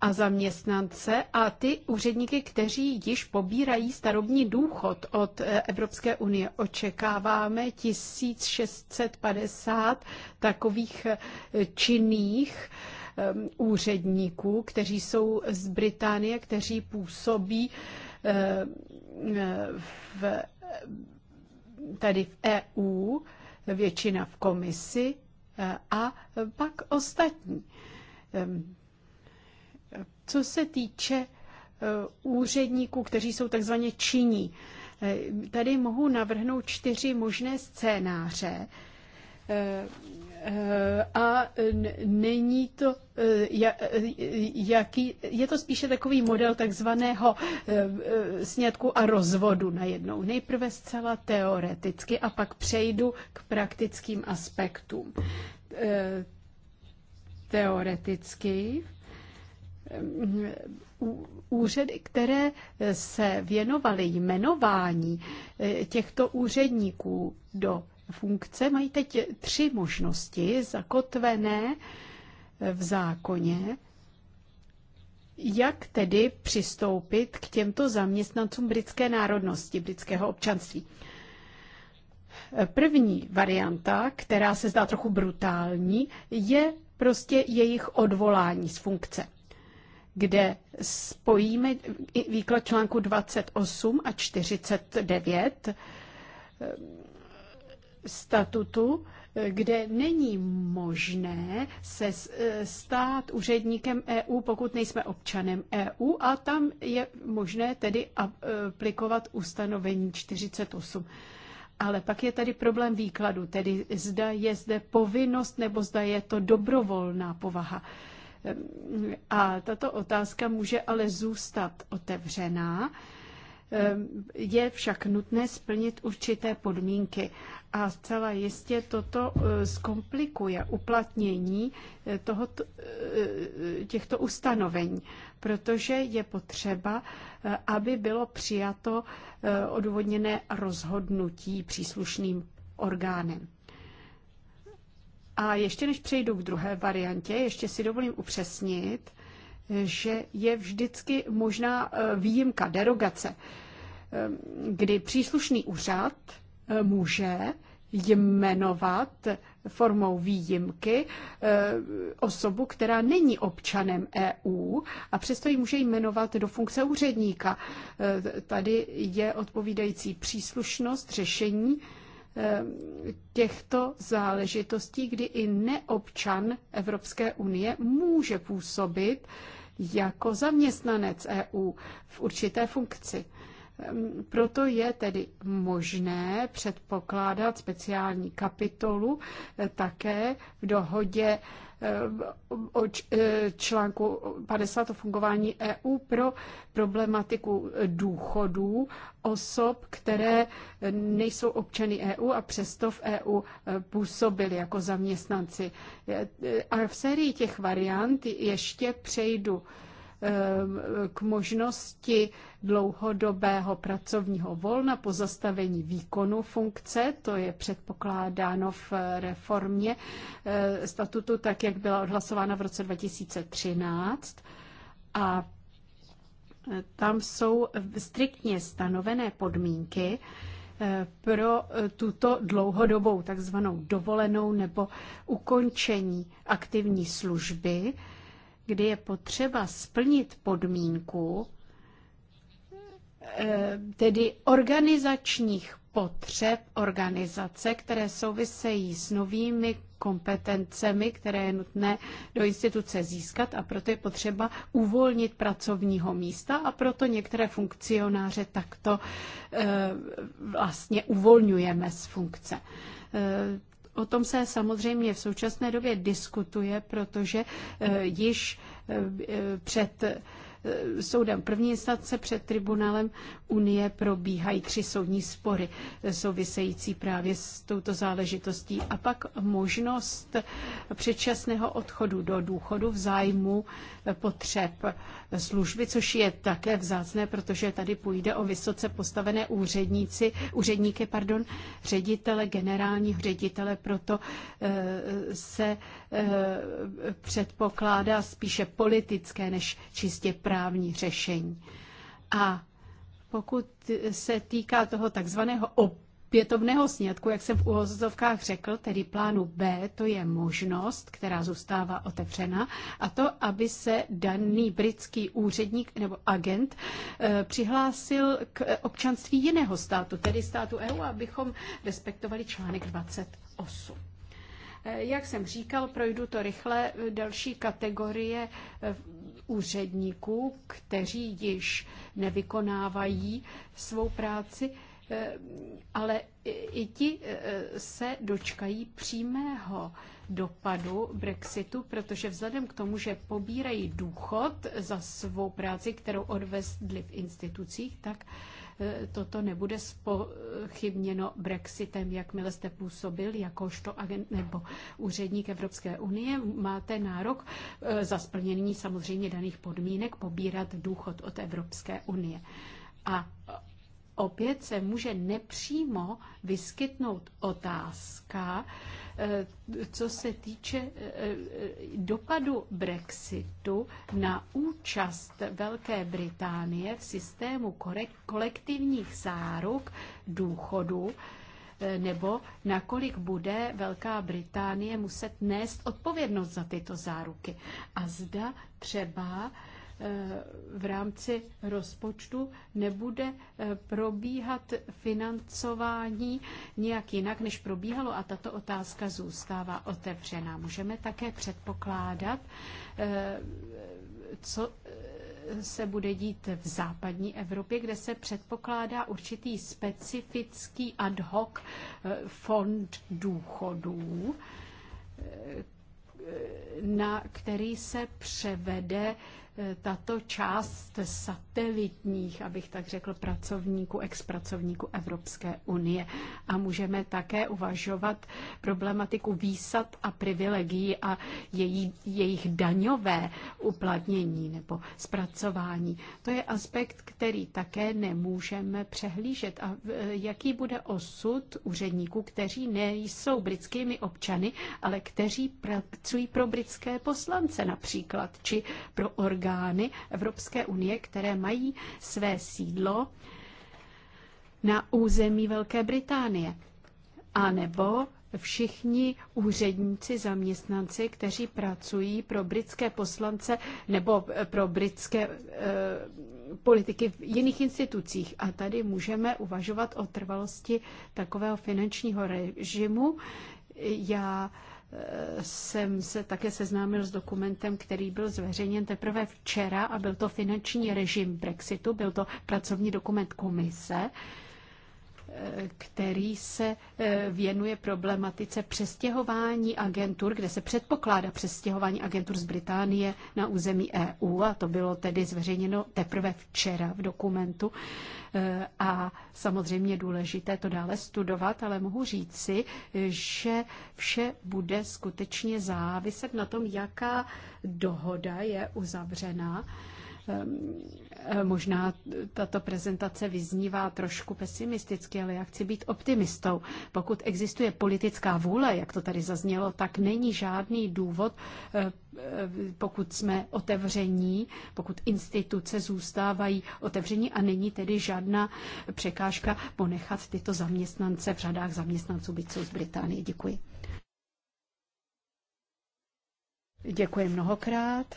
a zaměstnance a ty úředníky, kteří již pobírají starobní důchod od Evropské unie. Očekáváme 1650 takových činných úředníků, kteří jsou z Británie, kteří působí v tady v EU, většina v komisi e, a pak ostatní. Co se týče e, úředníků, kteří jsou takzvaně činí, e, tady mohu navrhnout čtyři možné scénáře a není to, e, e, jaký, je to spíše takový model takzvaného e, snědku a rozvodu najednou. Nejprve zcela teoreticky a pak přejdu k praktickým aspektům. Teoreticky úřady, které se věnovaly jmenování těchto úředníků do funkce mají teď tři možnosti zakotvené v zákoně, jak tedy přistoupit k těmto zaměstnancům britské národnosti, britského občanství. První varianta, která se zdá trochu brutální, je prostě jejich odvolání z funkce, kde spojíme výklad článku 28 a 49, statutu, kde není možné se stát úředníkem EU, pokud nejsme občanem EU a tam je možné tedy aplikovat ustanovení 48. Ale pak je tady problém výkladu, tedy zda je zde povinnost nebo zda je to dobrovolná povaha. A tato otázka může ale zůstat otevřená Ehm, je však nutné splnit určité podmínky a zcela jistě toto eh, zkomplikuje uplatnění eh, tohoto, eh, těchto ustanovení, protože je potřeba, aby bylo přijato odvodněné rozhodnutí příslušným orgánem. A ještě než přejdu k druhé variantě, ještě si dovolím upřesnit, že je vždycky možná eh, výjimka, derogace, eh, kdy příslušný úřad eh, může jmenovat formou výjimky osobu, která není občanem EU a přesto ji může jmenovat do funkce úředníka. Tady je odpovídající příslušnost řešení těchto záležitostí, kdy i neobčan Evropské unie může působit jako zaměstnanec EU v určité funkci. Ehm, proto je tedy možné předpokládat speciální kapitolu eh, také v dohodě o eh, článku 50 o fungování EU pro problematiku důchodů osob, které nejsou občany EU a přesto v EU eh, působili jako zaměstnanci. Eh, a v sérii těch variant ještě přejdu Ehm, k možnosti dlouhodobého pracovního volna po zastavení výkonu funkce. To je předpokládáno v reformě eh, statutu, tak jak byla odhlasována v roce 2013. A eh, tam jsou striktně stanovené podmínky eh, pro tuto dlouhodobou takzvanou dovolenou nebo ukončení aktivní služby kdy je potřeba splnit podmínku, eh, tedy organizačních potřeb organizace, které souvisejí s novými kompetencemi, které je nutné do instituce získat a proto je potřeba uvolnit pracovního místa a proto některé funkcionáře takto e, vlastně uvolňujeme z funkce. E, O tom se samozřejmě v současné době diskutuje, protože eh, již eh, eh, před Eh, soudem první instance před tribunálem Unie probíhají tři soudní spory eh, související právě s touto záležitostí a pak možnost předčasného odchodu do důchodu v zájmu eh, potřeb služby, což je také vzácné, protože tady půjde o vysoce postavené úředníci, úředníky, pardon, ředitele, generálního ředitele, proto se Eh, předpokládá spíše politické než čistě právní řešení. A pokud se týká toho takzvaného opětovného snědku, jak jsem v úhozovkách řekl, tedy plánu B, to je možnost, která zůstává otevřena, a to, aby se daný britský úředník nebo agent eh, přihlásil k eh, občanství jiného státu, tedy státu EU, abychom respektovali článek 28. Eh, jak jsem říkal, projdu to rychle. Eh, další kategorie eh, úředníků, kteří již nevykonávají svou práci, ale i ti se dočkají přímého dopadu Brexitu, protože vzhledem k tomu, že pobírají důchod za svou práci, kterou odvezli v institucích, tak E, toto nebude spochybněno Brexitem, jakmile jste působil jakožto agent nebo úředník Evropské unie. Máte nárok e, za splnění samozřejmě daných podmínek pobírat důchod od Evropské unie. A opět se může nepřímo vyskytnout otázka, Eh, co se týče eh, eh, dopadu Brexitu na účast Velké Británie v systému kolektivních záruk důchodu, nebo nakolik bude Velká Británie muset nést odpovědnost za tyto záruky. A zda třeba v rámci rozpočtu nebude eh, probíhat financování nějak jinak, než probíhalo a tato otázka zůstává otevřená. Můžeme také předpokládat, eh, co eh, se bude dít v západní Evropě, kde se předpokládá určitý specifický ad hoc fond důchodů, na který se převede Eh, tato část satelitních, abych tak řekl, pracovníků, expracovníků Evropské unie. A můžeme také uvažovat problematiku výsad a privilegií a její, jejich daňové uplatnění nebo zpracování. To je aspekt, který také nemůžeme přehlížet. A eh, jaký bude osud úředníků, kteří nejsou britskými občany, ale kteří pracují pro britské poslance například, či pro orgány orgány Evropské unie, které mají své sídlo na území Velké Británie. A nebo všichni úředníci, zaměstnanci, kteří pracují pro britské poslance nebo eh, pro britské e, politiky v jiných institucích. A tady můžeme uvažovat o trvalosti takového finančního režimu. Já e, jsem se také seznámil s dokumentem, který byl zveřejněn teprve včera a byl to finanční režim Brexitu, byl to pracovní dokument komise, který se eh, věnuje problematice přestěhování agentur, kde se předpokládá přestěhování agentur z Británie na území EU a to bylo tedy zveřejněno teprve včera v dokumentu eh, a samozřejmě důležité to dále studovat, ale mohu říci, že vše bude skutečně záviset na tom, jaká dohoda je uzavřena Ehm, možná tato prezentace vyznívá trošku pesimisticky, ale já chci být optimistou. Pokud existuje politická vůle, jak to tady zaznělo, tak není žádný důvod, ehm, ehm, pokud jsme otevření, pokud instituce zůstávají otevření a není tedy žádná překážka ponechat tyto zaměstnance v řadách zaměstnanců, byť jsou z Británie. Děkuji. Děkuji mnohokrát.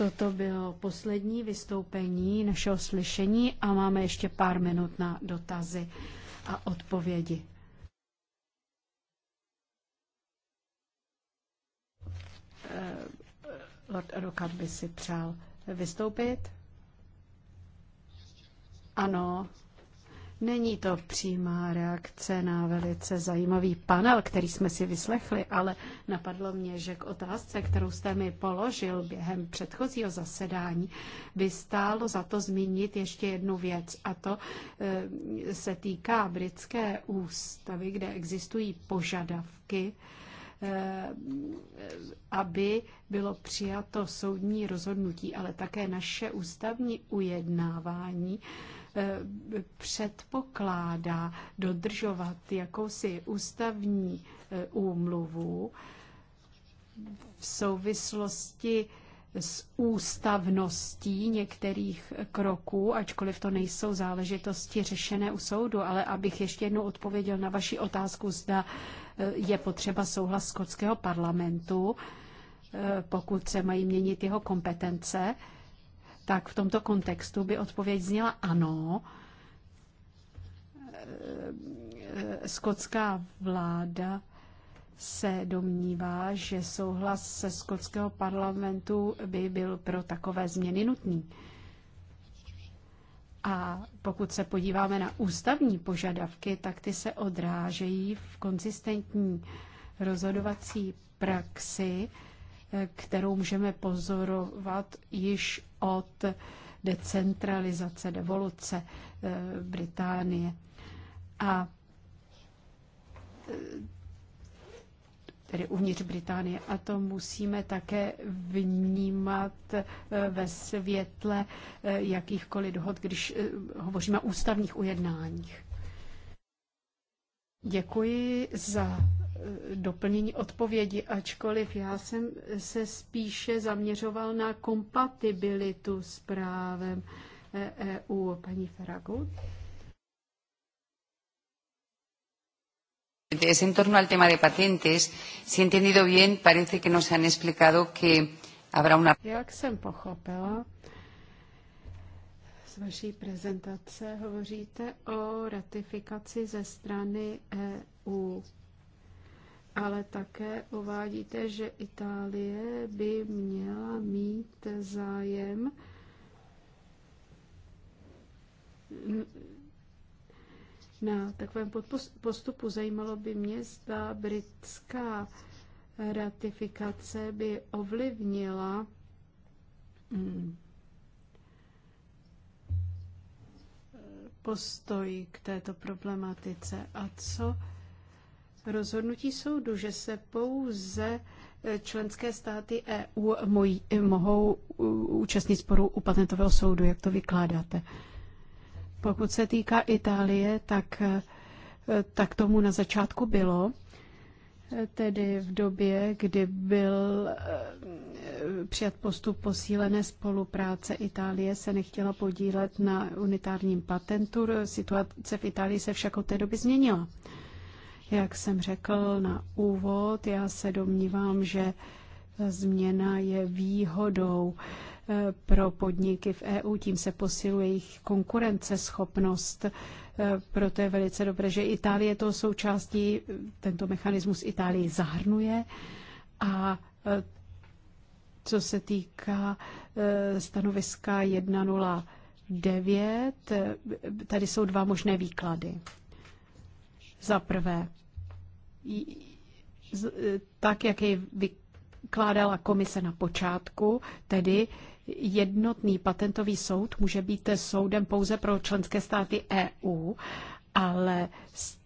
Toto bylo poslední vystoupení našeho slyšení a máme ještě pár minut na dotazy a odpovědi. Eh, Lord Rokat by si přál vystoupit. Ano, Není to přímá reakce na velice zajímavý panel, který jsme si vyslechli, ale napadlo mě, že k otázce, kterou jste mi položil během předchozího zasedání, by stálo za to zmínit ještě jednu věc. A to eh, se týká britské ústavy, kde existují požadavky, eh, aby bylo přijato soudní rozhodnutí, ale také naše ústavní ujednávání Eh, předpokládá dodržovat jakousi ústavní eh, úmluvu v souvislosti s ústavností některých kroků, ačkoliv to nejsou záležitosti řešené u soudu, ale abych ještě jednou odpověděl na vaši otázku, zda eh, je potřeba souhlas skotského parlamentu, pokud se mají měnit jeho kompetence tak v tomto kontextu by odpověď zněla ano. Eh, eh, skotská vláda se domnívá, že souhlas se skotského parlamentu by byl pro takové změny nutný. A pokud se podíváme na ústavní požadavky, tak ty se odrážejí v konzistentní rozhodovací praxi kterou můžeme pozorovat již od decentralizace, devoluce eh, Británie. A eh, tedy uvnitř Británie. A to musíme také vnímat eh, ve světle jakýchkoliv dohod, když hovoříme o ústavních ujednáních. Děkuji za doplnění odpovědi, ačkoliv já jsem se spíše zaměřoval na kompatibilitu s právem EU. E Paní Ferragut? Es en torno al tema de patentes. Si he entendido bien, parece que nos han explicado que habrá una. Jak jsem pochopila, z vaší prezentace hovoříte o ratifikaci ze strany EU ale také uvádíte, že Itálie by měla mít zájem na takovém postupu. Zajímalo by mě, zda britská ratifikace by ovlivnila mm, postoj k této problematice a co rozhodnutí soudu, že se pouze eh, členské státy EU mojí, eh, mohou účastnit sporu u patentového soudu. Jak to vykládáte? Pokud se týká Itálie, tak, eh, tak tomu na začátku bylo, tedy v době, kdy byl přijat postup posílené spolupráce Itálie, se nechtěla podílet na unitárním patentu. Situace v Itálii se však od té doby změnila. Jak jsem řekl na úvod, já se domnívám, že změna je výhodou eh, pro podniky v EU, tím se posiluje jejich konkurenceschopnost. Eh, proto je velice dobré, že Itálie to součástí, eh, tento mechanismus Itálii zahrnuje a co se týká stanoviska 109, tady jsou dva možné výklady. Za prvé, e, tak, jak jej vykládala komise na počátku, tedy jednotný patentový soud může být soudem pouze pro členské státy EU, ale s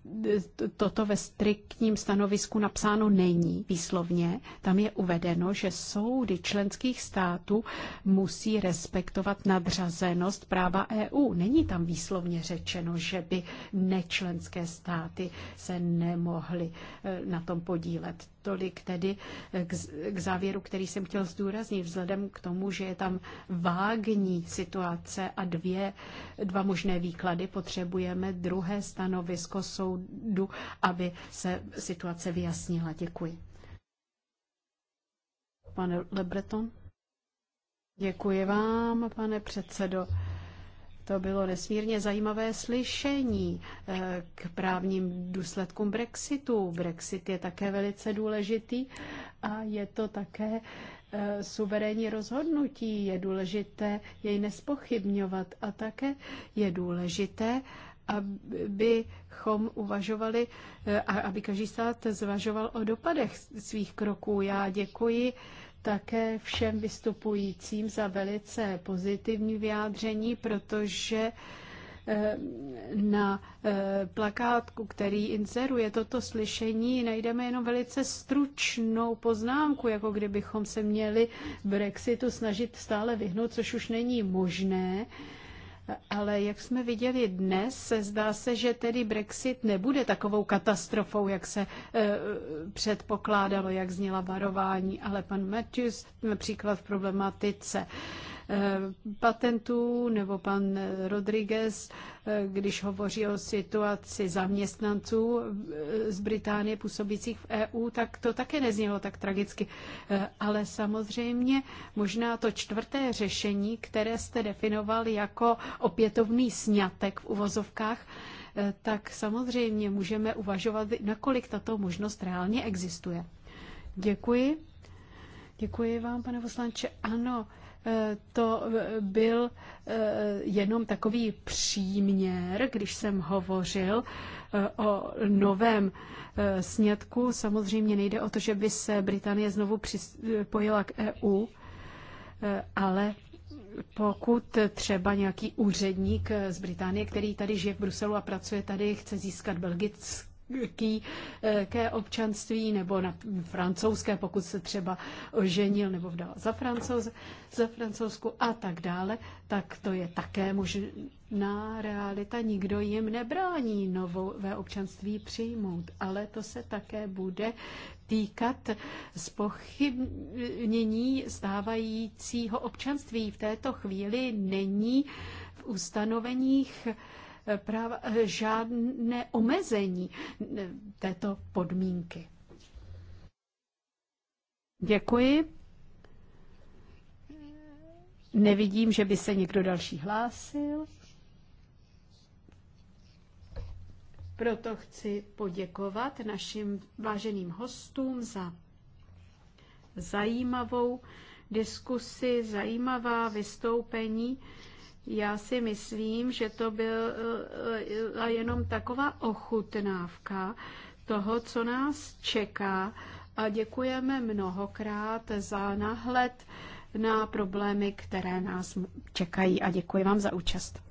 toto ve striktním stanovisku napsáno není výslovně. Tam je uvedeno, že soudy členských států musí respektovat nadřazenost práva EU. Není tam výslovně řečeno, že by nečlenské státy se nemohly eh, na tom podílet. Tolik tedy k závěru, který jsem chtěl zdůraznit, vzhledem k tomu, že je tam vágní situace a dvě, dva možné výklady potřebujeme druhé stanovisko soudu soudu, aby se situace vyjasnila. Děkuji. Pane Lebreton? Děkuji vám, pane předsedo. To bylo nesmírně zajímavé slyšení eh, k právním důsledkům Brexitu. Brexit je také velice důležitý a je to také eh, suverénní rozhodnutí. Je důležité jej nespochybňovat a také je důležité, abychom uvažovali eh, a aby každý stát zvažoval o dopadech svých kroků. Já děkuji také všem vystupujícím za velice pozitivní vyjádření, protože eh, na eh, plakátku, který inzeruje toto slyšení, najdeme jenom velice stručnou poznámku, jako kdybychom se měli Brexitu snažit stále vyhnout, což už není možné ale jak jsme viděli dnes, zdá se, že tedy Brexit nebude takovou katastrofou, jak se e, předpokládalo, jak zněla varování, ale pan Matthews například v problematice e, Eh, patentů, nebo pan Rodriguez, eh, když hovoří o situaci zaměstnanců eh, z Británie působících v EU, tak to také neznělo tak tragicky. Ale samozřejmě možná to čtvrté řešení, které jste definoval jako opětovný snětek v uvozovkách, tak samozřejmě můžeme uvažovat, nakolik tato možnost reálně existuje. Děkuji. Děkuji vám, pane poslanče. Ano, to byl eh, jenom takový příměr, když jsem hovořil eh, o novém eh, snědku. Samozřejmě nejde o to, že by se Británie znovu připojila k EU, ale pokud třeba nějaký úředník z Británie, který tady žije v Bruselu a pracuje tady, chce získat belgický Eh, ke občanství nebo na francouzské, pokud se třeba oženil nebo vdal za, francouz, za francouzsku a tak dále, tak to je také možná realita. Nikdo jim nebrání nové občanství přijmout, ale to se také bude týkat spochybnění stávajícího občanství. V této chvíli není v ustanoveních práva, eh, žádné omezení eh, této podmínky. Děkuji. Nevidím, že by se někdo další hlásil. Proto chci poděkovat našim váženým hostům za zajímavou diskusi, zajímavá vystoupení. Já si myslím, že to byla eh, eh, jenom taková ochutnávka toho, co nás čeká. A děkujeme mnohokrát za náhled na problémy, které nás čekají. A děkuji vám za účast.